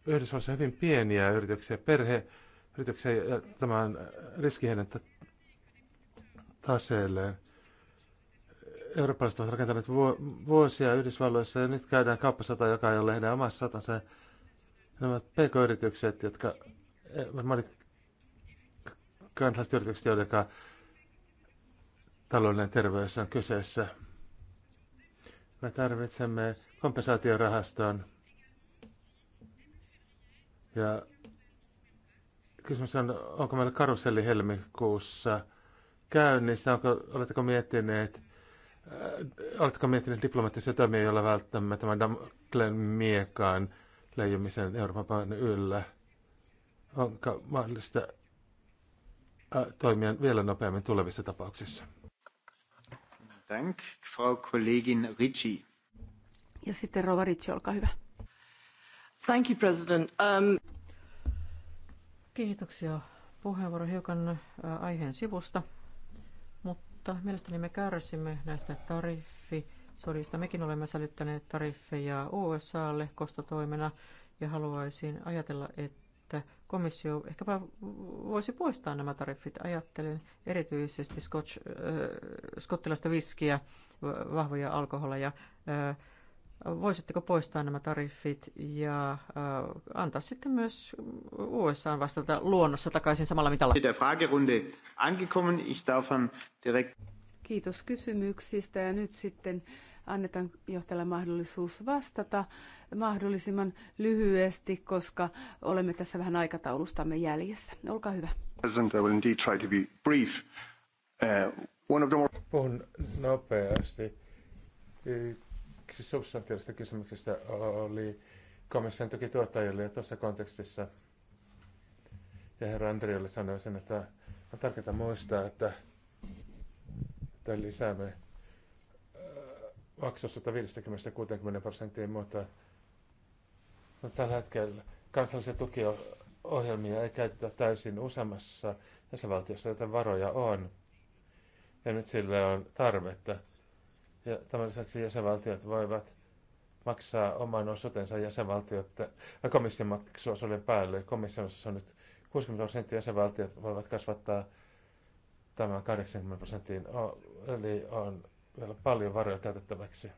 Yhdysvalloissa hyvin pieniä yrityksiä, perheyrityksiä, ja tämä on riski heidän taseelleen. Eurooppalaiset ovat rakentaneet vuosia Yhdysvalloissa ja nyt käydään kauppasota, joka ei ole heidän omassa satansa. Nämä pk-yritykset, jotka varmaan eh, kansalliset yritykset, joiden taloudellinen terveys on kyseessä. Me tarvitsemme kompensaatiorahastoon. Ja kysymys on, onko meillä karuselli helmikuussa käynnissä? Onko, oletteko miettineet, äh, oletteko miettineet diplomaattisia toimia, joilla välttämme tämän Damklen miekaan leijumisen Euroopan yllä? Onko mahdollista äh, toimia vielä nopeammin tulevissa tapauksissa? Dank, Frau Kollegin Ritchie. Ja sitten Rovarici, olkaa hyvä. Thank you, President. Um... Kiitoksia. Puheenvuoro hiukan äh, aiheen sivusta, mutta mielestäni me kärsimme näistä tariffisodista. Mekin olemme sälyttäneet tariffeja USAlle kostotoimena ja haluaisin ajatella, että komissio ehkäpä voisi poistaa nämä tariffit. Ajattelen erityisesti scotch, äh, skottilaista viskiä, vahvoja alkoholeja, äh, Voisitteko poistaa nämä tariffit ja äh, antaa sitten myös USA vastata luonnossa takaisin samalla mitalla? Kiitos kysymyksistä ja nyt sitten annetaan johtajalle mahdollisuus vastata mahdollisimman lyhyesti, koska olemme tässä vähän aikataulustamme jäljessä. Olkaa hyvä. Puhun nopeasti Yksi substantiaalista kysymyksestä oli komission tuki tuottajille ja tuossa kontekstissa ja herra Andriolle sanoisin, että on tärkeää muistaa, että, että lisäämme äh, maksusta 50-60 prosenttia, mutta no, tällä hetkellä kansallisia tukiohjelmia ei käytetä täysin useammassa jäsenvaltiossa, joten varoja on. Ja nyt sille on tarvetta. Ja tämän lisäksi jäsenvaltiot voivat maksaa oman osuutensa jäsenvaltioiden äh, komission maksuosuuden päälle. Komission osassa on nyt 60 prosenttia jäsenvaltiot voivat kasvattaa tämän 80 prosenttiin, eli on vielä paljon varoja käytettäväksi.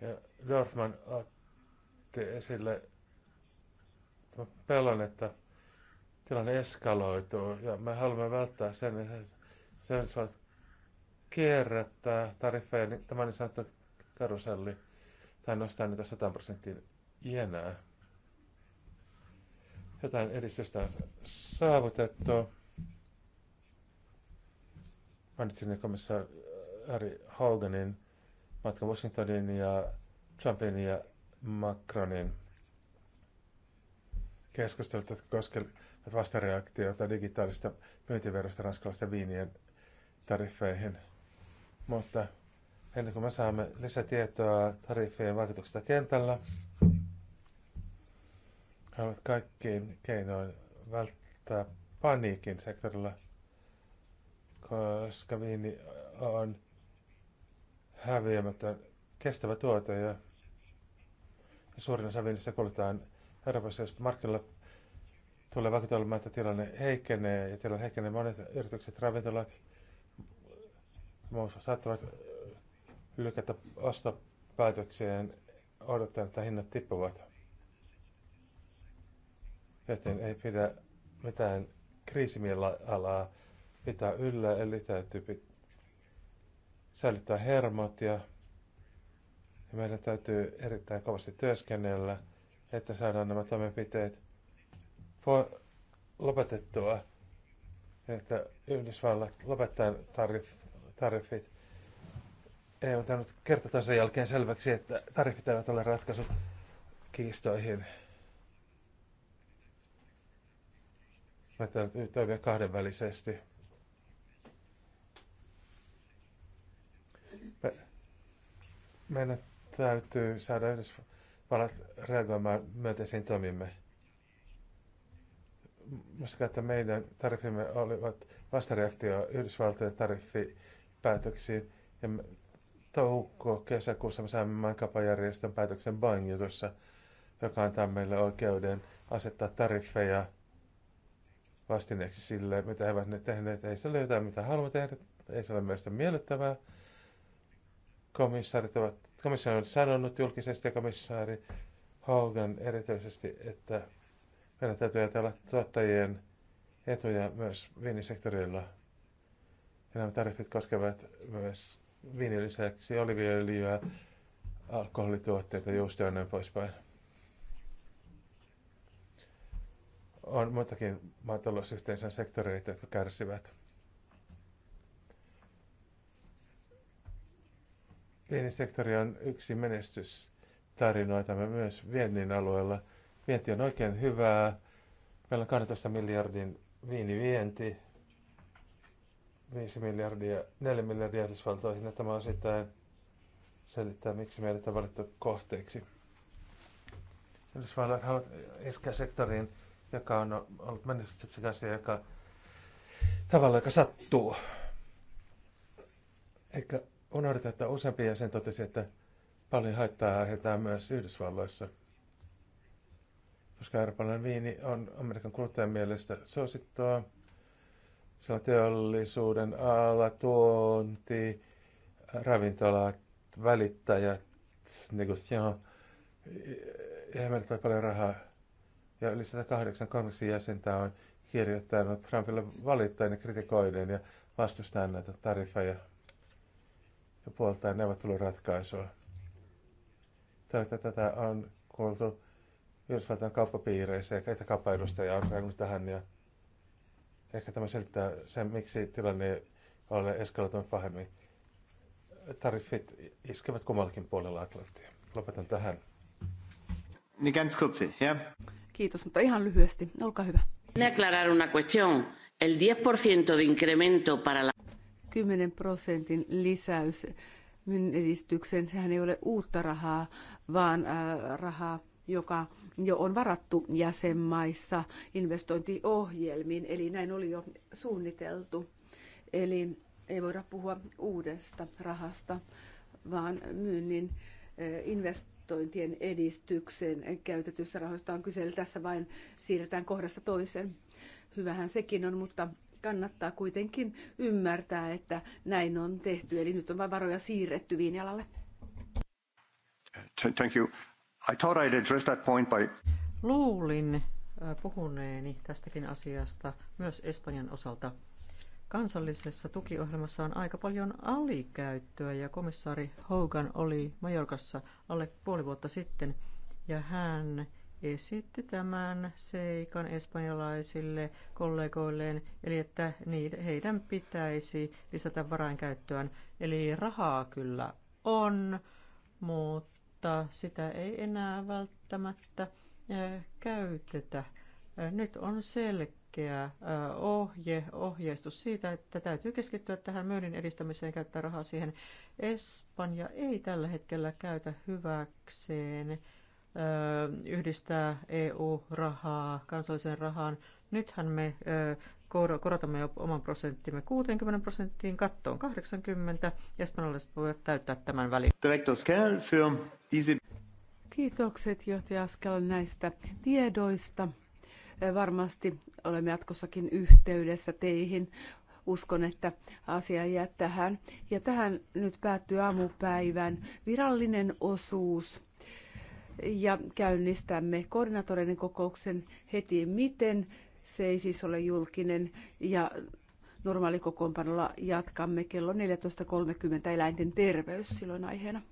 Ja Dorfman otti esille pelon, että tilanne eskaloituu, ja me haluamme välttää sen, että sen kierrättää tariffeja, niin tämä niin sanottu karuselli, tai nostaa niitä 100 prosenttiin jenää. Jotain edistystä on saavutettu. Mainitsin komissaari Hoganin matka Washingtonin ja Trumpin ja Macronin keskustelut, jotka koskevat vastareaktiota digitaalista myyntiverosta ranskalaisten viinien tariffeihin – mutta ennen kuin me saamme lisätietoa tariffien vaikutuksista kentällä, haluat kaikkiin keinoin välttää paniikin sektorilla, koska viini on häviämätön kestävä tuote ja suurin osa viinistä kulutaan Euroopassa, jos markkinoilla tulee vaikutelma, että tilanne heikenee ja tilanne heikenee monet yritykset, ravintolat, saattavat äh, lykätä ostopäätökseen odottaen, että hinnat tippuvat. Joten ei pidä mitään alaa, pitää yllä, eli täytyy pit- säilyttää hermot ja, ja meidän täytyy erittäin kovasti työskennellä, että saadaan nämä toimenpiteet lopetettua, että Yhdysvallat lopettaa tariff, tariffit. EU on tehnyt kerta sen jälkeen selväksi, että tariffit eivät ole ratkaisut kiistoihin. Me toimia kahdenvälisesti. Me, meidän täytyy saada Yhdysvallat reagoimaan myönteisiin toimimme. Muistakaa, että meidän tariffimme olivat vastareaktio Yhdysvaltojen tariffi päätöksiin. Ja toukko-kesäkuussa me saimme mankapajärjestön päätöksen Bangjotossa, joka antaa meille oikeuden asettaa tariffeja vastineeksi sille, mitä he ovat ne tehneet. Ei se ole jotain, mitä haluamme tehdä. Ei se ole meistä miellyttävää. Komissaarit ovat, komissaari on sanonut julkisesti ja komissaari Hogan erityisesti, että meidän täytyy ajatella tuottajien etuja myös viinisektorilla. Ja nämä tariffit koskevat myös viinin lisäksi oliviöljyä, alkoholituotteita, juustoja ja näin poispäin. On muitakin maatalousyhteisön sektoreita, jotka kärsivät. Viinisektori on yksi menestystarinoitamme myös viennin alueella. Vienti on oikein hyvää. Meillä on 12 miljardin viinivienti, 5 miljardia, 4 miljardia Yhdysvaltoihin, ja tämä sitten selittää, miksi meidät on valittu kohteeksi. Yhdysvallat haluat iskeä sektoriin, joka on ollut menestyksekäs ja joka tavalla, joka sattuu. Eikä unohdeta, että useampi jäsen totesi, että paljon haittaa aiheutetaan myös Yhdysvalloissa. Koska eurooppalainen viini on Amerikan kuluttajan mielestä suosittua, sateollisuuden alla tuonti, ravintolat, välittäjät, negotiaan, eihän meillä paljon rahaa. Ja yli 108 kongressin jäsentä on kirjoittanut Trumpille valittain ja kritikoiden ja vastustaa näitä tarifeja ja puoltain neuvotteluratkaisua. Tätä, tätä on kuultu Yhdysvaltain kauppapiireissä ja keitä kauppaedustajia on tähän ja Ehkä tämä selittää sen, miksi tilanne on eskaloitunut pahemmin. Tariffit iskevät kummallakin puolella Atlanttia. Lopetan tähän. Niin ganz kurz, ja? Kiitos, mutta ihan lyhyesti. Olkaa hyvä. Aclarar una cuestión. El 10% de incremento para la... 10 prosentin lisäys myynnin edistykseen, sehän ei ole uutta rahaa, vaan äh, rahaa, joka jo on varattu jäsenmaissa investointiohjelmiin, eli näin oli jo suunniteltu. Eli ei voida puhua uudesta rahasta, vaan myynnin e, investointien edistykseen käytetystä rahoista on kyse. Eli tässä vain siirretään kohdassa toisen. Hyvähän sekin on, mutta kannattaa kuitenkin ymmärtää, että näin on tehty. Eli nyt on vain varoja siirretty Viinialalle. Thank you. I thought I'd address that point by... Luulin äh, puhuneeni tästäkin asiasta myös Espanjan osalta. Kansallisessa tukiohjelmassa on aika paljon alikäyttöä ja komissaari Hogan oli Majorkassa alle puoli vuotta sitten ja hän esitti tämän seikan espanjalaisille kollegoilleen, eli että niiden, heidän pitäisi lisätä varainkäyttöön. Eli rahaa kyllä on, mutta mutta sitä ei enää välttämättä eh, käytetä. Eh, nyt on selkeä eh, ohje, ohjeistus siitä, että täytyy keskittyä tähän myynnin edistämiseen ja käyttää rahaa siihen. Espanja ei tällä hetkellä käytä hyväkseen yhdistää EU-rahaa kansalliseen rahaan. Nythän me korotamme jo oman prosenttimme 60 prosenttiin, kattoon 80, espanjalaiset voivat täyttää tämän välin. Kiitokset johtaja Askel näistä tiedoista. Varmasti olemme jatkossakin yhteydessä teihin. Uskon, että asia jää tähän. Ja tähän nyt päättyy aamupäivän virallinen osuus ja käynnistämme koordinaattoreiden kokouksen heti miten se ei siis ole julkinen ja normaalikokoonpanolla jatkamme kello 14.30 eläinten terveys silloin aiheena.